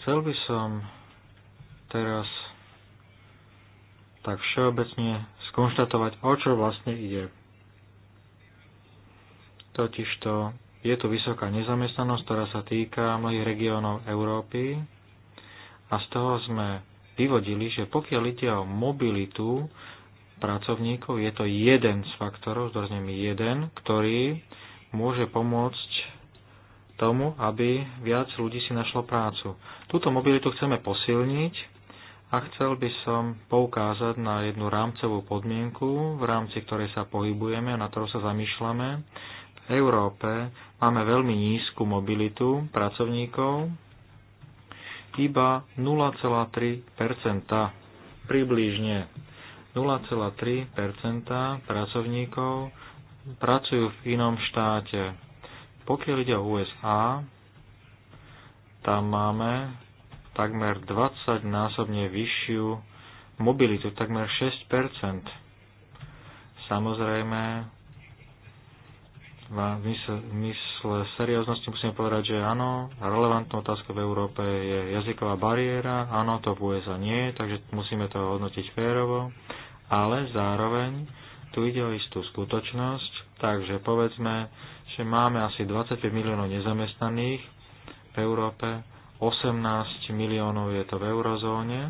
Chcel by som teraz tak všeobecne skonštatovať, o čo vlastne ide. Totižto je tu vysoká nezamestnanosť, ktorá sa týka mnohých regiónov Európy a z toho sme vyvodili, že pokiaľ ide o mobilitu pracovníkov, je to jeden z faktorov, zdôrazňujem jeden, ktorý môže pomôcť tomu, aby viac ľudí si našlo prácu. Túto mobilitu chceme posilniť a chcel by som poukázať na jednu rámcovú podmienku, v rámci ktorej sa pohybujeme a na ktorú sa zamýšľame. V Európe máme veľmi nízku mobilitu pracovníkov, iba 0,3 približne 0,3 pracovníkov pracujú v inom štáte pokiaľ ide o USA, tam máme takmer 20 násobne vyššiu mobilitu, takmer 6 Samozrejme, v mysle, serióznosti musíme povedať, že áno, relevantná otázka v Európe je jazyková bariéra, áno, to v USA nie, takže musíme to hodnotiť férovo, ale zároveň tu ide o istú skutočnosť, takže povedzme, že máme asi 25 miliónov nezamestnaných v Európe, 18 miliónov je to v eurozóne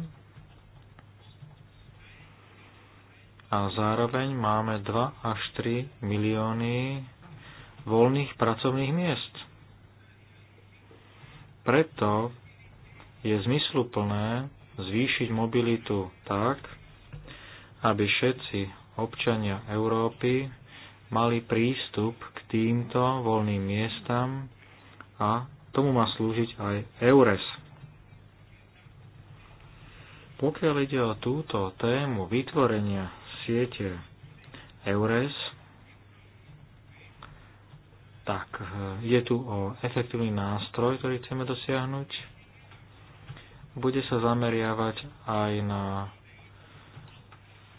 a zároveň máme 2 až 3 milióny voľných pracovných miest. Preto je zmysluplné zvýšiť mobilitu tak, aby všetci občania Európy mali prístup k týmto voľným miestam a tomu má slúžiť aj EURES. Pokiaľ ide o túto tému vytvorenia siete EURES, tak e, je tu o efektívny nástroj, ktorý chceme dosiahnuť. Bude sa zameriavať aj na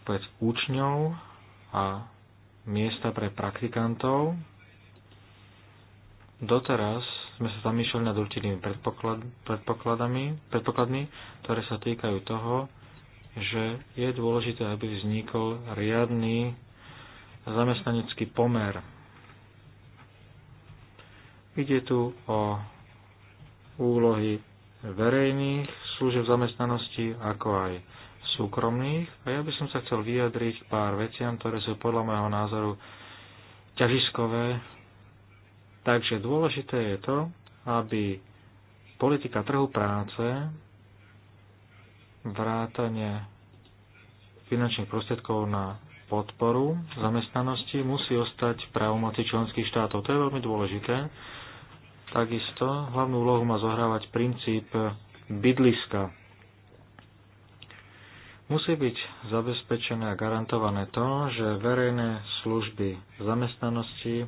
povedz, učňov a miesta pre praktikantov, Doteraz sme sa zamýšľali nad určitými predpoklad, predpokladami, predpokladmi, ktoré sa týkajú toho, že je dôležité, aby vznikol riadny zamestnanecký pomer. Ide tu o úlohy verejných služieb zamestnanosti, ako aj súkromných. A ja by som sa chcel vyjadriť pár veciam, ktoré sú podľa môjho názoru ťažiskové Takže dôležité je to, aby politika trhu práce, vrátanie finančných prostriedkov na podporu zamestnanosti musí ostať v právomoci členských štátov. To je veľmi dôležité. Takisto hlavnú úlohu má zohrávať princíp bydliska. Musí byť zabezpečené a garantované to, že verejné služby zamestnanosti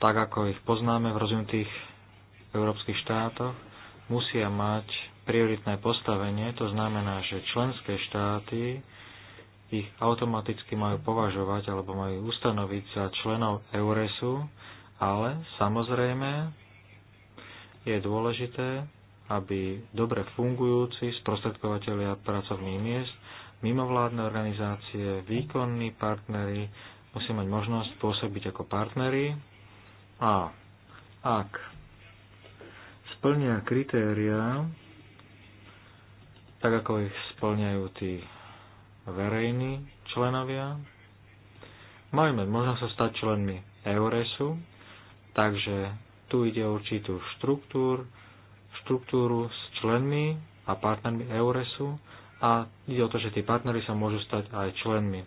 tak ako ich poznáme v rozvinutých európskych štátoch, musia mať prioritné postavenie, to znamená, že členské štáty ich automaticky majú považovať alebo majú ustanoviť za členov Euresu, ale samozrejme je dôležité, aby dobre fungujúci sprostredkovateľia pracovných miest, mimovládne organizácie, výkonní partnery musia mať možnosť pôsobiť ako partnery a ak splnia kritériá, tak ako ich splňajú tí verejní členovia, mať možno sa stať členmi Euresu, takže tu ide o určitú štruktúr, štruktúru s členmi a partnermi Euresu a ide o to, že tí partnery sa môžu stať aj členmi.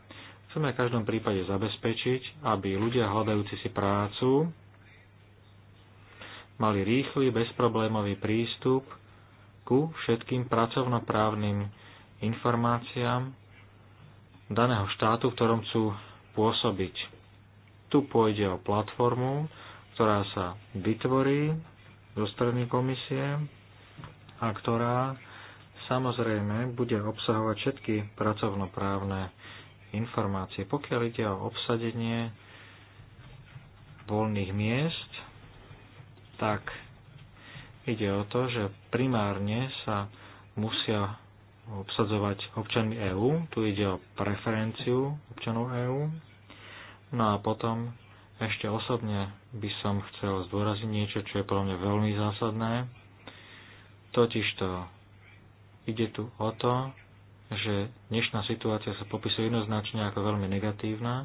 Chceme v každom prípade zabezpečiť, aby ľudia hľadajúci si prácu mali rýchly, bezproblémový prístup ku všetkým pracovnoprávnym informáciám daného štátu, v ktorom chcú pôsobiť. Tu pôjde o platformu, ktorá sa vytvorí zo strany komisie a ktorá samozrejme bude obsahovať všetky pracovnoprávne informácie. Pokiaľ ide o obsadenie voľných miest, tak ide o to, že primárne sa musia obsadzovať občanmi EÚ, tu ide o preferenciu občanov EÚ. No a potom ešte osobne by som chcel zdôraziť niečo, čo je pre mňa veľmi zásadné. Totižto ide tu o to, že dnešná situácia sa popisuje jednoznačne ako veľmi negatívna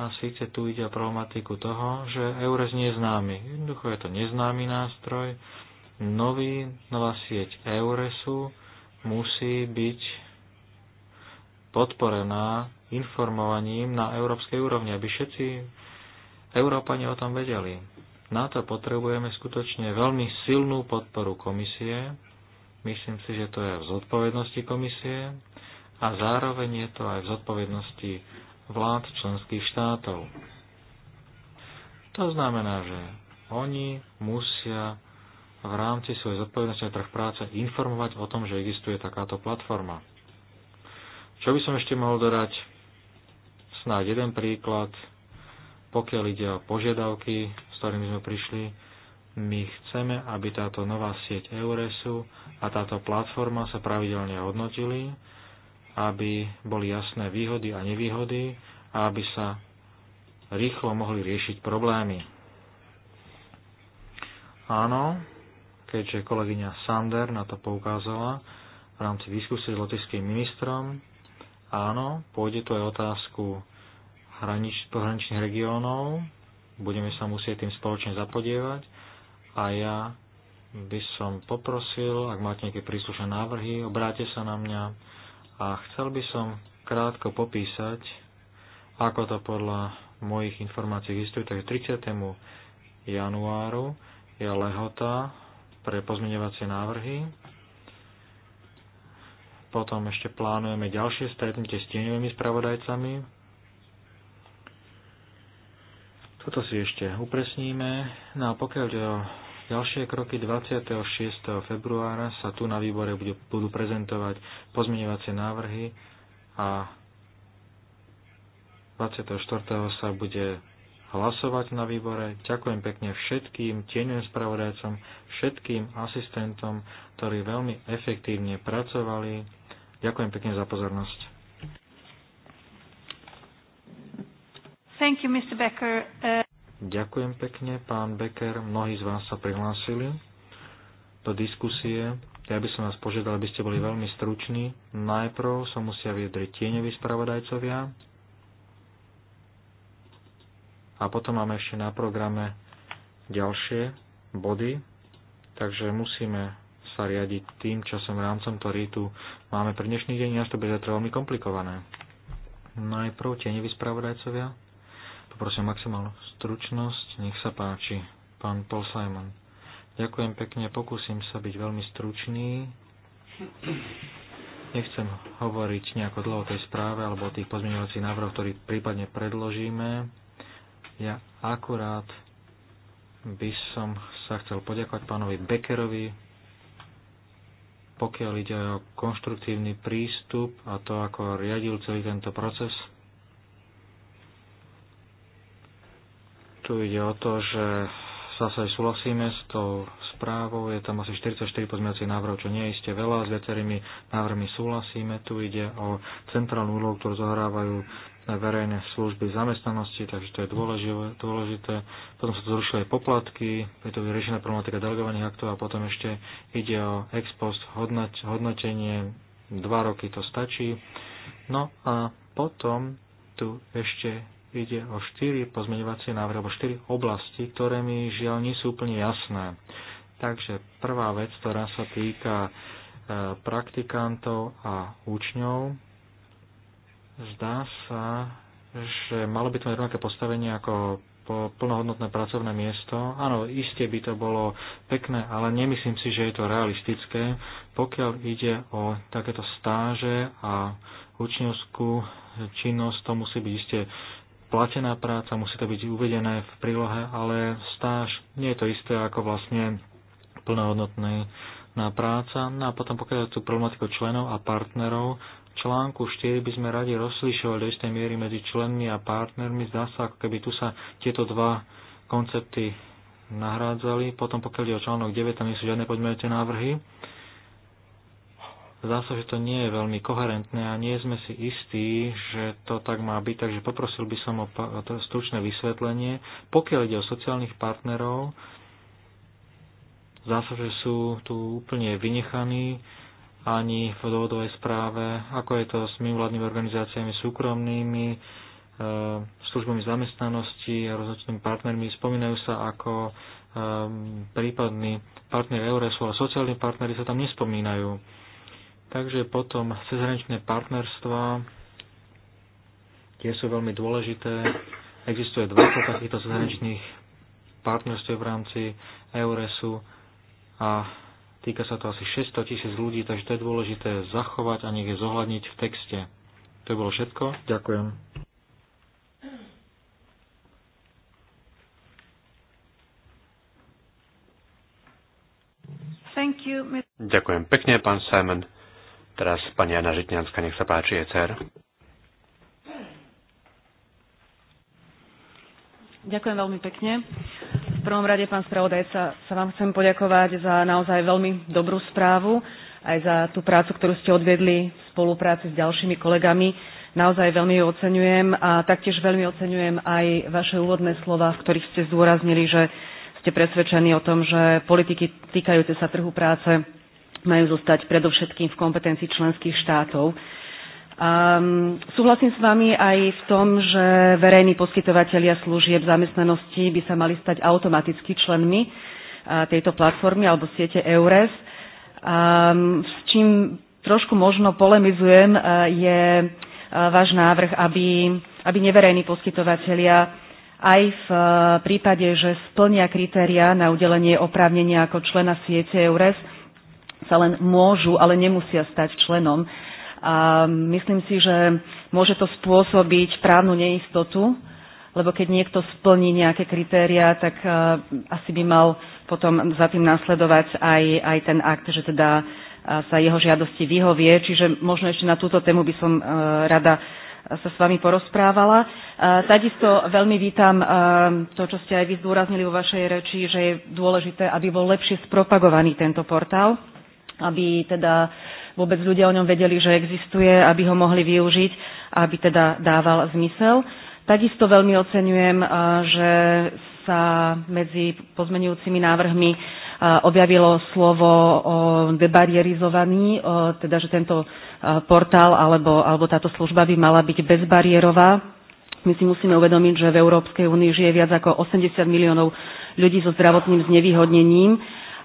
a síce tu ide o problematiku toho, že EURES nie je známy. Jednoducho je to neznámy nástroj. Nový, nová sieť EURESu musí byť podporená informovaním na európskej úrovni, aby všetci Európania o tom vedeli. Na to potrebujeme skutočne veľmi silnú podporu komisie. Myslím si, že to je v zodpovednosti komisie a zároveň je to aj v zodpovednosti vlád členských štátov. To znamená, že oni musia v rámci svojej zodpovednosti na trh práce informovať o tom, že existuje takáto platforma. Čo by som ešte mohol dodať? Snáď jeden príklad. Pokiaľ ide o požiadavky, s ktorými sme prišli, my chceme, aby táto nová sieť Euresu a táto platforma sa pravidelne hodnotili, aby boli jasné výhody a nevýhody a aby sa rýchlo mohli riešiť problémy. Áno, keďže kolegyňa Sander na to poukázala v rámci diskusie s lotišským ministrom, áno, pôjde tu aj otázku hranič, pohraničných regiónov, budeme sa musieť tým spoločne zapodievať a ja by som poprosil, ak máte nejaké príslušné návrhy, obráte sa na mňa, a chcel by som krátko popísať, ako to podľa mojich informácií existuje. Takže 30. januáru je lehota pre pozmeňovacie návrhy. Potom ešte plánujeme ďalšie stretnutie s tieňovými spravodajcami. Toto si ešte upresníme. No a pokiaľ ide o Ďalšie kroky 26. februára sa tu na výbore budú prezentovať pozmeňovacie návrhy a 24. sa bude hlasovať na výbore. Ďakujem pekne všetkým tieňovým spravodajcom, všetkým asistentom, ktorí veľmi efektívne pracovali. Ďakujem pekne za pozornosť. Thank you, Mr. Becker. Uh... Ďakujem pekne, pán Becker. Mnohí z vás sa prihlásili do diskusie. Ja by som vás požiadal, aby ste boli veľmi struční. Najprv sa musia vyjadriť tieňoví spravodajcovia. A potom máme ešte na programe ďalšie body. Takže musíme sa riadiť tým časom rámcom, ktorý tu máme pre dnešný deň, až to bude veľmi komplikované. Najprv tieňoví spravodajcovia poprosím maximálnu stručnosť. Nech sa páči, pán Paul Simon. Ďakujem pekne, pokúsim sa byť veľmi stručný. Nechcem hovoriť nejako dlho o tej správe alebo o tých pozmeňovacích návrhoch, ktorý prípadne predložíme. Ja akurát by som sa chcel poďakovať pánovi Beckerovi, pokiaľ ide o konštruktívny prístup a to, ako riadil celý tento proces, Tu ide o to, že zase súhlasíme s tou správou. Je tam asi 44 pozmeňovacích návrhov, čo nie je iste veľa. S viacerými návrhmi súhlasíme. Tu ide o centrálnu úlohu, ktorú zohrávajú verejné služby zamestnanosti, takže to je dôležité. Potom sa zrušili aj poplatky, je to vyriešená problematika delegovaných aktov a potom ešte ide o ex post hodnotenie, dva roky to stačí. No a potom tu ešte ide o štyri pozmeňovacie návrhy, alebo štyri oblasti, ktoré mi žiaľ nie sú úplne jasné. Takže prvá vec, ktorá sa týka e, praktikantov a učňov, zdá sa, že malo by to mať rovnaké postavenie ako po plnohodnotné pracovné miesto. Áno, iste by to bolo pekné, ale nemyslím si, že je to realistické, pokiaľ ide o takéto stáže a učňovskú činnosť, to musí byť iste platená práca, musí to byť uvedené v prílohe, ale stáž nie je to isté ako vlastne plnohodnotný na práca. No a potom pokiaľ tu problematiku členov a partnerov, článku 4 by sme radi rozlišovali do istej miery medzi členmi a partnermi. Zdá sa, ako keby tu sa tieto dva koncepty nahrádzali. Potom pokiaľ je o článok 9, tam nie sú žiadne podmienujúce návrhy. Zdá sa, že to nie je veľmi koherentné a nie sme si istí, že to tak má byť, takže poprosil by som o stručné vysvetlenie. Pokiaľ ide o sociálnych partnerov, zdá sa, že sú tu úplne vynechaní ani v dôvodovej správe, ako je to s mimovládnymi organizáciami súkromnými, e, službami zamestnanosti a rozhodnými partnermi. Spomínajú sa ako e, prípadní partner Euresu a sociálni partnery sa tam nespomínajú Takže potom cezhraničné partnerstva, tie sú veľmi dôležité. Existuje 20 takýchto cezhraničných partnerstiev v rámci Euresu a týka sa to asi 600 tisíc ľudí, takže to je dôležité zachovať a niekde zohľadniť v texte. To je bolo všetko. Ďakujem. Thank you, Ďakujem pekne, pán Simon. Teraz pani Jana Žitňanská, nech sa páči, ECR. Ďakujem veľmi pekne. V prvom rade, pán spravodajca, sa vám chcem poďakovať za naozaj veľmi dobrú správu, aj za tú prácu, ktorú ste odvedli v spolupráci s ďalšími kolegami. Naozaj veľmi ju oceňujem a taktiež veľmi oceňujem aj vaše úvodné slova, v ktorých ste zdôraznili, že ste presvedčení o tom, že politiky týkajúce sa trhu práce majú zostať predovšetkým v kompetencii členských štátov. Um, súhlasím s vami aj v tom, že verejní poskytovateľia služieb zamestnanosti by sa mali stať automaticky členmi uh, tejto platformy alebo siete EURES. Um, s čím trošku možno polemizujem, uh, je uh, váš návrh, aby, aby neverejní poskytovateľia aj v prípade, že splnia kritéria na udelenie oprávnenia ako člena siete EURES, sa len môžu, ale nemusia stať členom. A myslím si, že môže to spôsobiť právnu neistotu, lebo keď niekto splní nejaké kritéria, tak e, asi by mal potom za tým následovať aj, aj ten akt, že teda e, sa jeho žiadosti vyhovie. Čiže možno ešte na túto tému by som e, rada sa s vami porozprávala. Takisto veľmi vítam to, čo ste aj vy zdôraznili vo vašej reči, že je dôležité, aby bol lepšie spropagovaný tento portál aby teda vôbec ľudia o ňom vedeli, že existuje, aby ho mohli využiť, aby teda dával zmysel. Takisto veľmi oceňujem, že sa medzi pozmenujúcimi návrhmi objavilo slovo o debariérizovaný, teda že tento portál alebo, alebo táto služba by mala byť bezbariérová. My si musíme uvedomiť, že v Európskej únii žije viac ako 80 miliónov ľudí so zdravotným znevýhodnením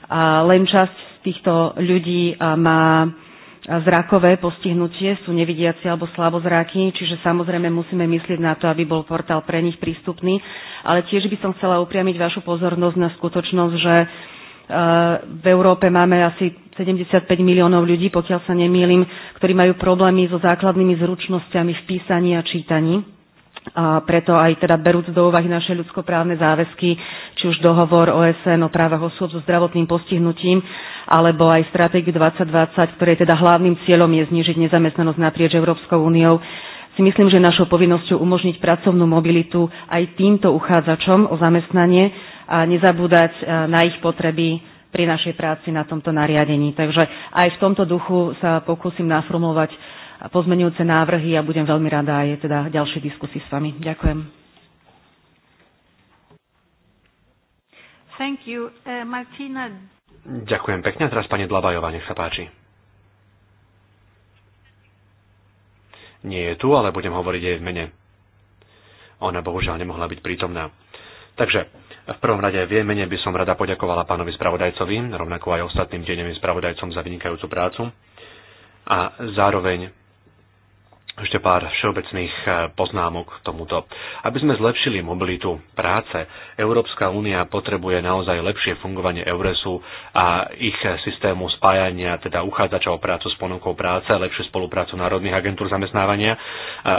a len časť týchto ľudí má zrakové postihnutie, sú nevidiaci alebo slabozráky, čiže samozrejme musíme myslieť na to, aby bol portál pre nich prístupný. Ale tiež by som chcela upriamiť vašu pozornosť na skutočnosť, že v Európe máme asi 75 miliónov ľudí, pokiaľ sa nemýlim, ktorí majú problémy so základnými zručnosťami v písaní a čítaní a preto aj teda berúc do úvahy naše ľudskoprávne záväzky, či už dohovor OSN o právach osôb so zdravotným postihnutím, alebo aj stratégiu 2020, ktorej teda hlavným cieľom je znížiť nezamestnanosť naprieč Európskou úniou, si myslím, že našou povinnosťou umožniť pracovnú mobilitu aj týmto uchádzačom o zamestnanie a nezabúdať e, na ich potreby pri našej práci na tomto nariadení. Takže aj v tomto duchu sa pokúsim naformulovať pozmenujúce návrhy a budem veľmi rada aj teda ďalšej diskusii s vami. Ďakujem. Thank you. Uh, Martina. Ďakujem pekne. Teraz pani Dlabajová, nech sa páči. Nie je tu, ale budem hovoriť jej v mene. Ona bohužiaľ nemohla byť prítomná. Takže v prvom rade v jej mene by som rada poďakovala pánovi spravodajcovi, rovnako aj ostatným deňovým spravodajcom za vynikajúcu prácu a zároveň ešte pár všeobecných eh, poznámok k tomuto. Aby sme zlepšili mobilitu práce, Európska únia potrebuje naozaj lepšie fungovanie Euresu a ich eh, systému spájania, teda uchádzačov o prácu s ponukou práce, lepšiu spoluprácu národných agentúr zamestnávania,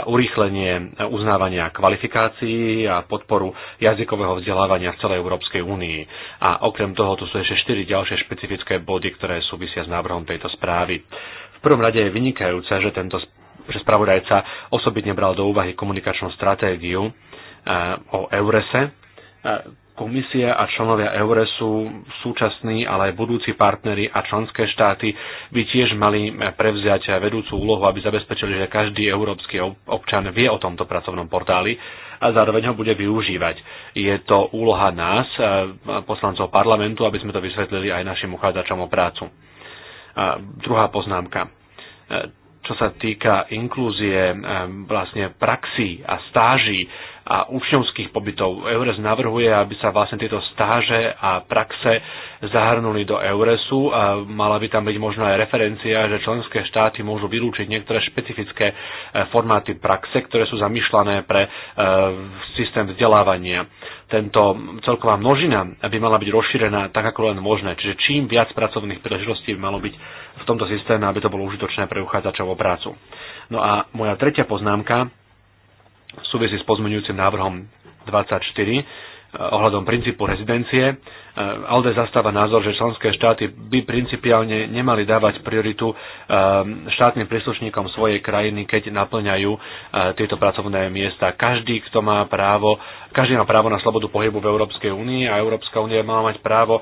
urýchlenie eh, uznávania kvalifikácií a podporu jazykového vzdelávania v celej Európskej únii. A okrem toho tu sú ešte štyri ďalšie špecifické body, ktoré súvisia s návrhom tejto správy. V prvom rade je vynikajúce, že tento že spravodajca osobitne bral do úvahy komunikačnú stratégiu e, o Eurese. E, komisia a členovia Euresu, súčasní, ale aj budúci partnery a členské štáty by tiež mali e, prevziať vedúcu úlohu, aby zabezpečili, že každý európsky občan vie o tomto pracovnom portáli a zároveň ho bude využívať. Je to úloha nás, poslancov parlamentu, aby sme to vysvetlili aj našim uchádzačom o prácu. A druhá poznámka čo sa týka inklúzie vlastne praxí a stáží a učňovských pobytov. EURES navrhuje, aby sa vlastne tieto stáže a praxe zahrnuli do EURESu. A mala by tam byť možno aj referencia, že členské štáty môžu vylúčiť niektoré špecifické e, formáty praxe, ktoré sú zamýšľané pre e, systém vzdelávania tento celková množina by mala byť rozšírená tak, ako len možné. Čiže čím viac pracovných príležitostí by malo byť v tomto systéme, aby to bolo užitočné pre uchádzačov o prácu. No a moja tretia poznámka súvisí s pozmeňujúcim návrhom 24, Eh, ohľadom princípu rezidencie. Eh, ALDE zastáva názor, že členské štáty by principiálne nemali dávať prioritu eh, štátnym príslušníkom svojej krajiny, keď naplňajú tieto pracovné miesta. Každý, kto má právo, každý má právo na slobodu pohybu v Európskej únii a Európska únia má mať právo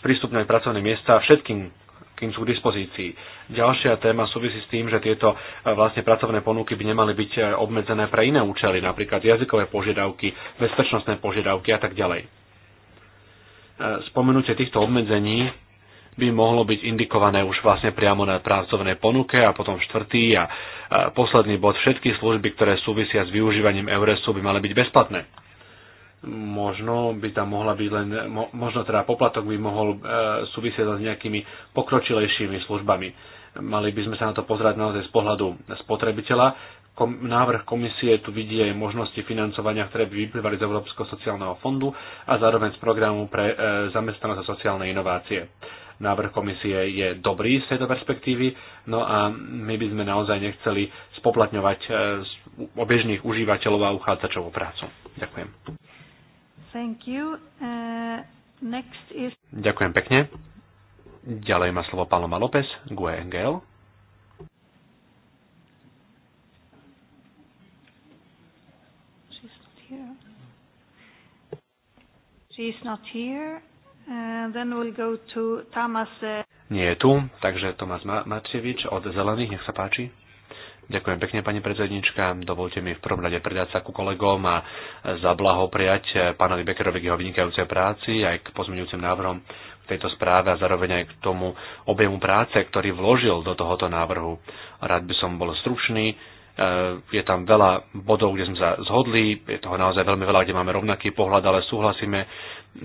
sprístupňovať pracovné miesta všetkým kým sú k dispozícii. Ďalšia téma súvisí s tým, že tieto e, vlastne pracovné ponuky by nemali byť e, obmedzené pre iné účely, napríklad jazykové požiadavky, bezpečnostné požiadavky a tak ďalej. E, spomenutie týchto obmedzení by mohlo byť indikované už vlastne priamo na pracovnej ponuke a potom štvrtý a posledný bod, všetky služby, ktoré súvisia s využívaním Euresu, by mali byť bezplatné možno by tam mohla byť len, možno teda poplatok by mohol e, súvisieť s nejakými pokročilejšími službami. Mali by sme sa na to pozerať naozaj z pohľadu spotrebiteľa. Kom, návrh komisie tu vidie aj možnosti financovania, ktoré by vyplývali z Európskeho sociálneho fondu a zároveň z programu pre e, zamestnanosť a sociálne inovácie. Návrh komisie je dobrý z tejto perspektívy, no a my by sme naozaj nechceli spoplatňovať e, obežných užívateľov a uchádzačov o prácu. Ďakujem. Thank you. Uh, next is... Ďakujem pekne. Ďalej má slovo Paloma López, GUE NGL. She's not here. Uh, then we'll go to uh, Nie je tu, takže Tomáš Mačevič od Zelených, nech sa páči. Ďakujem pekne, pani predsednička. Dovolte mi v prvom rade predať sa ku kolegom a zablahopriať pánovi Bekerovi k jeho vynikajúcej práci aj k pozmeňujúcim návrhom v tejto správe a zároveň aj k tomu objemu práce, ktorý vložil do tohoto návrhu. Rád by som bol stručný. E, je tam veľa bodov, kde sme sa zhodli, je toho naozaj veľmi veľa, kde máme rovnaký pohľad, ale súhlasíme.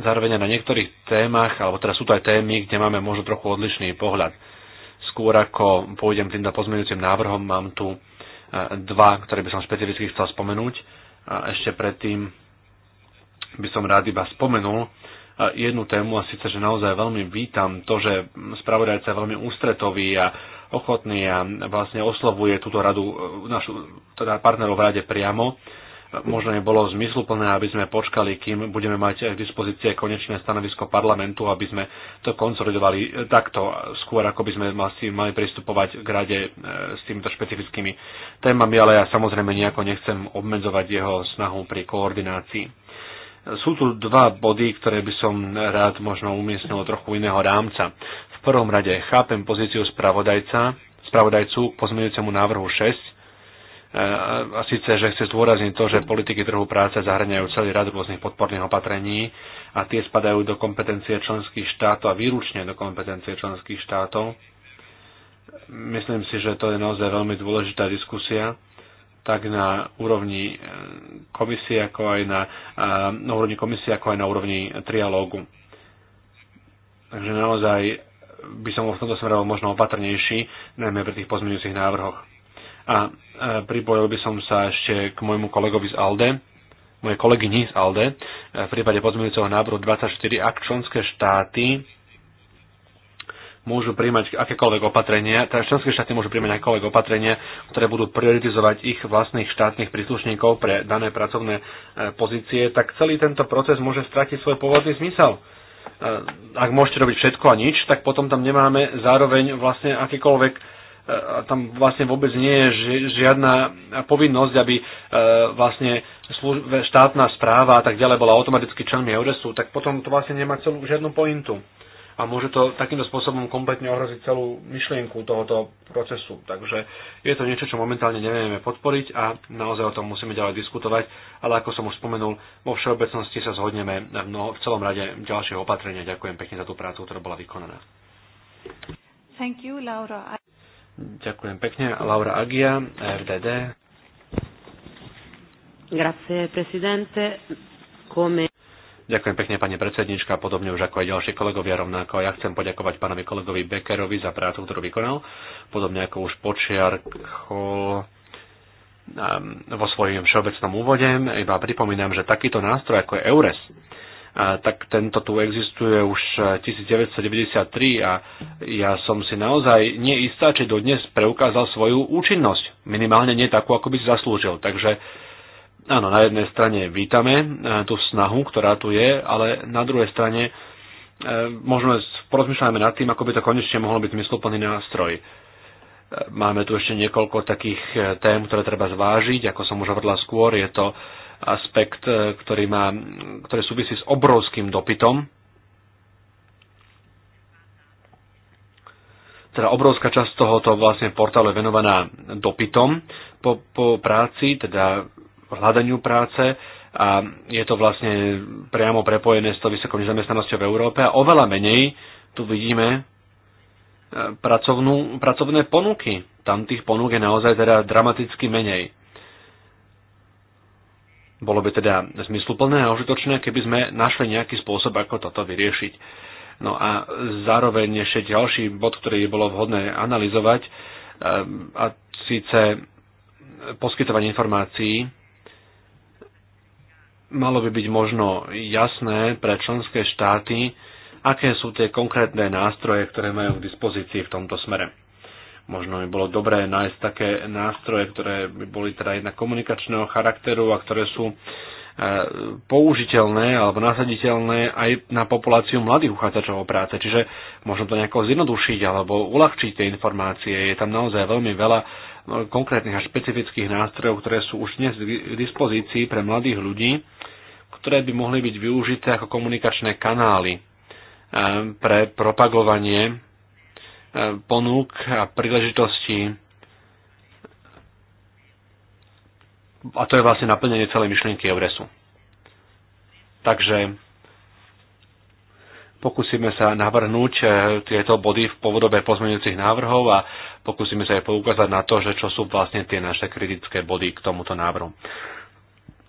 Zároveň na niektorých témach, alebo teraz sú to aj témy, kde máme možno trochu odlišný pohľad Skôr ako pôjdem týmto pozmeňujúcim návrhom, mám tu e, dva, ktoré by som špecificky chcel spomenúť. A e, ešte predtým by som rád iba spomenul e, jednu tému a síce, že naozaj veľmi vítam to, že spravodajca je veľmi ústretový a ochotný a vlastne oslovuje túto radu, našu, teda partnerov v rade priamo možno nebolo zmysluplné, aby sme počkali, kým budeme mať k dispozície konečné stanovisko parlamentu, aby sme to konsolidovali takto, skôr ako by sme vlastne mali pristupovať k rade e, s týmito špecifickými témami, ale ja samozrejme nejako nechcem obmedzovať jeho snahu pri koordinácii. Sú tu dva body, ktoré by som rád možno umiestnil trochu iného rámca. V prvom rade chápem pozíciu spravodajca, spravodajcu k pozmeňujúcemu návrhu 6, a síce, že chce zdôrazniť to, že politiky trhu práce zahrňajú celý rad rôznych podporných opatrení a tie spadajú do kompetencie členských štátov a výručne do kompetencie členských štátov. Myslím si, že to je naozaj veľmi dôležitá diskusia, tak na úrovni eh, komisie, ako aj na, eh, na úrovni komisie, ako aj na úrovni trialógu. Takže naozaj by som v tomto smere možno opatrnejší, najmä pri tých pozmeňujúcich návrhoch a e, pripojil by som sa ešte k môjmu kolegovi z ALDE, mojej kolegyni z ALDE, e, v prípade pozmeňujúceho návrhu 24, ak členské štáty môžu príjmať akékoľvek opatrenia, teda členské štáty môžu príjmať akékoľvek opatrenia, ktoré budú prioritizovať ich vlastných štátnych príslušníkov pre dané pracovné e, pozície, tak celý tento proces môže stratiť svoj pôvodný zmysel. Ak môžete robiť všetko a nič, tak potom tam nemáme zároveň vlastne akékoľvek tam vlastne vôbec nie je žiadna povinnosť, aby e, vlastne štátna správa a tak ďalej bola automaticky členmi Euresu, tak potom to vlastne nemá celú žiadnu pointu. A môže to takýmto spôsobom kompletne ohroziť celú myšlienku tohoto procesu. Takže je to niečo, čo momentálne nevieme podporiť a naozaj o tom musíme ďalej diskutovať, ale ako som už spomenul, vo všeobecnosti sa zhodneme v, v celom rade ďalšieho opatrenia. Ďakujem pekne za tú prácu, ktorá bola vykonaná. Thank you, Laura. Ďakujem pekne. Laura Agia, FDD. Grazie, presidente. Come... Ďakujem pekne, pani predsednička, podobne už ako aj ďalší kolegovia rovnako. Ja chcem poďakovať pánovi kolegovi Beckerovi za prácu, ktorú vykonal, podobne ako už počiarkol um, vo svojom všeobecnom úvode. Iba pripomínam, že takýto nástroj ako je EURES, tak tento tu existuje už 1993 e, a ja som si naozaj neistá, či dodnes preukázal svoju účinnosť. Minimálne nie takú, ako by si zaslúžil. Takže áno, na jednej strane vítame e, tú snahu, ktorá tu je, ale na druhej strane e, možno porozmýšľame nad tým, ako by to konečne mohlo byť zmysluplný nástroj. Máme tu ešte niekoľko takých tém, ktoré treba zvážiť. Ako som už hovorila skôr, je to uh, aspekt, e, ktorý, má, ktorý súvisí s obrovským dopytom. Teda obrovská časť tohoto vlastne portálu je venovaná dopytom po, po práci, teda hľadaniu práce a je to vlastne priamo prepojené s tou vysokou nezamestnanosťou v Európe a oveľa menej tu vidíme e, pracovnú, pracovné ponuky. Tam tých ponúk je naozaj teda dramaticky menej bolo by teda zmysluplné a užitočné, keby sme našli nejaký spôsob, ako toto vyriešiť. No a zároveň ešte ďalší bod, ktorý bolo vhodné analyzovať, ehm, a síce poskytovanie informácií malo by byť možno jasné pre členské štáty, aké sú tie konkrétne nástroje, ktoré majú k dispozícii v tomto smere. Možno by bolo dobré nájsť také nástroje, ktoré by boli teda jednak komunikačného charakteru a ktoré sú e, použiteľné alebo nasaditeľné aj na populáciu mladých uchádzačov o práce. Čiže možno to nejako zjednodušiť alebo uľahčiť tie informácie. Je tam naozaj veľmi veľa no, konkrétnych a špecifických nástrojov, ktoré sú už dnes k dispozícii pre mladých ľudí, ktoré by mohli byť využité ako komunikačné kanály e, pre propagovanie ponúk a príležitostí a to je vlastne naplnenie celej myšlienky Euresu. Takže pokúsime sa navrhnúť eh, tieto body v povodobe pozmeňujúcich návrhov a pokúsime sa aj poukázať na to, že čo sú vlastne tie naše kritické body k tomuto návrhu.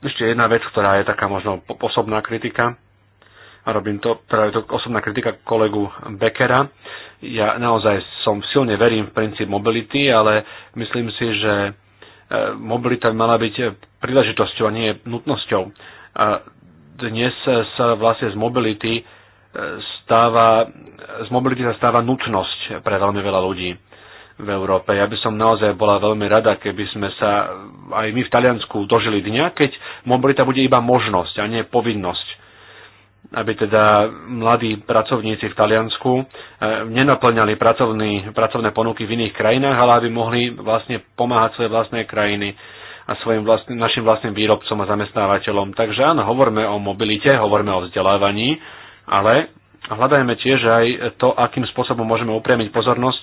Ešte jedna vec, ktorá je taká možno osobná kritika a robím to, práve teda to osobná kritika kolegu Beckera. Ja naozaj som silne verím v princíp mobility, ale myslím si, že e, mobilita by mala byť príležitosťou a nie nutnosťou. A dnes sa vlastne z mobility e, stáva, z mobility sa stáva nutnosť pre veľmi veľa ľudí v Európe. Ja by som naozaj bola veľmi rada, keby sme sa aj my v Taliansku dožili dňa, keď mobilita bude iba možnosť a nie povinnosť aby teda mladí pracovníci v Taliansku eh, nenaplňali pracovný, pracovné ponuky v iných krajinách, ale aby mohli vlastne pomáhať svoje vlastné krajiny a svojim vlastným, našim vlastným výrobcom a zamestnávateľom. Takže áno, hovoríme o mobilite, hovoríme o vzdelávaní, ale hľadajme tiež aj to, akým spôsobom môžeme upriamiť pozornosť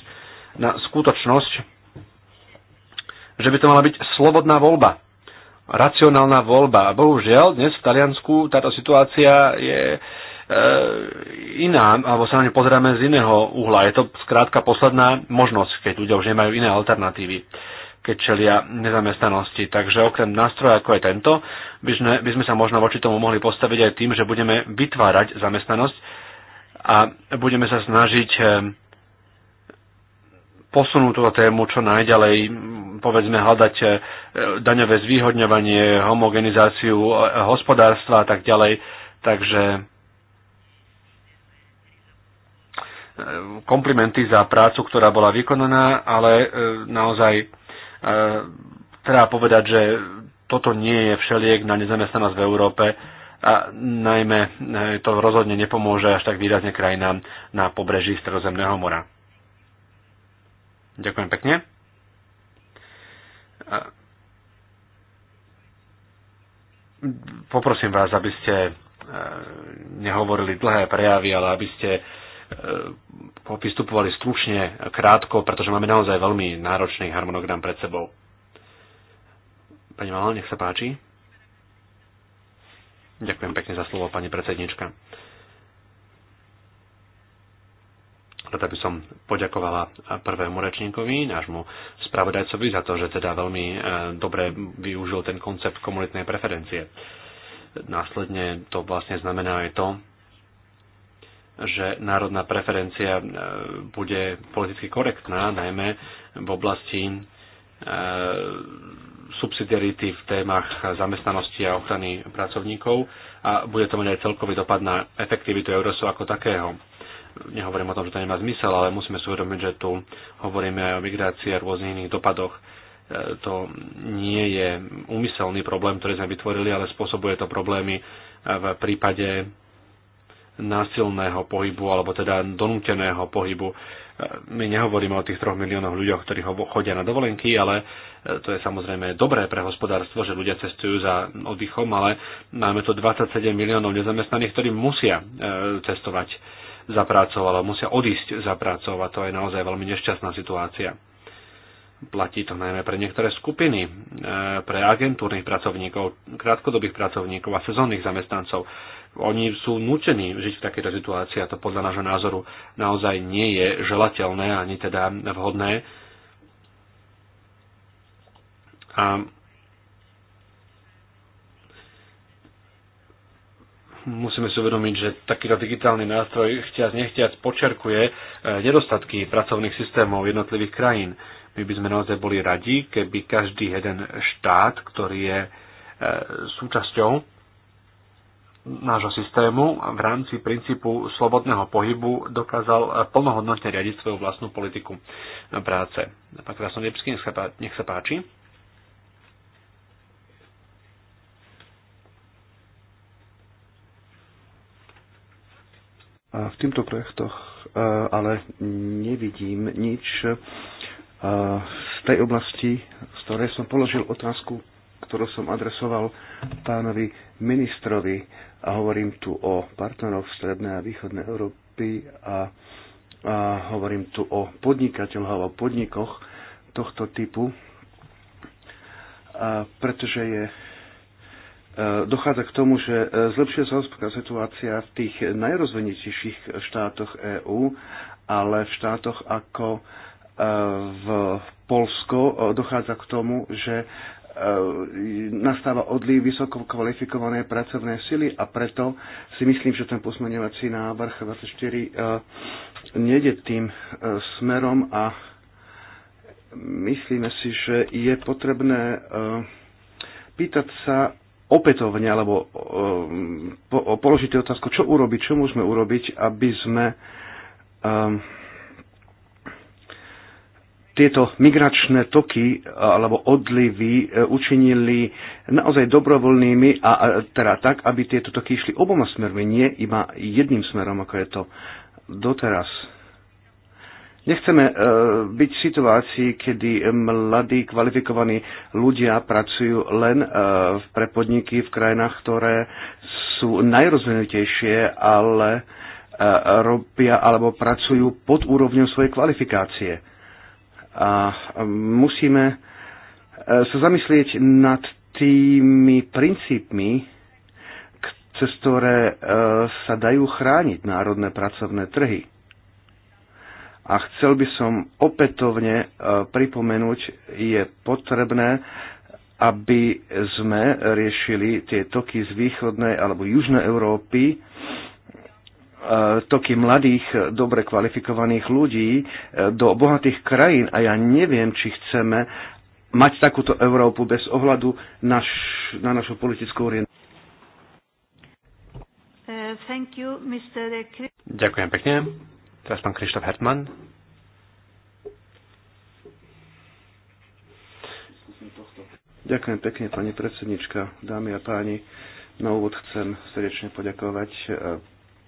na skutočnosť, že by to mala byť slobodná voľba racionálna voľba. Bohužiaľ, dnes v Taliansku táto situácia je e, iná, alebo sa na ňu pozeráme z iného uhla. Je to skrátka posledná možnosť, keď ľudia už nemajú iné alternatívy keď čelia nezamestnanosti. Takže okrem nástroja ako je tento, by sme, by sme sa možno voči tomu mohli postaviť aj tým, že budeme vytvárať zamestnanosť a budeme sa snažiť e, posunú túto tému čo najďalej, povedzme hľadať e, daňové zvýhodňovanie, homogenizáciu e, hospodárstva a tak ďalej. Takže e, komplimenty za prácu, ktorá bola vykonaná, ale naozaj treba povedať, že toto nie je všeliek na nezamestnanosť v Európe a najmä to rozhodne nepomôže až tak výrazne krajinám na pobreží Stredozemného mora. Ďakujem pekne. Poprosím vás, aby ste e, nehovorili dlhé prejavy, ale aby ste e, vystupovali stručne, krátko, pretože máme naozaj veľmi náročný harmonogram pred sebou. Pani Malá, nech sa páči. Ďakujem pekne za slovo, pani predsednička. Rada by som poďakovala prvému rečníkovi, nášmu spravodajcovi, za to, že teda veľmi e, dobre využil ten koncept komunitnej preferencie. Následne to vlastne znamená aj to, že národná preferencia e, bude politicky korektná, najmä v oblasti e, subsidiarity v témach zamestnanosti a ochrany pracovníkov a bude to mať aj celkový dopad na efektivitu Eurosu ako takého nehovorím o tom, že to nemá zmysel, ale musíme si uvedomiť, že tu hovoríme aj o migrácii a rôznych iných dopadoch. E, to nie je úmyselný problém, ktorý sme vytvorili, ale spôsobuje to problémy v prípade násilného pohybu, alebo teda donúteného pohybu. E, my nehovoríme o tých troch miliónoch ľuďoch, ktorí chodia na dovolenky, ale e, to je samozrejme dobré pre hospodárstvo, že ľudia cestujú za oddychom, ale máme tu 27 miliónov nezamestnaných, ktorí musia cestovať zapracovalo, musia odísť zapracovať. To je naozaj veľmi nešťastná situácia. Platí to najmä pre niektoré skupiny, e, pre agentúrnych pracovníkov, krátkodobých pracovníkov a sezónnych zamestnancov. Oni sú nutení žiť v takejto situácii a to podľa nášho názoru naozaj nie je želateľné ani teda vhodné. A musíme si uvedomiť, že takýto digitálny nástroj chtiac nechtiac počerkuje e, nedostatky pracovných systémov jednotlivých krajín. My by sme naozaj boli radi, keby každý jeden štát, ktorý je e, súčasťou nášho systému v rámci princípu slobodného pohybu dokázal e, plnohodnotne riadiť svoju vlastnú politiku práce. Pán Krasnodebský, nech sa páči. v týmto projektoch e, ale nevidím nič e, z tej oblasti, z ktorej som položil otázku, ktorú som adresoval pánovi ministrovi a hovorím tu o partneroch Strednej a Východnej Európy a, a hovorím tu o podnikateľoch a podnikoch tohto typu, a pretože je E, dochádza k tomu, že e, zlepšuje sa hospodárska situácia v tých najrozvinutejších štátoch EÚ, ale v štátoch ako e, v Polsko dochádza k tomu, že nastáva odliv vysoko kvalifikované pracovné sily a preto si myslím, že ten posmeňovací návrh 24 nejde tým smerom a myslíme si, že je potrebné pýtať sa opätovne alebo um, po, položíte otázku, čo urobiť, čo môžeme urobiť, aby sme um, tieto migračné toky e, alebo odlivy e, učinili naozaj dobrovoľnými a, a teda tak, aby tieto toky išli oboma smermi, nie iba jedným smerom, ako je to doteraz. Nechceme e, byť v situácii, kedy mladí, kvalifikovaní ľudia pracujú len e, pre podniky v krajinách, ktoré sú najrozvinutejšie, ale e, robia alebo pracujú pod úrovňou svojej kvalifikácie. A musíme sa zamyslieť nad tými princípmi, cez ktoré sa dajú chrániť národné pracovné trhy a chcel by som opätovne e, pripomenúť, je potrebné, aby sme riešili tie toky z východnej alebo južnej Európy, e, toky mladých, dobre kvalifikovaných ľudí e, do bohatých krajín a ja neviem, či chceme mať takúto Európu bez ohľadu naš, na našu politickú orientáciu. Uh, Ďakujem pekne. Teraz pán Krištof Hertmann. Ďakujem pekne, pani predsednička, dámy a páni. Na úvod chcem srdečne poďakovať e,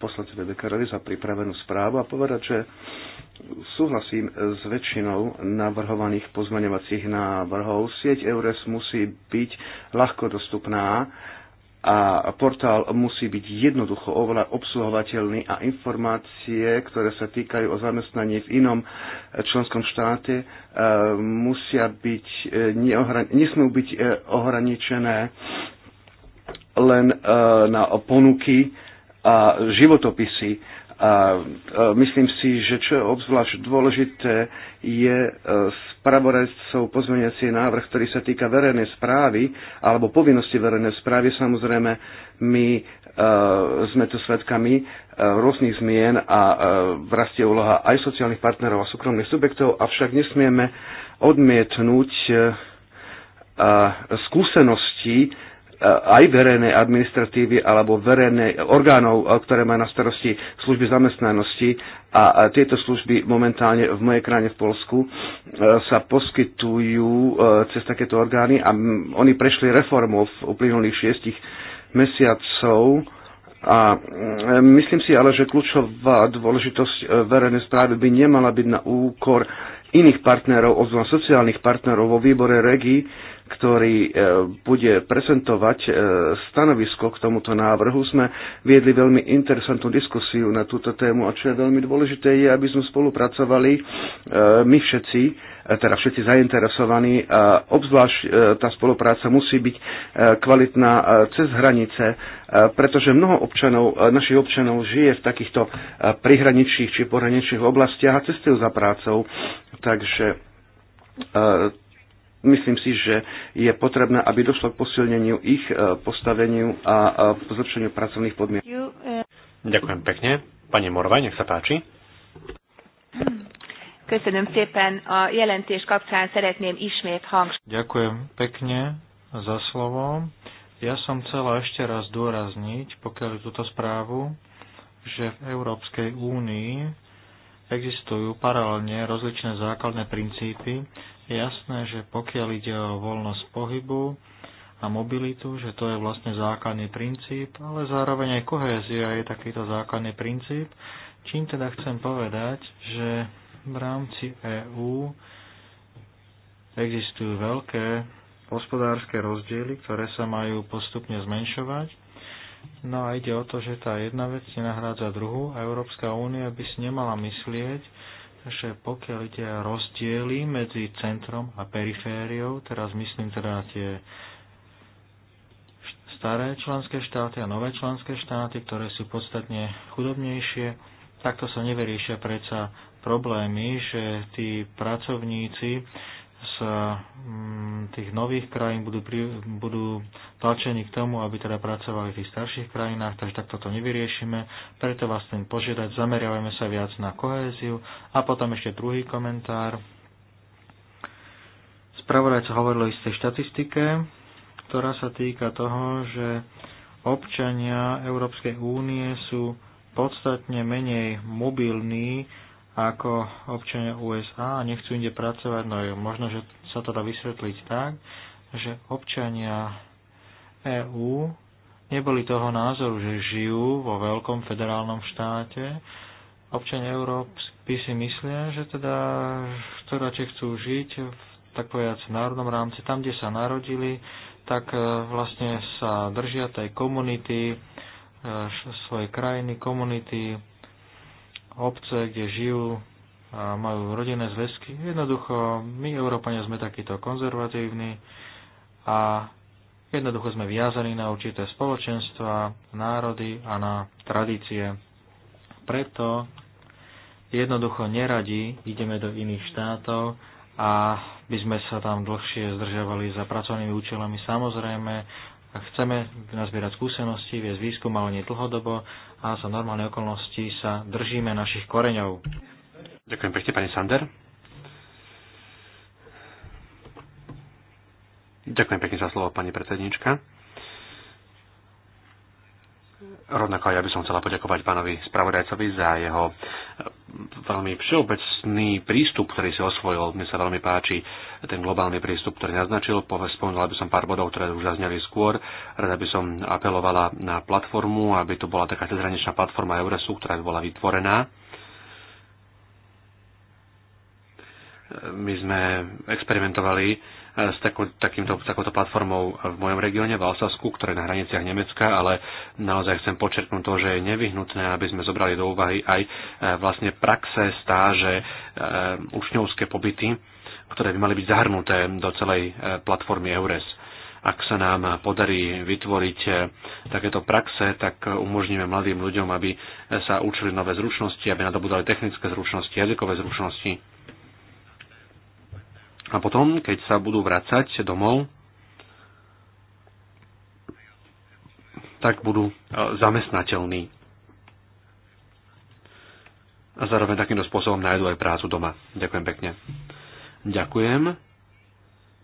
poslancovi Bekarovi za pripravenú správu a povedať, že súhlasím s väčšinou navrhovaných pozmeňovacích návrhov. Sieť EURES musí byť ľahko dostupná a portál musí byť jednoducho oveľa obsluhovateľný a informácie, ktoré sa týkajú o zamestnaní v inom členskom štáte, e, musia byť, e, nesmú byť e, ohraničené len na ponuky a životopisy a myslím si, že čo je obzvlášť dôležité, je e, spravodajcov pozmeniaci návrh, ktorý sa týka verejnej správy alebo povinnosti verejnej správy. Samozrejme, my e, sme tu svedkami e, rôznych zmien a rastie úloha aj sociálnych partnerov a súkromných subjektov, avšak nesmieme odmietnúť skúsenosti aj verejnej administratívy alebo verejnej orgánov, ktoré majú na starosti služby zamestnanosti. A tieto služby momentálne v mojej krajine v Polsku e, sa poskytujú e, cez takéto orgány a oni prešli reformou v uplynulých šiestich mesiacov. A e, myslím si ale, že kľúčová dôležitosť verejnej správy by nemala byť na úkor iných partnerov, obzvlášť sociálnych partnerov vo výbore regí ktorý e, bude prezentovať e, stanovisko k tomuto návrhu. Sme viedli veľmi interesantnú diskusiu na túto tému a čo je veľmi dôležité je, aby sme spolupracovali e, my všetci, teda všetci zainteresovaní a obzvlášť tá spolupráca musí byť kvalitná cez hranice, pretože mnoho občanov, našich občanov žije v takýchto prihraničných či pohraničných oblastiach a cestujú za prácou. Takže Myslím si, že je potrebné, aby došlo k posilneniu ich e, postaveniu a e, zlepšeniu pracovných podmienok. E, Ďakujem pekne. Pani Morvaj, nech sa páči. Köszönöm szépen. A jelentés kapcsán szeretném ismét hangsúlyozni. Ďakujem pekne za slovo. Ja som chcela ešte raz dôrazniť, pokiaľ túto správu, že v Európskej únii existujú paralelne rozličné základné princípy. Je jasné, že pokiaľ ide o voľnosť pohybu a mobilitu, že to je vlastne základný princíp, ale zároveň aj kohézia je takýto základný princíp. Čím teda chcem povedať, že v rámci EÚ existujú veľké hospodárske rozdiely, ktoré sa majú postupne zmenšovať No a ide o to, že tá jedna vec nenahrádza druhú a Európska únia by si nemala myslieť, že pokiaľ ide rozdiely medzi centrom a perifériou, teraz myslím teda na tie staré členské štáty a nové členské štáty, ktoré sú podstatne chudobnejšie, takto sa neveriešia predsa problémy, že tí pracovníci z mm, tých nových krajín budú, pri, budú tlačení k tomu, aby teda pracovali v tých starších krajinách, takže takto to nevyriešime. Preto vás chcem požiadať, zameriavame sa viac na kohéziu. A potom ešte druhý komentár. Spravodajca hovoril o istej štatistike, ktorá sa týka toho, že občania Európskej únie sú podstatne menej mobilní ako občania USA a nechcú inde pracovať, no je možno, že sa to dá vysvetliť tak, že občania EÚ neboli toho názoru, že žijú vo veľkom federálnom štáte. Občania Európy si myslia, že teda to radšej chcú žiť v tak povedať, v národnom rámci, tam, kde sa narodili, tak e, vlastne sa držia tej komunity, e, svojej krajiny, komunity, obce, kde žijú a majú rodinné zväzky. Jednoducho, my Európania sme takíto konzervatívni a jednoducho sme viazaní na určité spoločenstva, národy a na tradície. Preto jednoducho neradi ideme do iných štátov a by sme sa tam dlhšie zdržiavali za pracovnými účelami. Samozrejme, ak chceme nazbierať skúsenosti, viesť výskum, ale nie dlhodobo a za normálne okolnosti sa držíme našich koreňov. Ďakujem pekne, pani Sander. Ďakujem pekne za slovo, pani predsednička. Rovnako ja by som chcela poďakovať pánovi spravodajcovi za jeho e, veľmi všeobecný prístup, ktorý si osvojil. Mne sa veľmi páči ten globálny prístup, ktorý naznačil. Spomínala by som pár bodov, ktoré už zazneli skôr. Rada by som apelovala na platformu, aby to bola taká cezhraničná platforma Euresu, ktorá by bola vytvorená. E, my sme experimentovali E, s takýmto, takouto platformou v mojom regióne, v Alsasku, ktoré je na hraniciach Nemecka, ale naozaj chcem počerknúť to, že je nevyhnutné, aby sme zobrali do úvahy aj e, vlastne praxe, stáže, e, učňovské pobyty, ktoré by mali byť zahrnuté do celej platformy EURES. Ak sa nám podarí vytvoriť takéto praxe, tak umožníme mladým ľuďom, aby sa učili nové zručnosti, aby nadobudali technické zručnosti, jazykové zručnosti, a potom, keď sa budú vracať domov, tak budú e, zamestnateľní. A zároveň takýmto spôsobom nájdú aj prácu doma. Ďakujem pekne. Ďakujem.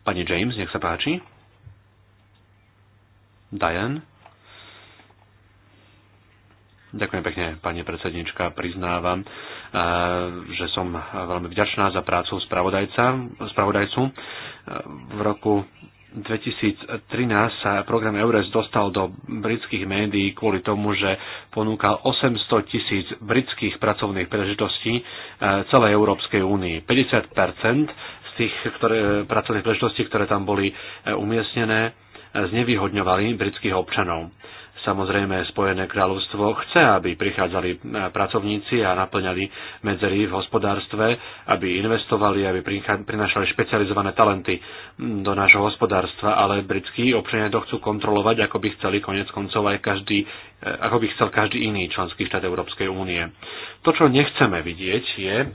Pani James, nech sa páči. Diane. Ďakujem pekne, pani predsednička, priznávam, že som veľmi vďačná za prácu spravodajcu. V roku 2013 sa program EURES dostal do britských médií kvôli tomu, že ponúkal 800 tisíc britských pracovných príležitostí e, celej Európskej únii. 50 z tých ktoré, pracovných príležitostí, ktoré tam boli e, umiestnené, e, znevýhodňovali britských občanov. Samozrejme, Spojené kráľovstvo chce, aby prichádzali e, pracovníci a naplňali medzery v hospodárstve, aby investovali, aby prinašali špecializované talenty do nášho hospodárstva, ale britskí občania to chcú kontrolovať, ako by chceli konec koncov aj každý, e, ako by chcel každý iný členský štát Európskej únie. To, čo nechceme vidieť, je e,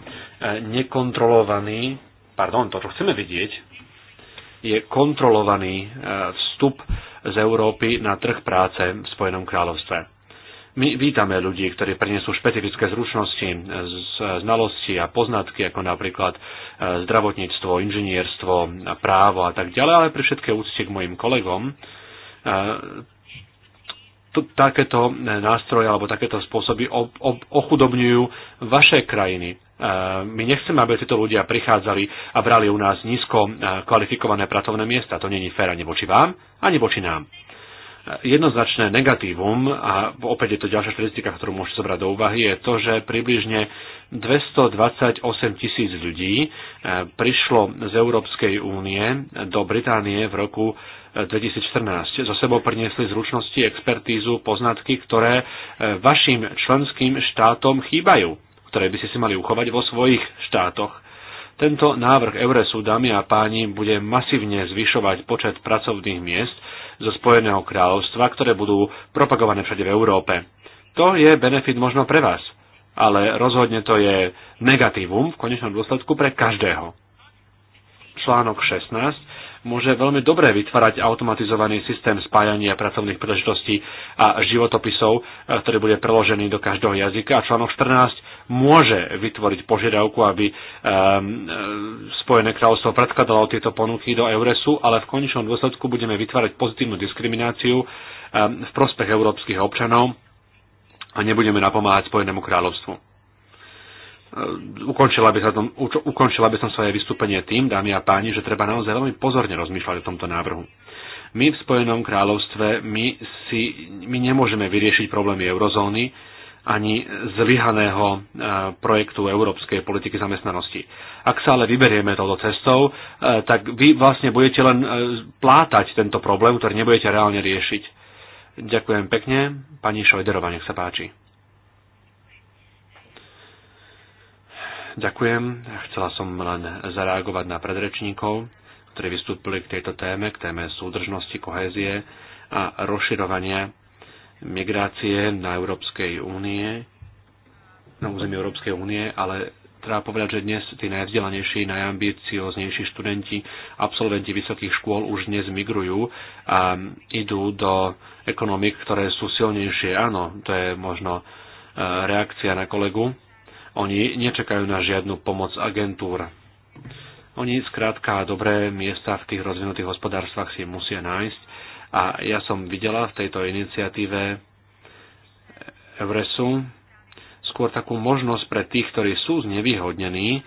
nekontrolovaný, pardon, to, čo chceme vidieť, je kontrolovaný vstup z Európy na trh práce v Spojenom kráľovstve. My vítame ľudí, ktorí prinesú špecifické zručnosti, znalosti a poznatky, ako napríklad e, zdravotníctvo, inžinierstvo, právo a tak ďalej, ale pri všetké úcte k mojim kolegom, e, takéto e, nástroje alebo takéto spôsoby ochudobňujú vaše krajiny. E, my nechceme, aby títo ľudia prichádzali a brali u nás nízko e, kvalifikované pracovné miesta. To není fér ani voči vám, ani voči nám e, jednoznačné negatívum, a opäť je to ďalšia štatistika, ktorú môžete zobrať do úvahy, je to, že približne 228 tisíc ľudí prišlo z Európskej únie do Británie v roku 2014. Zo sebou priniesli zručnosti, expertízu, poznatky, ktoré vašim členským štátom chýbajú ktoré by ste si mali uchovať vo svojich štátoch. Tento návrh Euresu, dámy a páni, bude masívne zvyšovať počet pracovných miest zo Spojeného kráľovstva, ktoré budú propagované všade v Európe. To je benefit možno pre vás, ale rozhodne to je negatívum v konečnom dôsledku pre každého. Článok 16 môže veľmi dobre vytvárať automatizovaný systém spájania pracovných príležitostí a životopisov, e, ktorý bude preložený do každého jazyka. A článok 14 môže vytvoriť požiadavku, aby um, Spojené kráľovstvo predkladalo tieto ponuky do Euresu, ale v konečnom dôsledku budeme vytvárať pozitívnu diskrimináciu um, v prospech európskych občanov a nebudeme napomáhať Spojenému kráľovstvu. E, ukončila by, ukončila by som svoje vystúpenie tým, dámy a páni, že treba naozaj veľmi pozorne rozmýšľať o tomto návrhu. My v Spojenom kráľovstve my, si, my nemôžeme vyriešiť problémy eurozóny ani zlyhaného e, projektu európskej politiky zamestnanosti. Ak sa ale vyberieme touto cestou, e, tak vy vlastne budete len plátať tento problém, ktorý nebudete reálne riešiť. Ďakujem pekne. Pani Šojderová, nech sa páči. Ďakujem. Chcela som len zareagovať na predrečníkov, ktorí vystúpili k tejto téme, k téme súdržnosti, kohézie a rozširovania migrácie na Európskej únie, na území Európskej únie, ale treba povedať, že dnes tí najvzdelanejší, najambicioznejší študenti, absolventi vysokých škôl už dnes migrujú a idú do ekonomik, ktoré sú silnejšie. Áno, to je možno eh, reakcia na kolegu, oni nečakajú na žiadnu pomoc agentúr. Oni zkrátka dobré miesta v tých rozvinutých hospodárstvách si musia nájsť a ja som videla v tejto iniciatíve Evresu skôr takú možnosť pre tých, ktorí sú znevýhodnení, eh,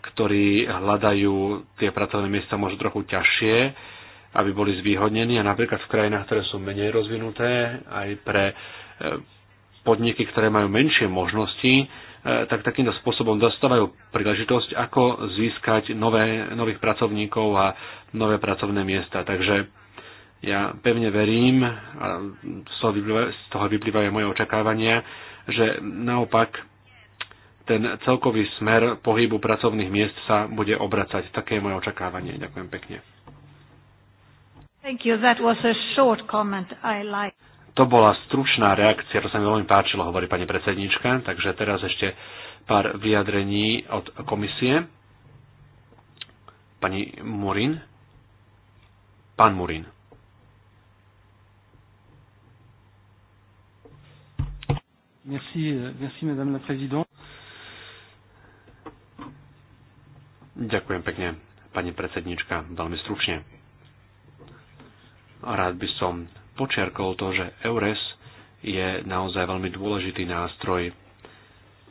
ktorí hľadajú tie pracovné miesta možno trochu ťažšie, aby boli zvýhodnení a napríklad v krajinách, ktoré sú menej rozvinuté, aj pre eh, podniky, ktoré majú menšie možnosti, E, tak takýmto spôsobom dostávajú príležitosť, ako získať nové, nových pracovníkov a nové pracovné miesta. Takže ja pevne verím, a z toho, z toho vyplývajú moje očakávania, že naopak ten celkový smer pohybu pracovných miest sa bude obracať. Také je moje očakávanie. Ďakujem pekne. Thank you. That was a short comment I like. To bola stručná reakcia, to sa mi veľmi páčilo, hovorí pani predsednička. Takže teraz ešte pár vyjadrení od komisie. Pani Murin. Pán Murin. Merci, merci madame la présidente. Ďakujem pekne, pani predsednička, veľmi stručne. Rád by som počiarkol to, že EURES je naozaj veľmi dôležitý nástroj,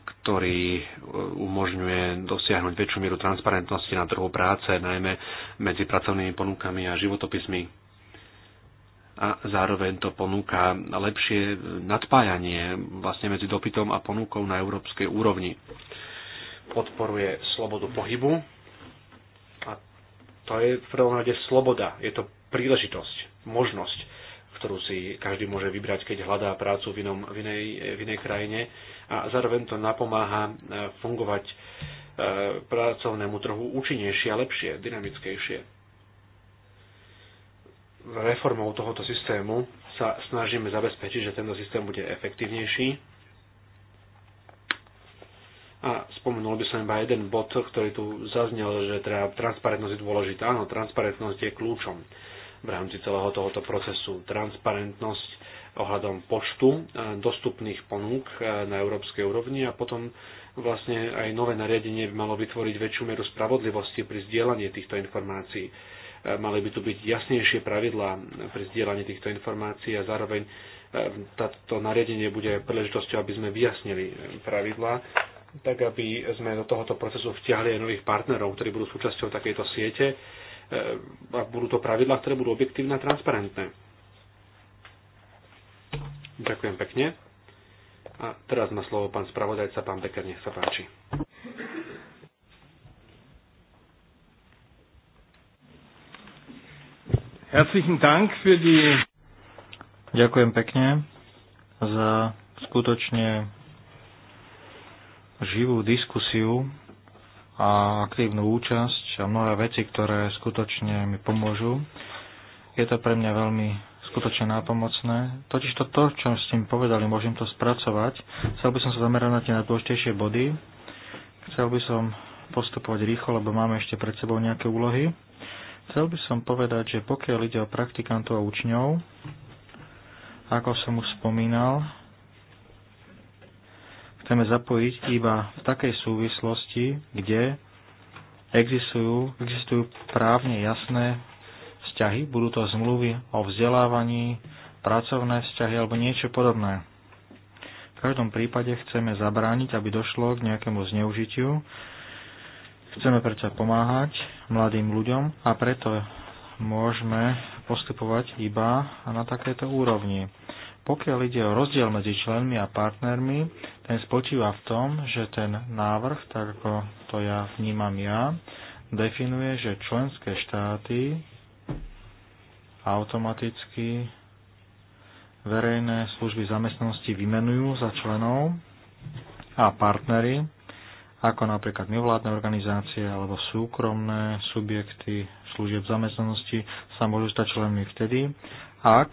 ktorý e, umožňuje dosiahnuť väčšiu mieru transparentnosti na trhu práce, najmä medzi pracovnými ponukami a životopismi a zároveň to ponúka lepšie nadpájanie vlastne medzi dopytom a ponukou na európskej úrovni. Podporuje slobodu pohybu a to je v prvom rade sloboda, je to príležitosť, možnosť ktorú si každý môže vybrať, keď hľadá prácu v, inom, v, inej, v inej krajine a zároveň to napomáha e, fungovať e, pracovnému trhu účinnejšie a lepšie, dynamickejšie. Reformou tohoto systému sa snažíme zabezpečiť, že tento systém bude efektívnejší. A spomenul by som iba jeden bod, ktorý tu zaznel, že teda transparentnosť je dôležitá. Áno, transparentnosť je kľúčom v rámci celého tohoto procesu. Transparentnosť ohľadom počtu e, dostupných ponúk e, na európskej úrovni a potom vlastne aj nové nariadenie by malo vytvoriť väčšiu mieru spravodlivosti pri zdieľaní týchto informácií. E, mali by tu byť jasnejšie pravidlá pri zdieľaní týchto informácií a zároveň táto nariadenie bude príležitosťou, aby sme vyjasnili pravidlá, tak aby sme do tohoto procesu vtiahli aj nových partnerov, ktorí budú súčasťou takejto siete ak budú to pravidlá, ktoré budú objektívne a transparentné. Ďakujem pekne. A teraz má slovo pán spravodajca, pán Becker, nech sa páči. Herzlichen Dank für die... Ďakujem pekne za skutočne živú diskusiu a aktívnu účasť a mnohé veci, ktoré skutočne mi pomôžu. Je to pre mňa veľmi skutočne nápomocné. Totiž to, to čo s tým povedali, môžem to spracovať. Chcel by som sa zamerať na tie najdôležitejšie body. Chcel by som postupovať rýchlo, lebo máme ešte pred sebou nejaké úlohy. Chcel by som povedať, že pokiaľ ide o praktikantov a učňov, ako som už spomínal, chceme zapojiť iba v takej súvislosti, kde existujú, existujú právne jasné vzťahy, budú to zmluvy o vzdelávaní, pracovné vzťahy alebo niečo podobné. V každom prípade chceme zabrániť, aby došlo k nejakému zneužitiu. Chceme predsa pomáhať mladým ľuďom a preto môžeme postupovať iba na takéto úrovni. Pokiaľ ide o rozdiel medzi členmi a partnermi, ten spočíva v tom, že ten návrh, tak ako to ja vnímam ja, definuje, že členské štáty automaticky verejné služby zamestnanosti vymenujú za členov a partnery, ako napríklad nevládne organizácie alebo súkromné subjekty služieb zamestnanosti sa môžu stať členmi vtedy, ak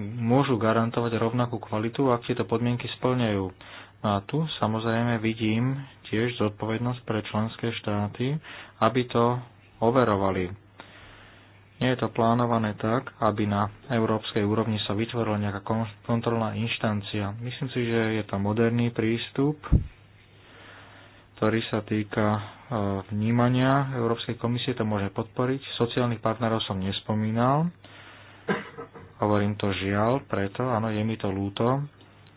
môžu garantovať rovnakú kvalitu, ak tieto podmienky splňajú. No a tu samozrejme vidím tiež zodpovednosť pre členské štáty, aby to overovali. Nie je to plánované tak, aby na európskej úrovni sa vytvorila nejaká kontrolná inštancia. Myslím si, že je to moderný prístup, ktorý sa týka e, vnímania Európskej komisie, to môže podporiť. Sociálnych partnerov som nespomínal. Hovorím to žiaľ, preto, áno, je mi to lúto,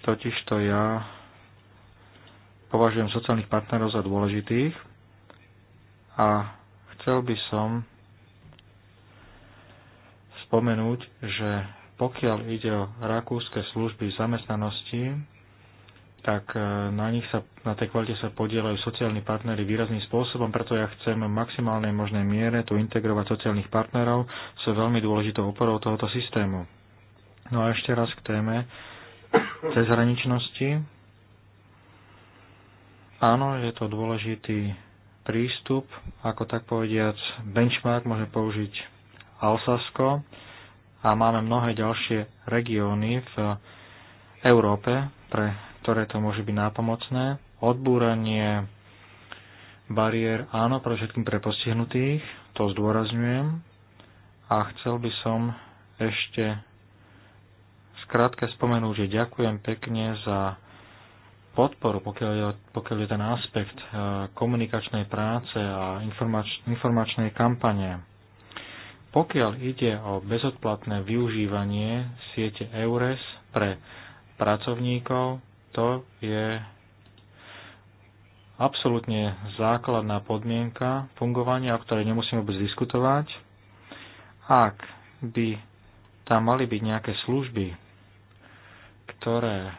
totiž to ja považujem sociálnych partnerov za dôležitých a chcel by som spomenúť, že pokiaľ ide o rakúske služby zamestnanosti, tak e, na nich sa, na tej kvalite sa podielajú sociálni partnery výrazným spôsobom, preto ja chcem v maximálnej možnej miere tu integrovať sociálnych partnerov, sú veľmi dôležitou oporou tohoto systému. No a ešte raz k téme cezhraničnosti. Áno, je to dôležitý prístup, ako tak povediac benchmark môže použiť Alsasko a máme mnohé ďalšie regióny v Európe, pre ktoré to môže byť nápomocné. Odbúranie bariér, áno, pre všetkým pre postihnutých, to zdôrazňujem. A chcel by som ešte skrátke spomenúť, že ďakujem pekne za podporu, pokiaľ je, pokiaľ je ten aspekt e, komunikačnej práce a informač, informačnej kampane. Pokiaľ ide o bezodplatné využívanie siete EURES pre pracovníkov, to je absolútne základná podmienka fungovania, o ktorej nemusíme vôbec diskutovať. Ak by tam mali byť nejaké služby, ktoré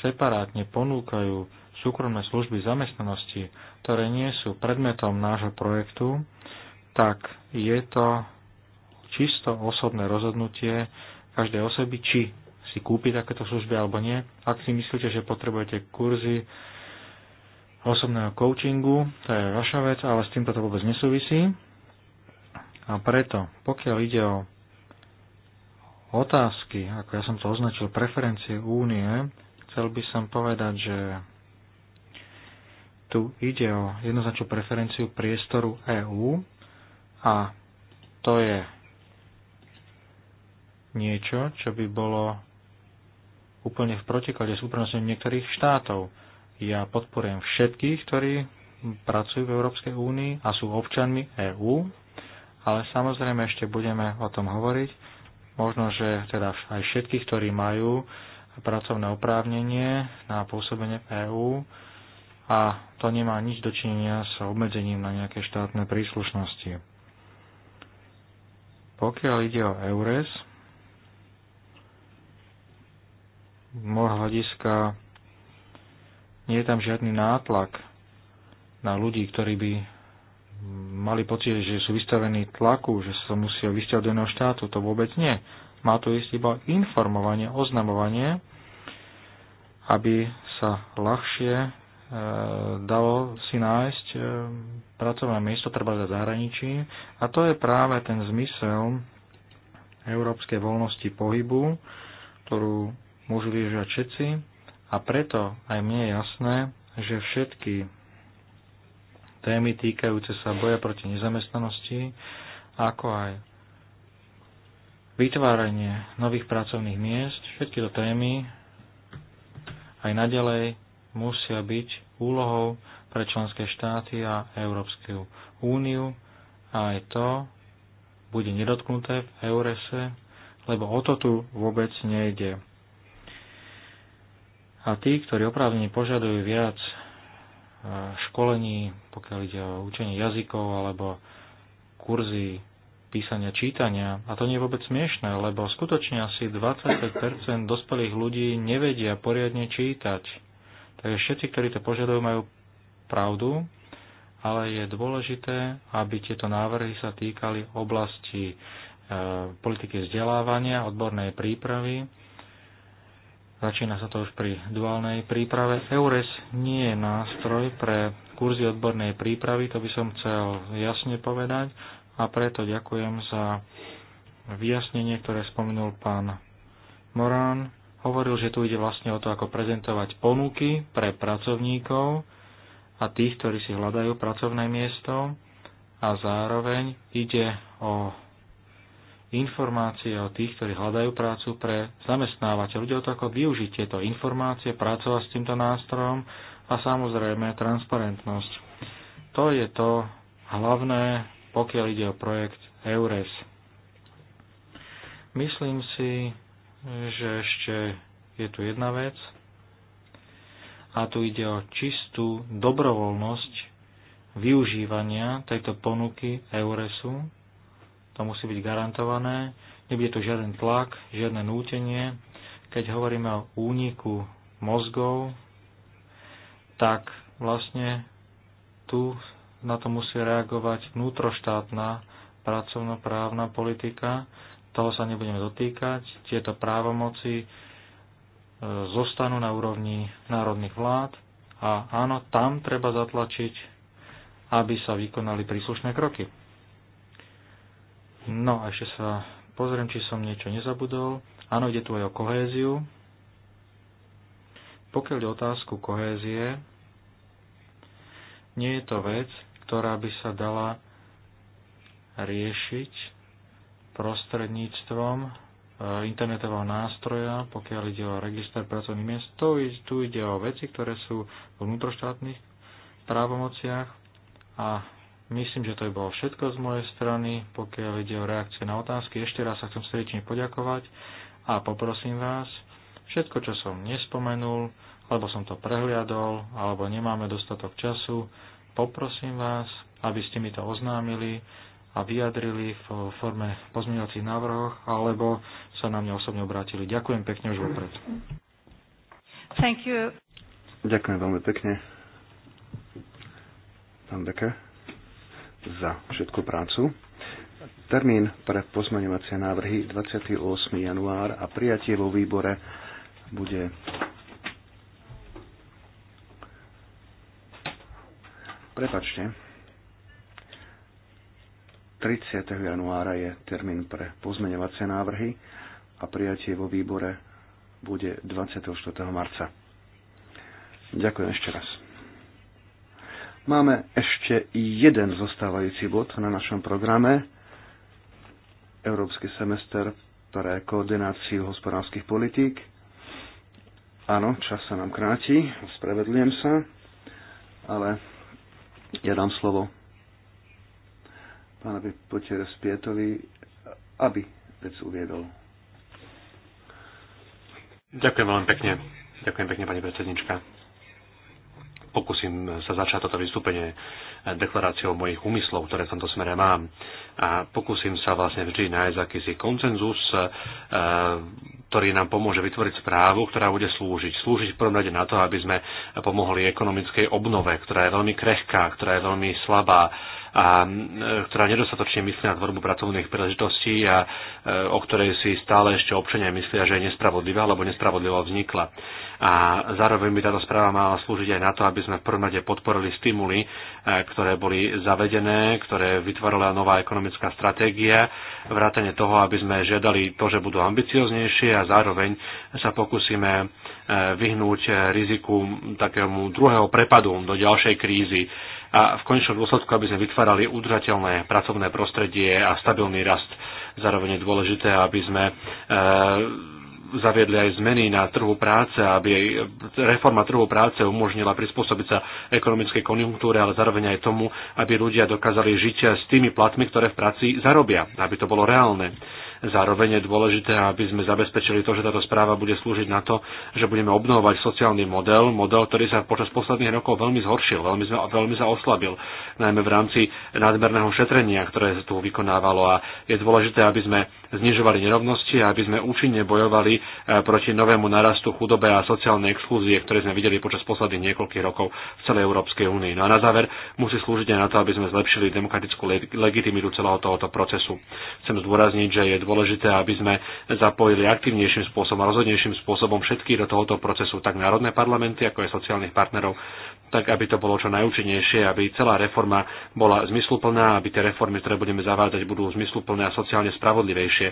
separátne ponúkajú súkromné služby zamestnanosti, ktoré nie sú predmetom nášho projektu, tak je to čisto osobné rozhodnutie každej osoby, či si kúpiť takéto služby alebo nie. Ak si myslíte, že potrebujete kurzy osobného coachingu, to je vaša vec, ale s týmto to vôbec nesúvisí. A preto, pokiaľ ide o otázky, ako ja som to označil, preferencie únie, chcel by som povedať, že tu ide o jednoznačnú preferenciu priestoru EÚ a to je niečo, čo by bolo úplne v protiklade s úprnostňou niektorých štátov. Ja podporujem všetkých, ktorí pracujú v Európskej únii a sú občanmi EÚ, ale samozrejme ešte budeme o tom hovoriť. Možno, že teda aj všetkých, ktorí majú pracovné oprávnenie na pôsobenie EÚ a to nemá nič dočinenia s obmedzením na nejaké štátne príslušnosti. Pokiaľ ide o EURES, môjho hľadiska nie je tam žiadny nátlak na ľudí, ktorí by mali pocit, že sú vystavení tlaku, že sa musia vystiať do iného štátu. To vôbec nie. Má to ísť iba informovanie, oznamovanie, aby sa ľahšie e, dalo si nájsť e, pracovné miesto, treba za zahraničí. A to je práve ten zmysel európskej voľnosti pohybu, ktorú môžu využívať všetci a preto aj mne je jasné, že všetky témy týkajúce sa boja proti nezamestnanosti, ako aj vytváranie nových pracovných miest, všetky to témy aj naďalej musia byť úlohou pre členské štáty a Európsku úniu a aj to bude nedotknuté v Eurese, lebo o to tu vôbec nejde. A tí, ktorí oprávnene požadujú viac e, školení, pokiaľ ide o učenie jazykov alebo kurzy písania, čítania. A to nie je vôbec smiešné, lebo skutočne asi 25% dospelých ľudí nevedia poriadne čítať. Takže všetci, ktorí to požadujú, majú pravdu, ale je dôležité, aby tieto návrhy sa týkali oblasti e, politiky vzdelávania, odbornej prípravy Začína sa to už pri duálnej príprave. EURES nie je nástroj pre kurzy odbornej prípravy, to by som chcel jasne povedať a preto ďakujem za vyjasnenie, ktoré spomenul pán Morán. Hovoril, že tu ide vlastne o to, ako prezentovať ponuky pre pracovníkov a tých, ktorí si hľadajú pracovné miesto a zároveň ide o informácie o tých, ktorí hľadajú prácu pre zamestnávateľ. Ľudia o to, ako využiť tieto informácie, pracovať s týmto nástrojom a samozrejme transparentnosť. To je to hlavné, pokiaľ ide o projekt EURES. Myslím si, že ešte je tu jedna vec a tu ide o čistú dobrovoľnosť využívania tejto ponuky EURESu to musí byť garantované, nebude tu žiaden tlak, žiadne nútenie. Keď hovoríme o úniku mozgov, tak vlastne tu na to musí reagovať vnútroštátna pracovnoprávna politika, toho sa nebudeme dotýkať, tieto právomoci e, zostanú na úrovni národných vlád a áno, tam treba zatlačiť, aby sa vykonali príslušné kroky. No a ešte sa pozriem, či som niečo nezabudol. Áno, ide tu aj o kohéziu. Pokiaľ je otázku kohézie, nie je to vec, ktorá by sa dala riešiť prostredníctvom e, internetového nástroja, pokiaľ ide o register pracovných miest. To, tu ide o veci, ktoré sú v vnútroštátnych právomociach a Myslím, že to je bolo všetko z mojej strany, pokiaľ ide o reakcie na otázky. Ešte raz sa chcem srdečne poďakovať a poprosím vás, všetko, čo som nespomenul, alebo som to prehliadol, alebo nemáme dostatok času, poprosím vás, aby ste mi to oznámili a vyjadrili v forme pozmeňovacích návrhov, alebo sa na mňa osobne obrátili. Ďakujem pekne už vopred. Thank you. Ďakujem veľmi pekne. Pán Becker za všetku prácu. Termín pre pozmeňovacie návrhy 28. január a prijatie vo výbore bude Prepačte. 30. januára je termín pre pozmeňovacie návrhy a prijatie vo výbore bude 24. marca. Ďakujem ešte raz. Máme ešte jeden zostávajúci bod na našom programe. Európsky semester pre koordináciu hospodárskych politík. Áno, čas sa nám kráti, spravedlňujem sa, ale ja dám slovo pánovi Potere Spietovi, aby vec uviedol. Ďakujem veľmi pekne. Ďakujem pekne, pani predsednička pokúsim sa začať toto vystúpenie deklaráciou mojich úmyslov, ktoré v tomto smere mám. A pokúsim sa vlastne vždy nájsť akýsi koncenzus, e, ktorý nám pomôže vytvoriť správu, ktorá bude slúžiť. Slúžiť v prvom rade na to, aby sme pomohli ekonomickej obnove, ktorá je veľmi krehká, ktorá je veľmi slabá, a e, ktorá nedostatočne myslí na tvorbu pracovných príležitostí a e, o ktorej si stále ešte občania myslia, že je nespravodlivá alebo nespravodlivo vznikla. A zároveň by táto správa mala slúžiť aj na to, aby sme v prvom rade podporili stimuly, e, ktoré boli zavedené, ktoré vytvorila nová ekonomická stratégia, vrátane toho, aby sme žiadali to, že budú ambicioznejšie a zároveň sa pokúsime vyhnúť riziku takému druhého prepadu do ďalšej krízy, a v konečnom dôsledku, aby sme vytvárali udržateľné pracovné prostredie a stabilný rast. Zároveň je dôležité, aby sme e, zaviedli aj zmeny na trhu práce, aby reforma trhu práce umožnila prispôsobiť sa ekonomickej konjunktúre, ale zároveň aj tomu, aby ľudia dokázali žiť s tými platmi, ktoré v práci zarobia, aby to bolo reálne. Zároveň je dôležité, aby sme zabezpečili to, že táto správa bude slúžiť na to, že budeme obnovovať sociálny model, model, ktorý sa počas posledných rokov veľmi zhoršil, veľmi, veľmi sa oslabil, najmä v rámci nadmerného šetrenia, ktoré sa tu vykonávalo. A je dôležité, aby sme znižovali nerovnosti a aby sme účinne bojovali e, proti novému narastu chudobe a sociálnej exklúzie, ktoré sme videli počas posledných niekoľkých rokov v celej Európskej únii. No a na záver musí slúžiť aj na to, aby sme zlepšili demokratickú legitimitu celého tohoto procesu. Chcem zdôrazniť, že je dôležité dôležité, aby sme zapojili aktívnejším spôsobom a rozhodnejším spôsobom všetky do tohoto procesu, tak národné parlamenty, ako aj sociálnych partnerov, tak aby to bolo čo najúčinnejšie, aby celá reforma bola zmysluplná, aby tie reformy, ktoré budeme zavádzať, budú zmysluplné a sociálne spravodlivejšie,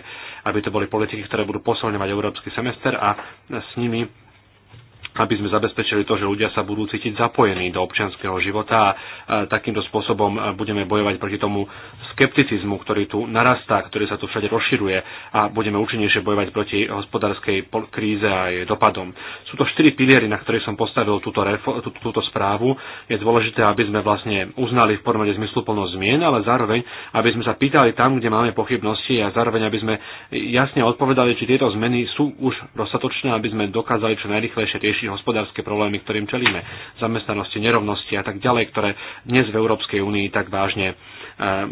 aby to boli politiky, ktoré budú posilňovať európsky semester a s nimi aby sme zabezpečili to, že ľudia sa budú cítiť zapojení do občianského života a takýmto spôsobom e, budeme bojovať proti tomu skepticizmu, ktorý tu narastá, ktorý sa tu všade rozširuje a budeme účinnejšie bojovať proti hospodárskej kríze a jej dopadom. Sú to štyri piliery, na ktorých som postavil túto, refo- tú, túto správu. Je dôležité, aby sme vlastne uznali v porovnaní zmysluplnosť zmien, ale zároveň, aby sme sa pýtali tam, kde máme pochybnosti a zároveň, aby sme jasne odpovedali, či tieto zmeny sú už dostatočné, aby sme dokázali čo najrychlejšie riešiť riešiť hospodárske problémy, ktorým čelíme, zamestnanosti, nerovnosti a tak ďalej, ktoré dnes v Európskej únii tak vážne e,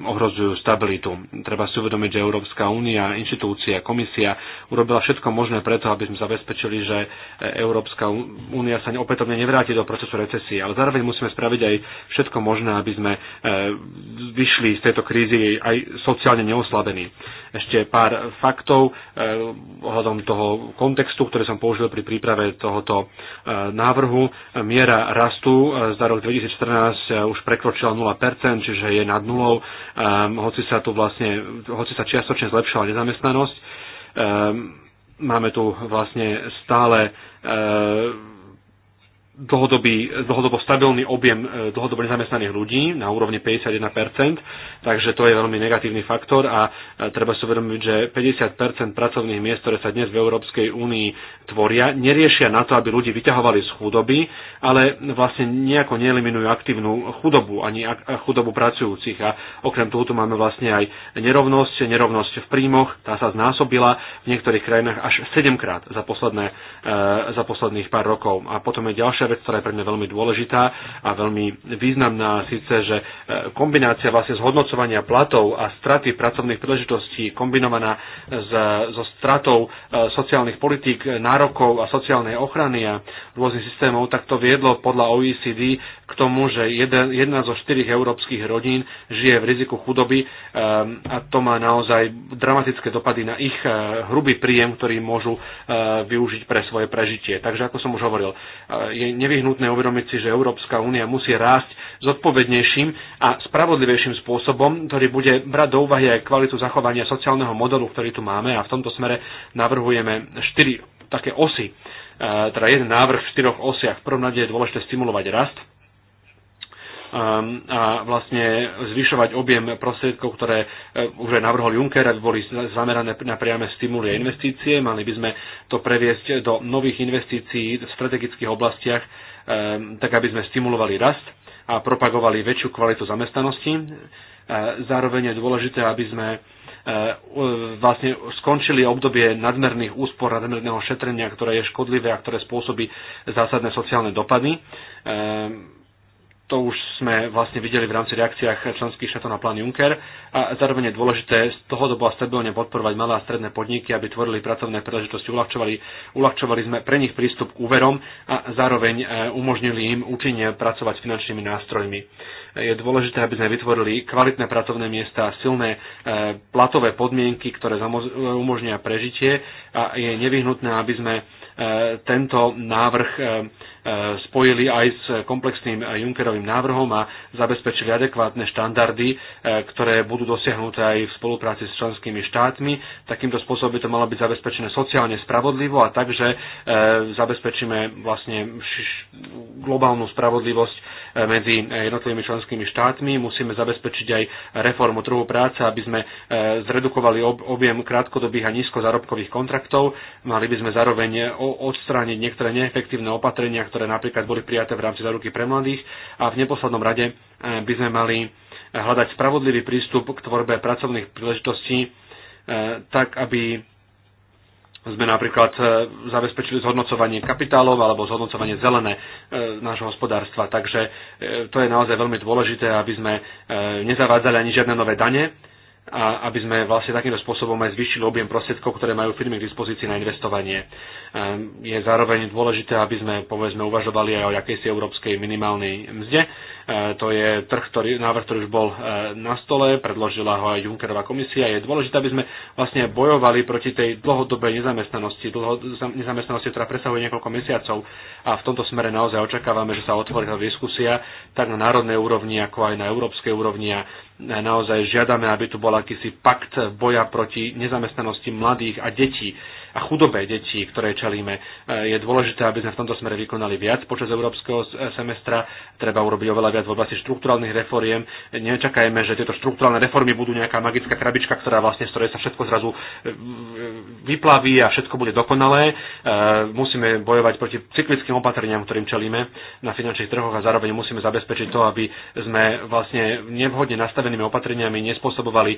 ohrozujú stabilitu. Treba si uvedomiť, že Európska únia, inštitúcia, komisia urobila všetko možné preto, aby sme zabezpečili, že Európska únia sa opätovne nevráti do procesu recesie, ale zároveň musíme spraviť aj všetko možné, aby sme e, vyšli z tejto krízy aj sociálne neoslabení. Ešte pár faktov eh, ohľadom toho kontextu, ktorý som použil pri príprave tohoto eh, návrhu. Miera rastu eh, za rok 2014 už prekročila 0%, čiže je nad nulou, ehm, hoci sa tu vlastne, hoci sa čiastočne zlepšila nezamestnanosť. Ehm, máme tu vlastne stále dlhodobý, dlhodobo stabilný objem e, dlhodobo nezamestnaných ľudí na úrovni 51%, takže to je veľmi negatívny faktor a e, treba si uvedomiť, že 50% pracovných miest, ktoré sa dnes v Európskej únii tvoria, neriešia na to, aby ľudí vyťahovali z chudoby, ale vlastne nejako neeliminujú aktívnu chudobu, ani chudobu pracujúcich. A okrem toho tu máme vlastne aj nerovnosť, nerovnosť v príjmoch, tá sa znásobila v niektorých krajinách až 7 krát za, posledné, e, za posledných pár rokov. A potom je ďalšia ďalšia vec, ktorá je pre mňa veľmi dôležitá a veľmi významná, síce, že e, kombinácia vlastne zhodnocovania platov a straty pracovných príležitostí kombinovaná e, s, so stratou e, sociálnych politík, nárokov a sociálnej ochrany a rôznych systémov, tak to viedlo podľa OECD k tomu, že jeden, jedna zo štyrich európskych rodín žije v riziku chudoby um, a to má naozaj dramatické dopady na ich uh, hrubý príjem, ktorý môžu uh, využiť pre svoje prežitie. Takže ako som už hovoril, uh, je nevyhnutné uvedomiť si, že Európska únia musí rásť zodpovednejším a spravodlivejším spôsobom, ktorý bude brať do úvahy aj kvalitu zachovania sociálneho modelu, ktorý tu máme a v tomto smere navrhujeme štyri také osy, teda jeden návrh v štyroch osiach. V prvom rade je dôležité stimulovať rast, Ehm, a vlastne zvyšovať objem prostriedkov, ktoré e, už aj navrhol Juncker, aby boli zamerané na priame stimuly a investície. Mali by sme to previesť do nových investícií v strategických oblastiach, ehm, tak aby sme stimulovali rast a propagovali väčšiu kvalitu zamestnanosti. E, zároveň je dôležité, aby sme e, vlastne skončili obdobie nadmerných úspor, nadmerného šetrenia, ktoré je škodlivé a ktoré spôsobí zásadné sociálne dopady. Ehm, to už sme vlastne videli v rámci reakciách členských štátov na plán Juncker a zároveň je dôležité z toho dobu stabilne podporovať malé a stredné podniky, aby tvorili pracovné príležitosti, uľahčovali, uľahčovali sme pre nich prístup k úverom a zároveň e, umožnili im účinne pracovať s finančnými nástrojmi. E, je dôležité, aby sme vytvorili kvalitné pracovné miesta, silné e, platové podmienky, ktoré umožnia prežitie a je nevyhnutné, aby sme tento návrh e, e, spojili aj s komplexným Junckerovým návrhom a zabezpečili adekvátne štandardy, e, ktoré budú dosiahnuté aj v spolupráci s členskými štátmi. Takýmto spôsobom by to malo byť zabezpečené sociálne spravodlivo a takže zabezpečíme vlastne globálnu spravodlivosť medzi jednotlivými členskými štátmi. Musíme zabezpečiť aj reformu trhu práce, aby sme e, zredukovali objem krátkodobých a nízko zárobkových kontraktov. Mali by sme zároveň e, odstrániť niektoré neefektívne opatrenia, ktoré napríklad boli prijaté v rámci záruky pre mladých. A v neposlednom rade e, by sme mali hľadať spravodlivý prístup k tvorbe pracovných príležitostí tak, aby sme napríklad e, zabezpečili zhodnocovanie kapitálov alebo zhodnocovanie zelené e, nášho hospodárstva. Takže e, to je naozaj veľmi dôležité, aby sme nezavádzali ani žiadne nové dane, a aby sme vlastne takýmto spôsobom aj zvýšili objem prostriedkov, ktoré majú firmy k dispozícii na investovanie. Ehm, je zároveň dôležité, aby sme povedzme uvažovali aj o jakejsi európskej minimálnej mzde. Ehm, to je trh, ktorý, návrh, ktorý už bol ehm, na stole, predložila ho aj Junckerová komisia. Je dôležité, aby sme vlastne bojovali proti tej dlhodobej nezamestnanosti, dlho, nezamestnanosti, ktorá presahuje niekoľko mesiacov. A v tomto smere naozaj očakávame, že sa otvorí tá diskusia tak na národnej úrovni, ako aj na európskej úrovni a naozaj žiadame, aby tu bol akýsi pakt boja proti nezamestnanosti mladých a detí a chudobe detí, ktoré čelíme. E, je dôležité, aby sme v tomto smere vykonali viac počas európskeho e, semestra. Treba urobiť oveľa viac v oblasti štruktúrálnych reforiem. Nečakajme, že tieto štruktúrálne reformy budú nejaká magická krabička, ktorá vlastne, z ktorej sa všetko zrazu e, vyplaví a všetko bude dokonalé. Musíme bojovať proti cyklickým opatreniam, ktorým čelíme na finančných trhoch a zároveň musíme zabezpečiť to, aby sme vlastne nevhodne nastavenými opatreniami nespôsobovali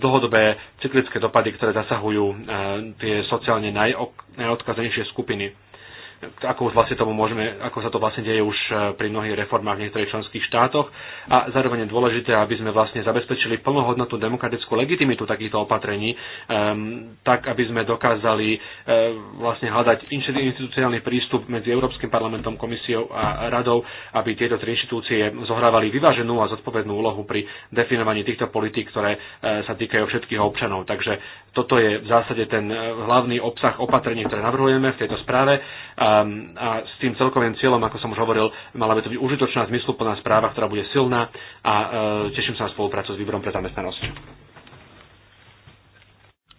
dlhodobé cyklické dopady, ktoré zasahujú tie sociálne sociálne najodkazenejšie skupiny ako, vlastne tomu môžeme, ako sa to vlastne deje už e, pri mnohých reformách v niektorých členských štátoch a zároveň je dôležité, aby sme vlastne zabezpečili plnohodnotnú demokratickú legitimitu takýchto opatrení, um, tak aby sme dokázali um, vlastne hľadať inštitucionálny prístup medzi Európskym parlamentom, komisiou a radou, aby tieto tri inštitúcie zohrávali vyváženú a zodpovednú úlohu pri definovaní týchto politík, ktoré uh, sa týkajú všetkých občanov. Takže toto je v zásade ten hlavný obsah opatrení, ktoré navrhujeme v tejto správe. A Ehm, a s tým celkovým cieľom, ako som už hovoril, mala by to byť užitočná, zmysluplná správa, ktorá bude silná a e, teším sa na spoluprácu s výborom pre zamestnanosť.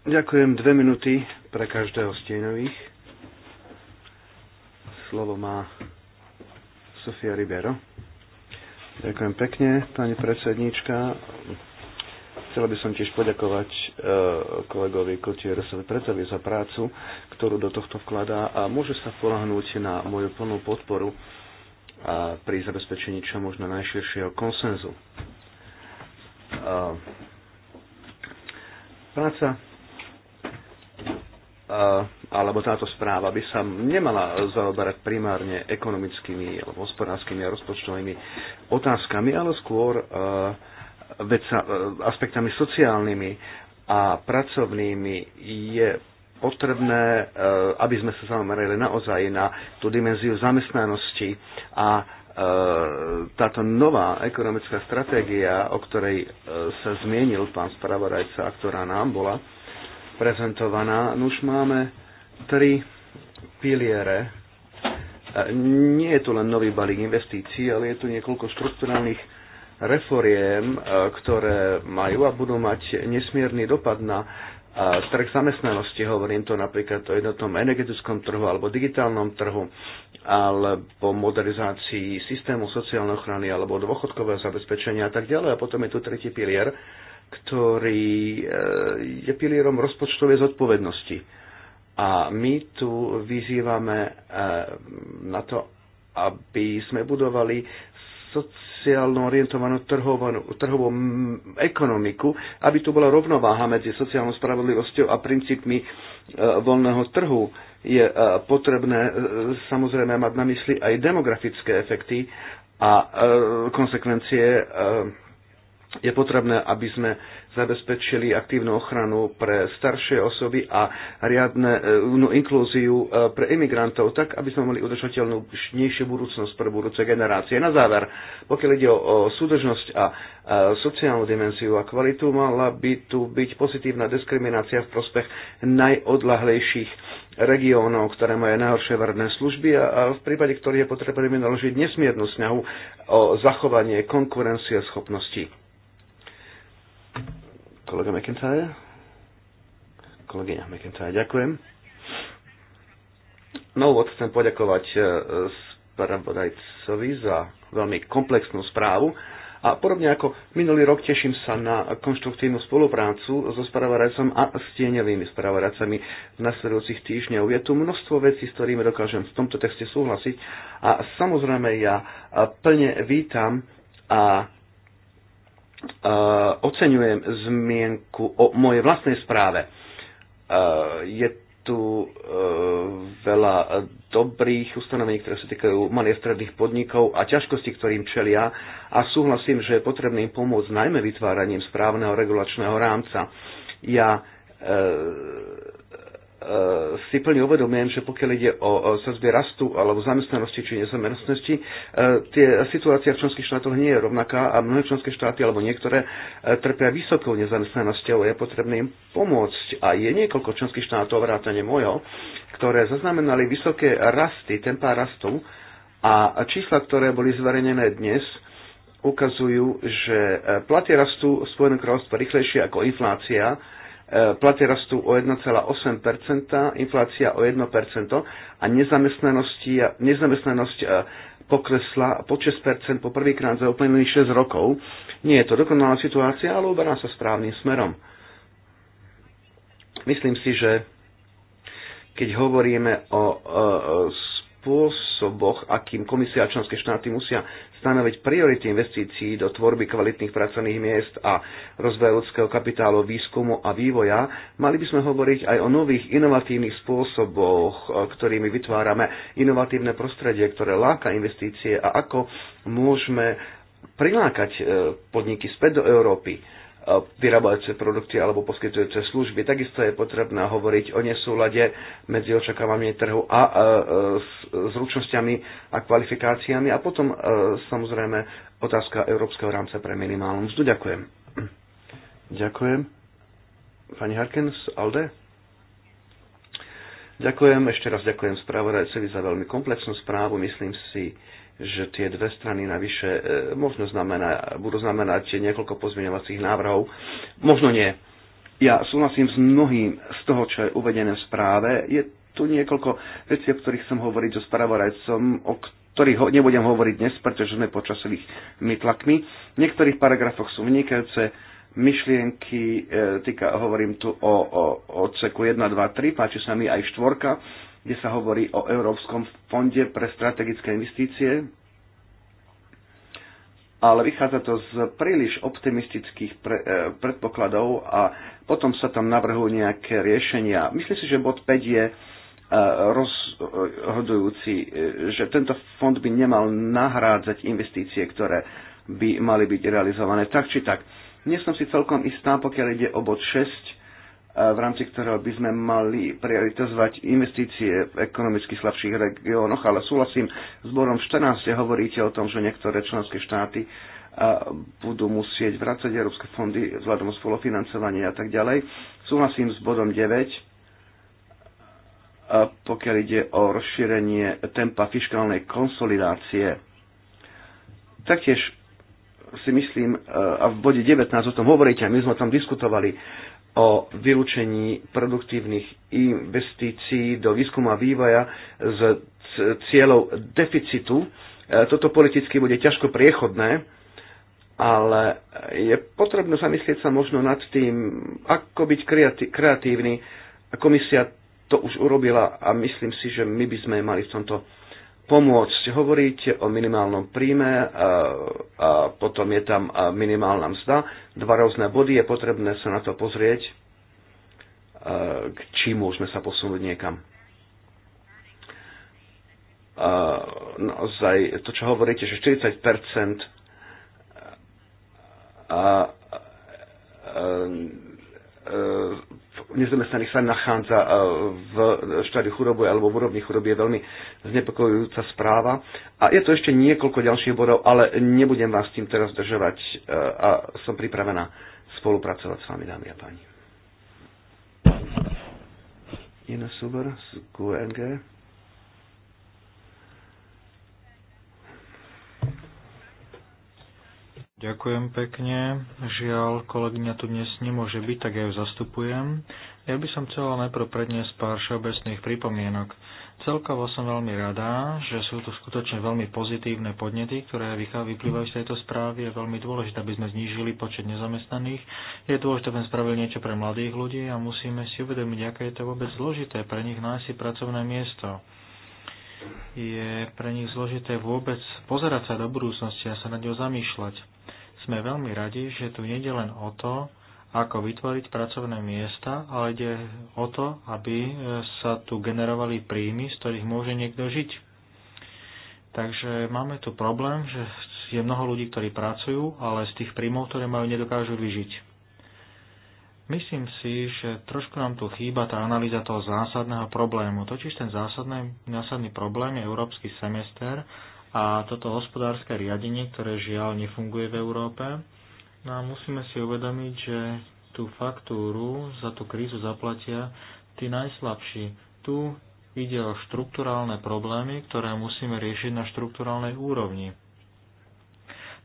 Ďakujem dve minúty pre každého z tieňových. Slovo má Sofia Ribero. Ďakujem pekne, pani predsedníčka. Chcela by som tiež poďakovať e, kolegovi Kotierosovi predsavi za prácu, ktorú do tohto vkladá a môže sa polahnúť na moju plnú podporu a pri zabezpečení čo možno najširšieho konsenzu. E, práca e, alebo táto správa by sa nemala zaoberať primárne ekonomickými alebo hospodárskymi a rozpočtovými otázkami, ale skôr e, veca, aspektami sociálnymi a pracovnými, je potrebné, eh, aby sme sa zamerali naozaj na tú dimenziu zamestnanosti a eh, táto nová ekonomická stratégia, o ktorej eh, sa zmienil pán spravodajca, ktorá nám bola prezentovaná, no už máme tri piliere. Nie je to len nový balík investícií, ale je tu niekoľko štrukturálnych reforiem, e, ktoré majú a budú mať nesmierny dopad na e, trh zamestnanosti. Hovorím to napríklad o jednotnom energetickom trhu alebo digitálnom trhu alebo modernizácii systému sociálnej ochrany alebo dôchodkového zabezpečenia a tak ďalej. A potom je tu tretí pilier, ktorý e, je pilierom rozpočtovej zodpovednosti. A my tu vyzývame na to, aby sme budovali soci sociálno orientovanú trhovanú, trhovú ekonomiku, aby tu bola rovnováha medzi sociálnou spravodlivosťou a princípmi e, voľného trhu. Je e, potrebné e, samozrejme mať na mysli aj demografické efekty a konsekvencie. Je potrebné, aby sme zabezpečili aktívnu ochranu pre staršie osoby a riadne no, inklúziu e, pre imigrantov, tak aby sme mali udržateľnú nižšiu budúcnosť pre budúce generácie. Na záver, pokiaľ ide o súdržnosť a sociálnu dimenziu a kvalitu, mala by tu byť pozitívna diskriminácia v prospech najodlahlejších regiónov, ktoré majú najhoršie varné služby a v prípade ktorých je potrebné naložiť nesmiernu snahu o zachovanie konkurencie schopností. Kolega McIntyre? Kolegyňa McIntyre, ďakujem. Na úvod chcem poďakovať e, spravodajcovi za veľmi komplexnú správu a podobne ako minulý rok teším sa na konštruktívnu spoluprácu so spravodajcom a s tieňovými spravodajcami v nasledujúcich týždňov. Je tu množstvo vecí, s ktorými dokážem v tomto texte súhlasiť a samozrejme ja plne vítam a Eh, oceňujem zmienku o mojej vlastnej správe. Eh, je tu uh, veľa dobrých ustanovení, ktoré sa týkajú malých stredných podnikov a ťažkosti, ktorým čelia a súhlasím, že je potrebné im pomôcť najmä vytváraním správneho regulačného rámca. Ja E, si plne uvedomujem, že pokiaľ ide o sadzby rastu alebo zamestnanosti či nezamestnanosti, e, tie situácia v členských štátoch nie je rovnaká a mnohé členské štáty alebo niektoré e, trpia vysokou nezamestnanosťou a je potrebné im pomôcť. A je niekoľko členských štátov, vrátane mojo, ktoré zaznamenali vysoké rasty, tempá rastu a čísla, ktoré boli zverejnené dnes, ukazujú, že platy rastú v Spojenom kráľovstve rýchlejšie ako inflácia, E, platy rastú o 1,8%, inflácia o 1% a nezamestnanosť, e, poklesla po 6% po prvýkrát za uplynulých 6 rokov. Nie je to dokonalá situácia, ale uberá sa správnym smerom. Myslím si, že keď hovoríme o e, spôsoboch, akým komisia a členské štáty musia stanoviť priority investícií do tvorby kvalitných pracovných miest a rozvoja ľudského kapitálu, výskumu a vývoja, mali by sme hovoriť aj o nových inovatívnych spôsoboch, e, ktorými vytvárame inovatívne prostredie, ktoré láka investície a ako môžeme prilákať e, podniky späť do Európy vyrábajúce produkty alebo poskytujúce služby. Takisto je potrebné hovoriť o nesúlade medzi očakávaniami trhu a e, e, zručnosťami a kvalifikáciami a potom e, samozrejme otázka Európskeho rámca pre minimálnu mzdu. Ďakujem. Ďakujem. Pani Harkins, Alde? Ďakujem, ešte raz ďakujem správodajcovi za veľmi komplexnú správu. Myslím si, že tie dve strany navyše e, možno znamená, budú znamenať niekoľko pozmeňovacích návrhov. Možno nie. Ja súhlasím s mnohým z toho, čo je uvedené v správe. Je tu niekoľko vecí, o ktorých chcem hovoriť so spravorajcom, o ktorých ho, nebudem hovoriť dnes, pretože sme pod časovými tlakmi. V niektorých paragrafoch sú vynikajúce myšlienky, e, týka, hovorím tu o, o odseku 1, 2, 3, páči sa mi aj štvorka, kde sa hovorí o Európskom fonde pre strategické investície, ale vychádza to z príliš optimistických pre, e, predpokladov a potom sa tam navrhujú nejaké riešenia. Myslím si, že bod 5 je e, rozhodujúci, e, že tento fond by nemal nahrádzať investície, ktoré by mali byť realizované tak či tak. Nie som si celkom istá, pokiaľ ide o bod 6, v rámci ktorého by sme mali prioritizovať investície v ekonomicky slabších regiónoch, ale súhlasím s borom 14, hovoríte o tom, že niektoré členské štáty budú musieť vrácať európske fondy vzhľadom spolofinancovania a tak ďalej. Súhlasím s bodom 9, pokiaľ ide o rozšírenie tempa fiskálnej konsolidácie. Taktiež si myslím, a v bode 19 o tom hovoríte, a my sme tam diskutovali, o vylúčení produktívnych investícií do výskumu a vývoja z cieľov deficitu. E, toto politicky bude ťažko priechodné, ale je potrebné zamyslieť sa možno nad tým, ako byť kreatívny. Komisia to už urobila a myslím si, že my by sme mali v tomto pomôcť hovoriť o minimálnom príjme, a, a potom je tam minimálna mzda. Dva rôzne body, je potrebné sa na to pozrieť, k či môžeme sa posunúť niekam. A, zaj, to, čo hovoríte, že 40 a, a, nezamestnaných sa nachádza e, v štádiu chudoby alebo v úrovni chudoby je veľmi znepokojujúca správa. A je to ešte niekoľko ďalších bodov, ale nebudem vás tým teraz držovať e, a som pripravená spolupracovať s vami, dámy a páni. Jena Suber z QNG. Ďakujem pekne. Žiaľ, kolegyňa tu dnes nemôže byť, tak ja ju zastupujem. Ja by som chcela najprv predniesť pár všeobecných pripomienok. Celkovo som veľmi rada, že sú tu skutočne veľmi pozitívne podnety, ktoré vyplývajú z tejto správy. Je veľmi dôležité, aby sme znížili počet nezamestnaných. Je dôležité, aby sme spravili niečo pre mladých ľudí a musíme si uvedomiť, aké je to vôbec zložité pre nich nájsť si pracovné miesto je pre nich zložité vôbec pozerať sa do budúcnosti a sa nad ňou zamýšľať. Sme veľmi radi, že tu je len o to, ako vytvoriť pracovné miesta, ale ide o to, aby e, sa tu generovali príjmy, z ktorých môže niekto žiť. Takže máme tu problém, že je mnoho ľudí, ktorí pracujú, ale z tých príjmov, ktoré majú, nedokážu vyžiť. Myslím si, že trošku nám tu chýba tá analýza toho zásadného problému. Totiž ten zásadný, zásadný problém je európsky semester a toto hospodárske riadenie, ktoré žiaľ nefunguje v Európe. No a musíme si uvedomiť, že tú faktúru za tú krízu zaplatia tí najslabší. Tu ide o štruktúrálne problémy, ktoré musíme riešiť na štruktúrálnej úrovni.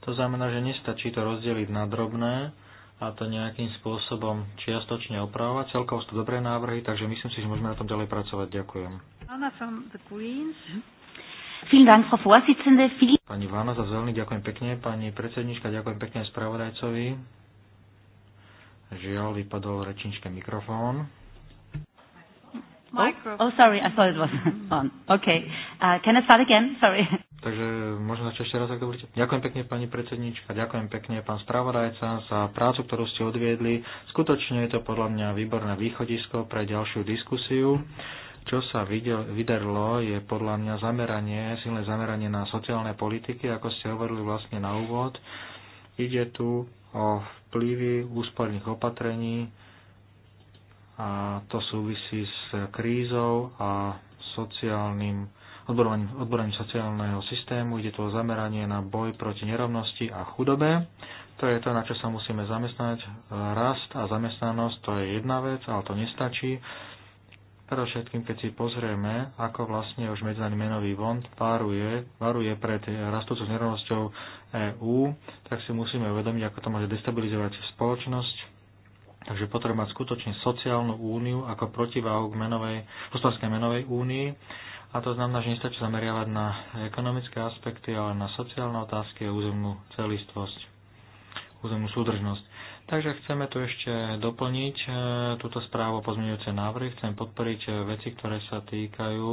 To znamená, že nestačí to rozdeliť na drobné, a to nejakým spôsobom čiastočne opravovať. Celkovo sú to dobré návrhy, takže myslím si, že môžeme na tom ďalej pracovať. Ďakujem. Mhm. Pani Vána za zelený, ďakujem pekne. Pani predsednička, ďakujem pekne spravodajcovi. Žiaľ, vypadol rečničke mikrofón. Oh, oh, sorry, I thought it was (laughs) on. Okay. Uh, can I start again? Sorry. Takže možno začať ešte raz, ak dovolíte. Ďakujem pekne, pani predsednička, ďakujem pekne, pán spravodajca, za prácu, ktorú ste odviedli. Skutočne je to podľa mňa výborné východisko pre ďalšiu diskusiu. Čo sa vyderlo, vydarilo, je podľa mňa zameranie, silné zameranie na sociálne politiky, ako ste hovorili vlastne na úvod. Ide tu o vplyvy úsporných opatrení a to súvisí s krízou a sociálnym odborovaní sociálneho systému, ide tu o zameranie na boj proti nerovnosti a chudobe. To je to, na čo sa musíme zamestnať. Rast a zamestnanosť to je jedna vec, ale to nestačí. všetkým, keď si pozrieme, ako vlastne už medzaný menový vond varuje, varuje pred rastúcou nerovnosťou EÚ, tak si musíme uvedomiť, ako to môže destabilizovať spoločnosť, Takže potrebujeme mať skutočne sociálnu úniu ako protiváhu k menovej, menovej únii. A to znamená, že nestačí zameriavať na ekonomické aspekty, ale na sociálne otázky a územnú celistvosť, územnú súdržnosť. Takže chceme tu ešte doplniť e, túto správu o pozmeňujúce návrhy. Chcem podporiť e, veci, ktoré sa týkajú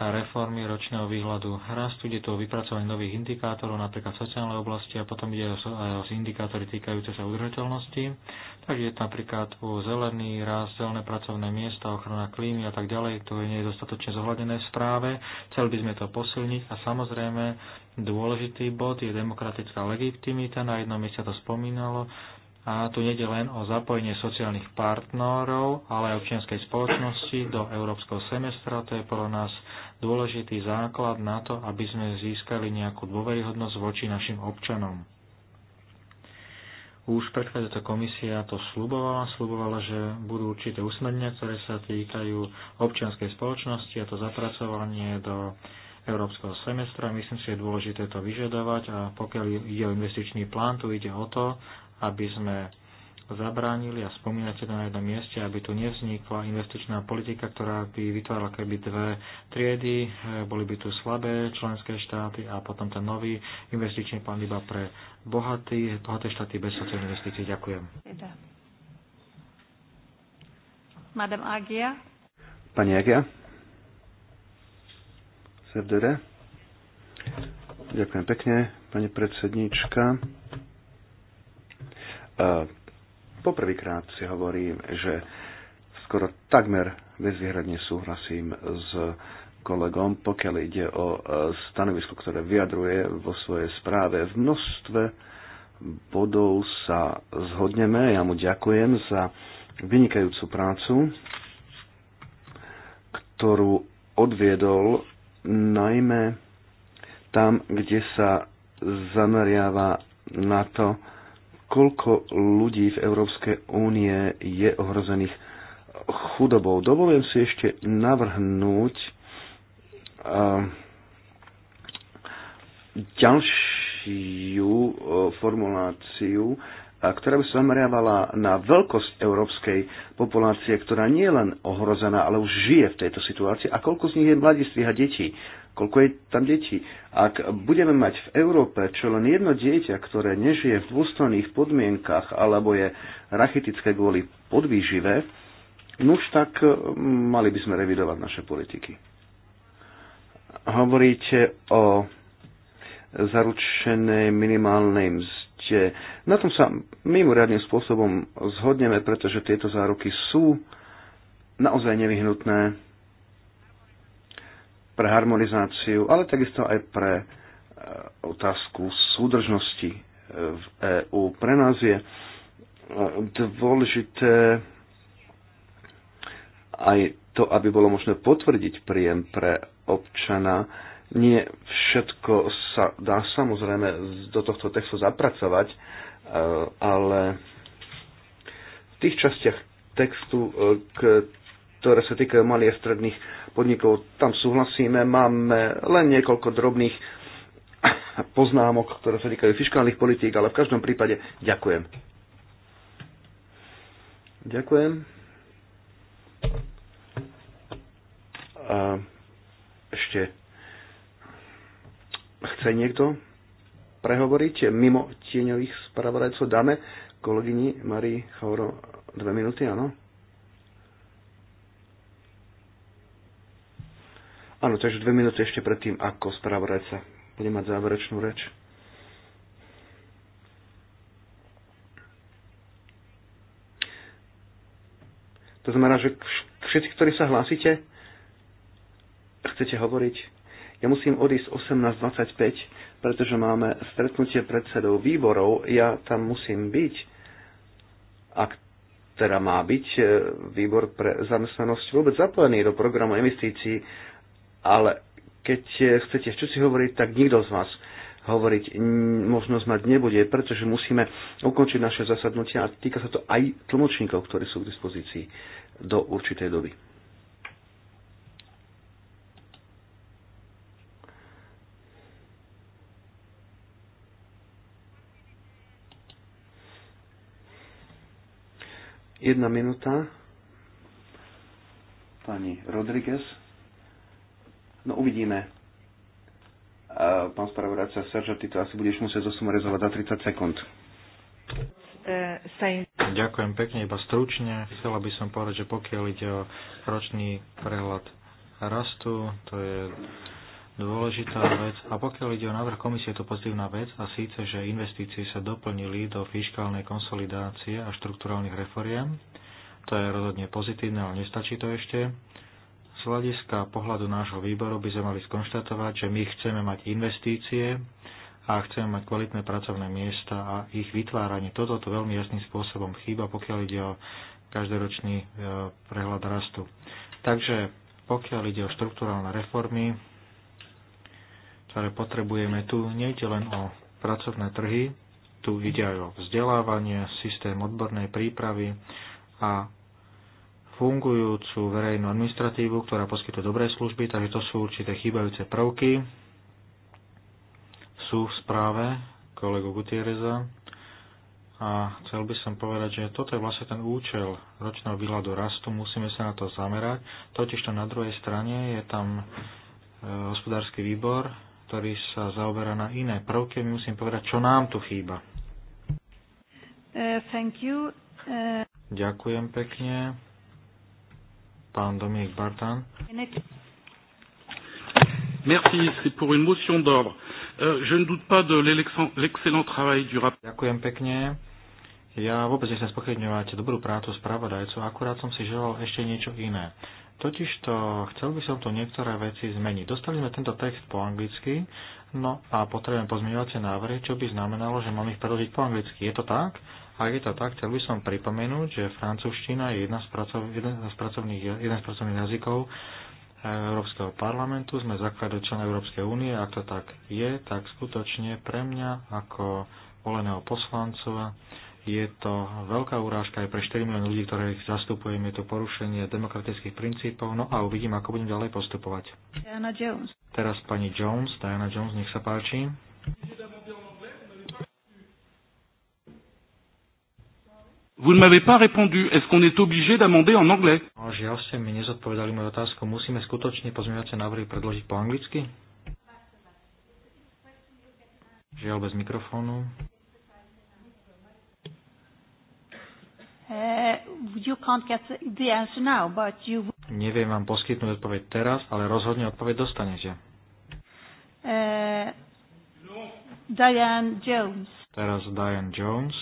reformy ročného výhľadu rastu, ide to o vypracovanie nových indikátorov, napríklad v sociálnej oblasti a potom ide aj o indikátory týkajúce sa udržateľnosti. Takže je to napríklad o zelený rast, zelené pracovné miesta, ochrana klímy a tak ďalej, to nie je dostatočne zohľadené v správe. Chceli by sme to posilniť a samozrejme dôležitý bod je demokratická legitimita, na jednom mieste to spomínalo, a tu nede len o zapojenie sociálnych partnerov, ale aj občianskej spoločnosti do európskeho semestra. To je pro nás dôležitý základ na to, aby sme získali nejakú dôveryhodnosť voči našim občanom. Už predchádzajúca komisia to slubovala, slubovala, že budú určité usmernenia, ktoré sa týkajú občianskej spoločnosti a to zapracovanie do európskeho semestra. Myslím si, že je dôležité to vyžadovať a pokiaľ ide o investičný plán, tu ide o to, aby sme zabránili a spomínate to na jednom mieste, aby tu nevznikla investičná politika, ktorá by vytvárala keby dve triedy, e, boli by tu slabé členské štáty a potom ten nový investičný plán iba pre bohatý, bohaté štáty bez sociálnych investícií. Ďakujem. Madame Agia. Pani Agia. Serdere. Ďakujem pekne, pani predsedníčka e, Poprvýkrát si hovorím, že skoro takmer bezvýhradne súhlasím s kolegom, pokiaľ ide o e, stanovisko, ktoré vyjadruje vo svojej správe. V množstve bodov sa zhodneme. Ja mu ďakujem za vynikajúcu prácu, ktorú odviedol najmä tam, kde sa zameriava na to, koľko ľudí v Európskej únie je ohrozených chudobou. Dovolujem si ešte navrhnúť ďalšiu formuláciu, ktorá by sa zameriavala na veľkosť európskej populácie, ktorá nie je len ohrozená, ale už žije v tejto situácii a koľko z nich je mladistvých a detí koľko je tam detí. Ak budeme mať v Európe čo len jedno dieťa, ktoré nežije v dôstojných podmienkach alebo je rachitické kvôli podvýžive, nuž tak e, mali by sme revidovať naše politiky. Hovoríte o zaručenej minimálnej mzde. Na tom sa mimoriadným spôsobom zhodneme, pretože tieto záruky sú naozaj nevyhnutné pre harmonizáciu, ale takisto aj pre e, otázku súdržnosti e, v EÚ. Pre nás je e, dôležité aj to, aby bolo možné potvrdiť príjem pre občana. Nie všetko sa dá samozrejme do tohto textu zapracovať, ale v tých častiach textu, ktoré sa týkajú malých a stredných podnikov. Tam súhlasíme, máme len niekoľko drobných (coughs) poznámok, ktoré sa týkajú fiskálnych politík, ale v každom prípade ďakujem. Ďakujem. A ešte chce niekto prehovoriť mimo tieňových spravodajcov? Dáme kolegyni Marii Chauro dve minúty, áno? Áno, takže dve minúty ešte predtým, ako spravodajca bude mať záverečnú reč. To znamená, že všetci, ktorí sa hlásite, chcete hovoriť. Ja musím odísť 18.25, pretože máme stretnutie predsedov výborov. Ja tam musím byť. Ak teda má byť e, výbor pre zamestnanosť vôbec zapojený do programu investícií, ale keď eh, chcete čo si hovoriť, tak nikto z vás hovoriť možnosť mať nebude, pretože musíme ukončiť naše zasadnutia a týka sa to aj tlmočníkov, ktorí sú k dispozícii do určitej doby. Jedna minúta. Pani Rodriguez. No uvidíme. Uh, pán spravodajca Serža, ty to asi budeš musieť zosumarizovať za 30 sekúnd. E, Ďakujem pekne, iba stručne. Chcela by som povedať, že pokiaľ ide o ročný prehľad rastu, to je dôležitá vec. A pokiaľ ide o návrh komisie, je to pozitívna vec a síce, že investície sa doplnili do fiskálnej konsolidácie a štruktúrálnych reforiem. To je rozhodne pozitívne, ale nestačí to ešte. Z hľadiska pohľadu nášho výboru by sme mali skonštatovať, že my chceme mať investície a chceme mať kvalitné pracovné miesta a ich vytváranie. Toto to veľmi jasným spôsobom chýba, pokiaľ ide o každoročný e, prehľad rastu. Takže pokiaľ ide o štruktúralné reformy, ktoré potrebujeme tu, nejde len o pracovné trhy, tu ide aj o vzdelávanie, systém odbornej prípravy a fungujúcu verejnú administratívu, ktorá poskytuje dobré služby, takže to sú určité chýbajúce prvky. Sú v správe kolegu Gutierreza. A chcel by som povedať, že toto je vlastne ten účel ročného výhľadu rastu, musíme sa na to zamerať. Totiž to na druhej strane je tam e, hospodársky výbor, ktorý sa zaoberá na iné prvky. My musím povedať, čo nám tu chýba. Uh, thank you. Uh... Ďakujem pekne pán Dominik Bartán. Merci, c'est pour une motion d'ordre. Euh, je ne doute pas de l'excellent travail du rapport. Ďakujem pekne. Ja vôbec nechcem spochybňovať dobrú prácu spravodajcu, akurát som si želal ešte niečo iné. Totižto chcel by som tu niektoré veci zmeniť. Dostali sme tento text po anglicky, no a potrebujem pozmeňovacie návrhy, čo by znamenalo, že mám ich preložiť po anglicky. Je to tak? Ak je to tak, chcel by som pripomenúť, že francúzština je jedna z pracov, jeden, z pracovných, jeden z pracovných jazykov eh, Európskeho parlamentu. Sme člena Európskej únie. Ak to tak je, tak skutočne pre mňa ako voleného poslancova je to veľká urážka aj pre 4 milióny ľudí, ktorých zastupujem. Je to porušenie demokratických princípov. No a uvidím, ako budem ďalej postupovať. Diana Jones. Teraz pani Jones, Diana Jones, nech sa páči. Vous ne m'avez pas répondu. Est-ce qu'on est obligé d'amender en anglais? No, žiaľ ste mi nezodpovedali moju otázku. Musíme skutočne pozmeňovacie návrhy predložiť po anglicky? Žiaľ bez mikrofónu. Uh, you can't get the answer now, but you... Neviem vám poskytnúť odpoveď teraz, ale rozhodne odpoveď dostanete. Uh, Diane Jones. Teraz Diane Jones.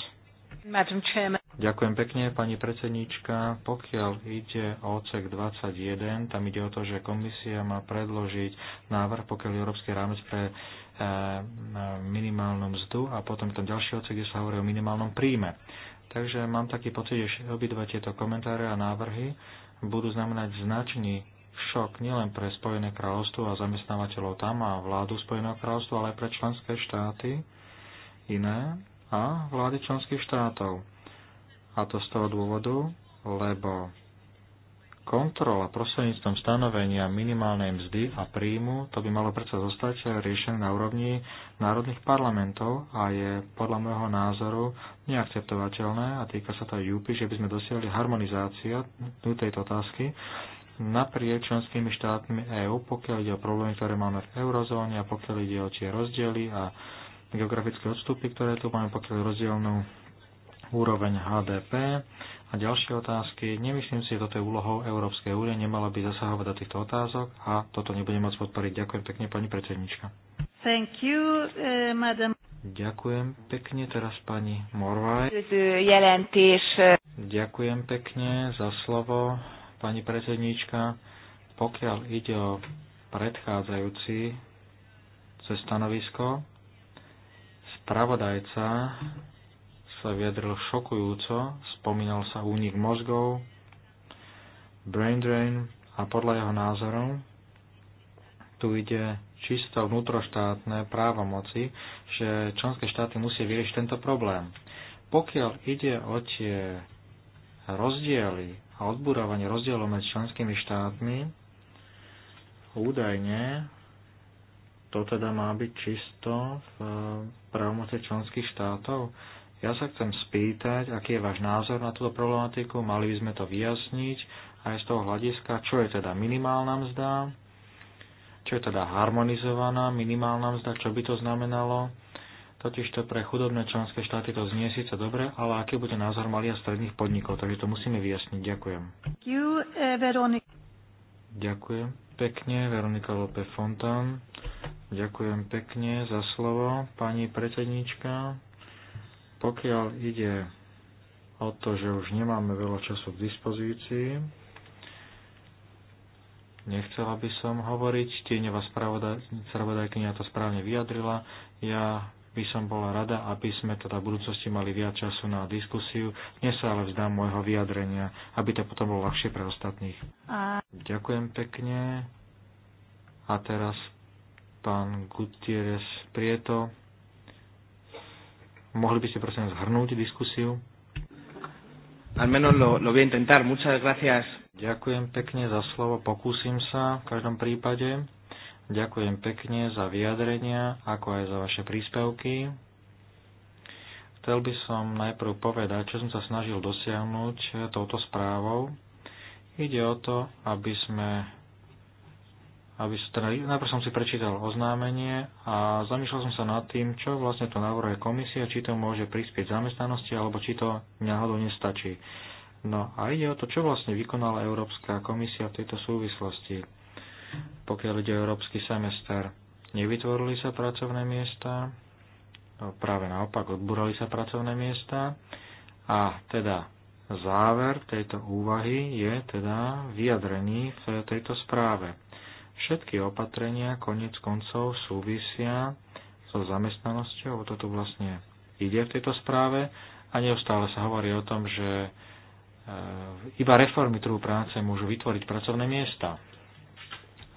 Ďakujem pekne, pani predsedníčka. Pokiaľ ide o odsek 21, tam ide o to, že komisia má predložiť návrh, pokiaľ je Európsky rámec pre eh, minimálnu mzdu a potom tam ďalší odsek, kde sa hovorí o minimálnom príjme. Takže mám taký pocit, že obidva tieto komentáre a návrhy budú znamenať značný šok nielen pre Spojené kráľovstvo a zamestnávateľov tam a vládu Spojeného kráľovstva, ale aj pre členské štáty iné, a vlády členských štátov. A to z toho dôvodu, lebo kontrola prostredníctvom stanovenia minimálnej mzdy a príjmu, to by malo predsa zostať riešené na úrovni národných parlamentov a je podľa môjho názoru neakceptovateľné a týka sa to aj UPI, že by sme dosiahli harmonizáciu tejto otázky naprieč členskými štátmi EÚ, pokiaľ ide o problémy, ktoré máme v eurozóne a pokiaľ ide o tie rozdiely a geografické odstupy, ktoré tu máme, pokiaľ rozdielnú úroveň HDP. A ďalšie otázky. Nemyslím si, že toto je úlohou Európskej únie, nemala by zasahovať do týchto otázok a toto nebudem môcť podporiť. Ďakujem pekne, pani predsednička. Thank you, uh, madam. Ďakujem pekne teraz pani Morvaj. Eh, eh. Ďakujem pekne za slovo, pani predsedníčka. Pokiaľ ide o predchádzajúci cez stanovisko, Spravodajca sa vyjadril šokujúco, spomínal sa únik mozgov, brain drain a podľa jeho názoru tu ide čisto vnútroštátne právo moci, že členské štáty musia vyriešiť tento problém. Pokiaľ ide o tie rozdiely a odburávanie rozdielov medzi členskými štátmi, údajne to teda má byť čisto v právomoci členských štátov? Ja sa chcem spýtať, aký je váš názor na túto problematiku, mali by sme to vyjasniť aj z toho hľadiska, čo je teda minimálna mzda, čo je teda harmonizovaná minimálna mzda, čo by to znamenalo. Totižto pre chudobné členské štáty to znie síce dobre, ale aký bude názor malých a stredných podnikov, takže to musíme vyjasniť. Ďakujem. Eh, Ďakujem pekne, Veronika Lope Fontán. Ďakujem pekne za slovo, pani predsednička. Pokiaľ ide o to, že už nemáme veľa času k dispozícii, nechcela by som hovoriť, tieňová spravodajkynia to správne vyjadrila. Ja by som bola rada, aby sme teda v budúcnosti mali viac času na diskusiu. Dnes sa ale vzdám môjho vyjadrenia, aby to potom bolo ľahšie pre ostatných. Ďakujem pekne. A teraz pán Gutierrez Prieto. Mohli by ste prosím zhrnúť diskusiu? Al menos lo, lo voy a intentar. Muchas gracias. Ďakujem pekne za slovo, pokúsim sa v každom prípade. Ďakujem pekne za vyjadrenia, ako aj za vaše príspevky. Chcel by som najprv povedať, čo som sa snažil dosiahnuť touto správou. Ide o to, aby sme aby som teda, najprv som si prečítal oznámenie a zamýšľal som sa nad tým, čo vlastne to navrhuje komisia, či to môže prispieť zamestnanosti, alebo či to náhodou nestačí. No a ide o to, čo vlastne vykonala Európska komisia v tejto súvislosti, pokiaľ ide o Európsky semester. Nevytvorili sa pracovné miesta, no, práve naopak odburali sa pracovné miesta a teda záver tejto úvahy je teda vyjadrený v tejto správe Všetky opatrenia konec koncov súvisia so zamestnanosťou, o to tu vlastne ide v tejto správe a neustále sa hovorí o tom, že e, iba reformy trhu práce môžu vytvoriť pracovné miesta.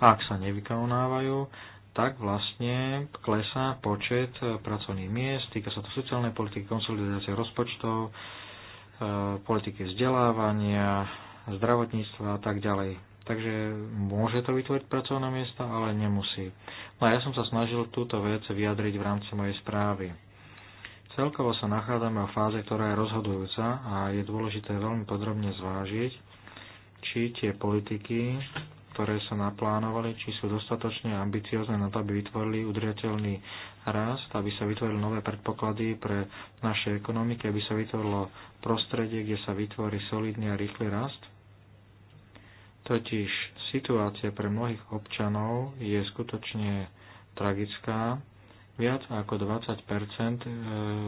A ak sa nevykonávajú, tak vlastne klesá počet e, pracovných miest, týka sa to sociálnej politiky, konsolidácie rozpočtov, e, politiky vzdelávania, zdravotníctva a tak ďalej. Takže môže to vytvoriť pracovné miesta, ale nemusí. No a ja som sa snažil túto vec vyjadriť v rámci mojej správy. Celkovo sa nachádzame o fáze, ktorá je rozhodujúca a je dôležité veľmi podrobne zvážiť, či tie politiky, ktoré sa naplánovali, či sú dostatočne ambiciozne na to, aby vytvorili udriateľný rast, aby sa vytvorili nové predpoklady pre naše ekonomiky, aby sa vytvorilo prostredie, kde sa vytvorí solidný a rýchly rast. Totiž situácia pre mnohých občanov je skutočne tragická. Viac ako 20 e,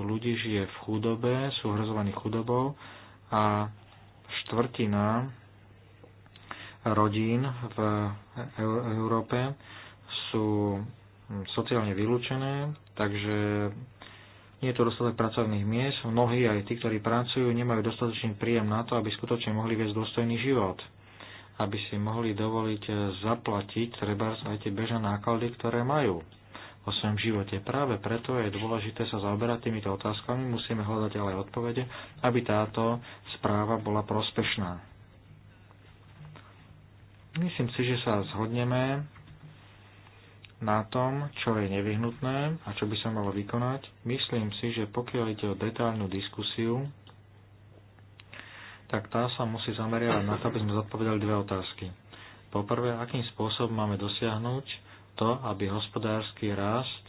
ľudí žije v chudobe, sú hrozovaní chudobou a štvrtina rodín v e, Európe sú sociálne vylúčené, takže nie je to dostatok pracovných miest. Mnohí aj tí, ktorí pracujú, nemajú dostatočný príjem na to, aby skutočne mohli viesť dôstojný život aby si mohli dovoliť e, zaplatiť treba aj tie bežné náklady, ktoré majú vo svojom živote. Práve preto je dôležité sa zaoberať týmito otázkami, musíme hľadať ale odpovede, aby táto správa bola prospešná. Myslím si, že sa zhodneme na tom, čo je nevyhnutné a čo by sa malo vykonať. Myslím si, že pokiaľ ide o detálnu diskusiu, tak tá sa musí zameriavať na to, aby sme zodpovedali dve otázky. Poprvé, akým spôsobom máme dosiahnuť to, aby hospodársky rast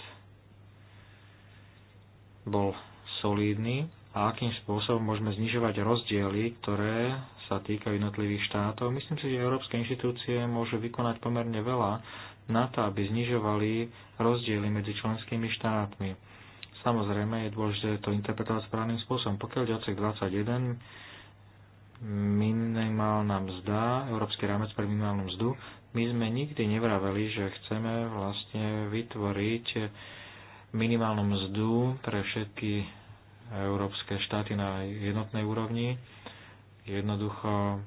bol solídny a akým spôsobom môžeme znižovať rozdiely, ktoré sa týkajú jednotlivých štátov. Myslím si, že európske inštitúcie môžu vykonať pomerne veľa na to, aby znižovali rozdiely medzi členskými štátmi. Samozrejme je dôležité to interpretovať správnym spôsobom. Pokiaľ ďacek 21, minimálna mzda, Európsky rámec pre minimálnu mzdu, my sme nikdy nevraveli, že chceme vlastne vytvoriť minimálnu mzdu pre všetky európske štáty na jednotnej úrovni. Jednoducho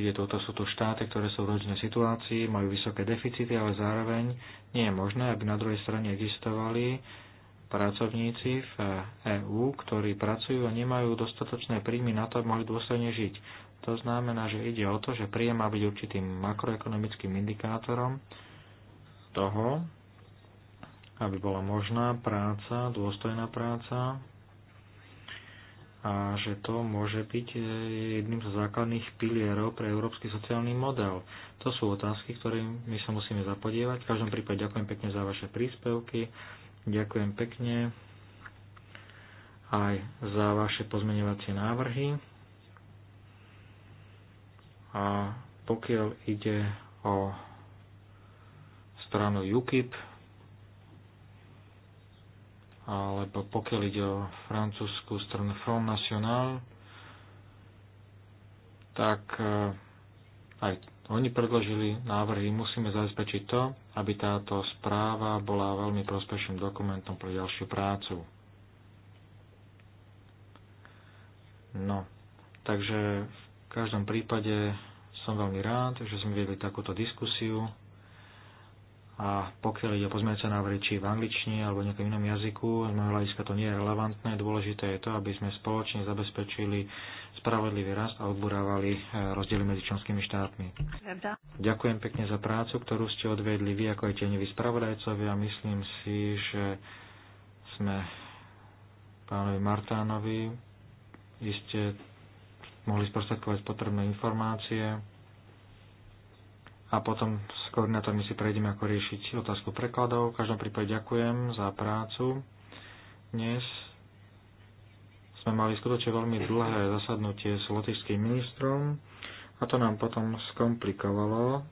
ide toto, sú tu štáty, ktoré sú v rodinnej situácii, majú vysoké deficity, ale zároveň nie je možné, aby na druhej strane existovali pracovníci v EÚ, ktorí pracujú a nemajú dostatočné príjmy na to, aby mohli dôstojne žiť. To znamená, že ide o to, že príjem má byť určitým makroekonomickým indikátorom toho, aby bola možná práca, dôstojná práca a že to môže byť jedným zo základných pilierov pre európsky sociálny model. To sú otázky, ktorým my sa musíme zapodievať. V každom prípade ďakujem pekne za vaše príspevky Ďakujem pekne aj za vaše pozmeňovacie návrhy. A pokiaľ ide o stranu UKIP, alebo pokiaľ ide o francúzskú stranu Front National, tak eh, aj oni predložili návrhy, musíme zabezpečiť to, aby táto správa bola veľmi prospešným dokumentom pre ďalšiu prácu. No, takže v každom prípade som veľmi rád, že sme viedli takúto diskusiu a pokiaľ ide o pozmeňujúce návrhy či v angličtine alebo nejakom inom jazyku, z môjho hľadiska to nie je relevantné. Dôležité je to, aby sme spoločne zabezpečili spravodlivý rast a odburávali e, rozdiely medzi členskými štátmi. Ďakujem pekne za prácu, ktorú ste odvedli vy ako aj tieňoví spravodajcovia. Myslím si, že sme pánovi Martánovi iste mohli sprostredkovať potrebné informácie a potom s koordinátormi si prejdeme, ako riešiť otázku prekladov. V každom prípade ďakujem za prácu. Dnes sme mali skutočne veľmi dlhé zasadnutie s lotičským ministrom a to nám potom skomplikovalo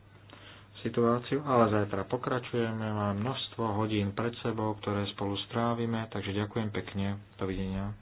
situáciu, ale zajtra pokračujeme, máme množstvo hodín pred sebou, ktoré spolu strávime, takže ďakujem pekne, dovidenia.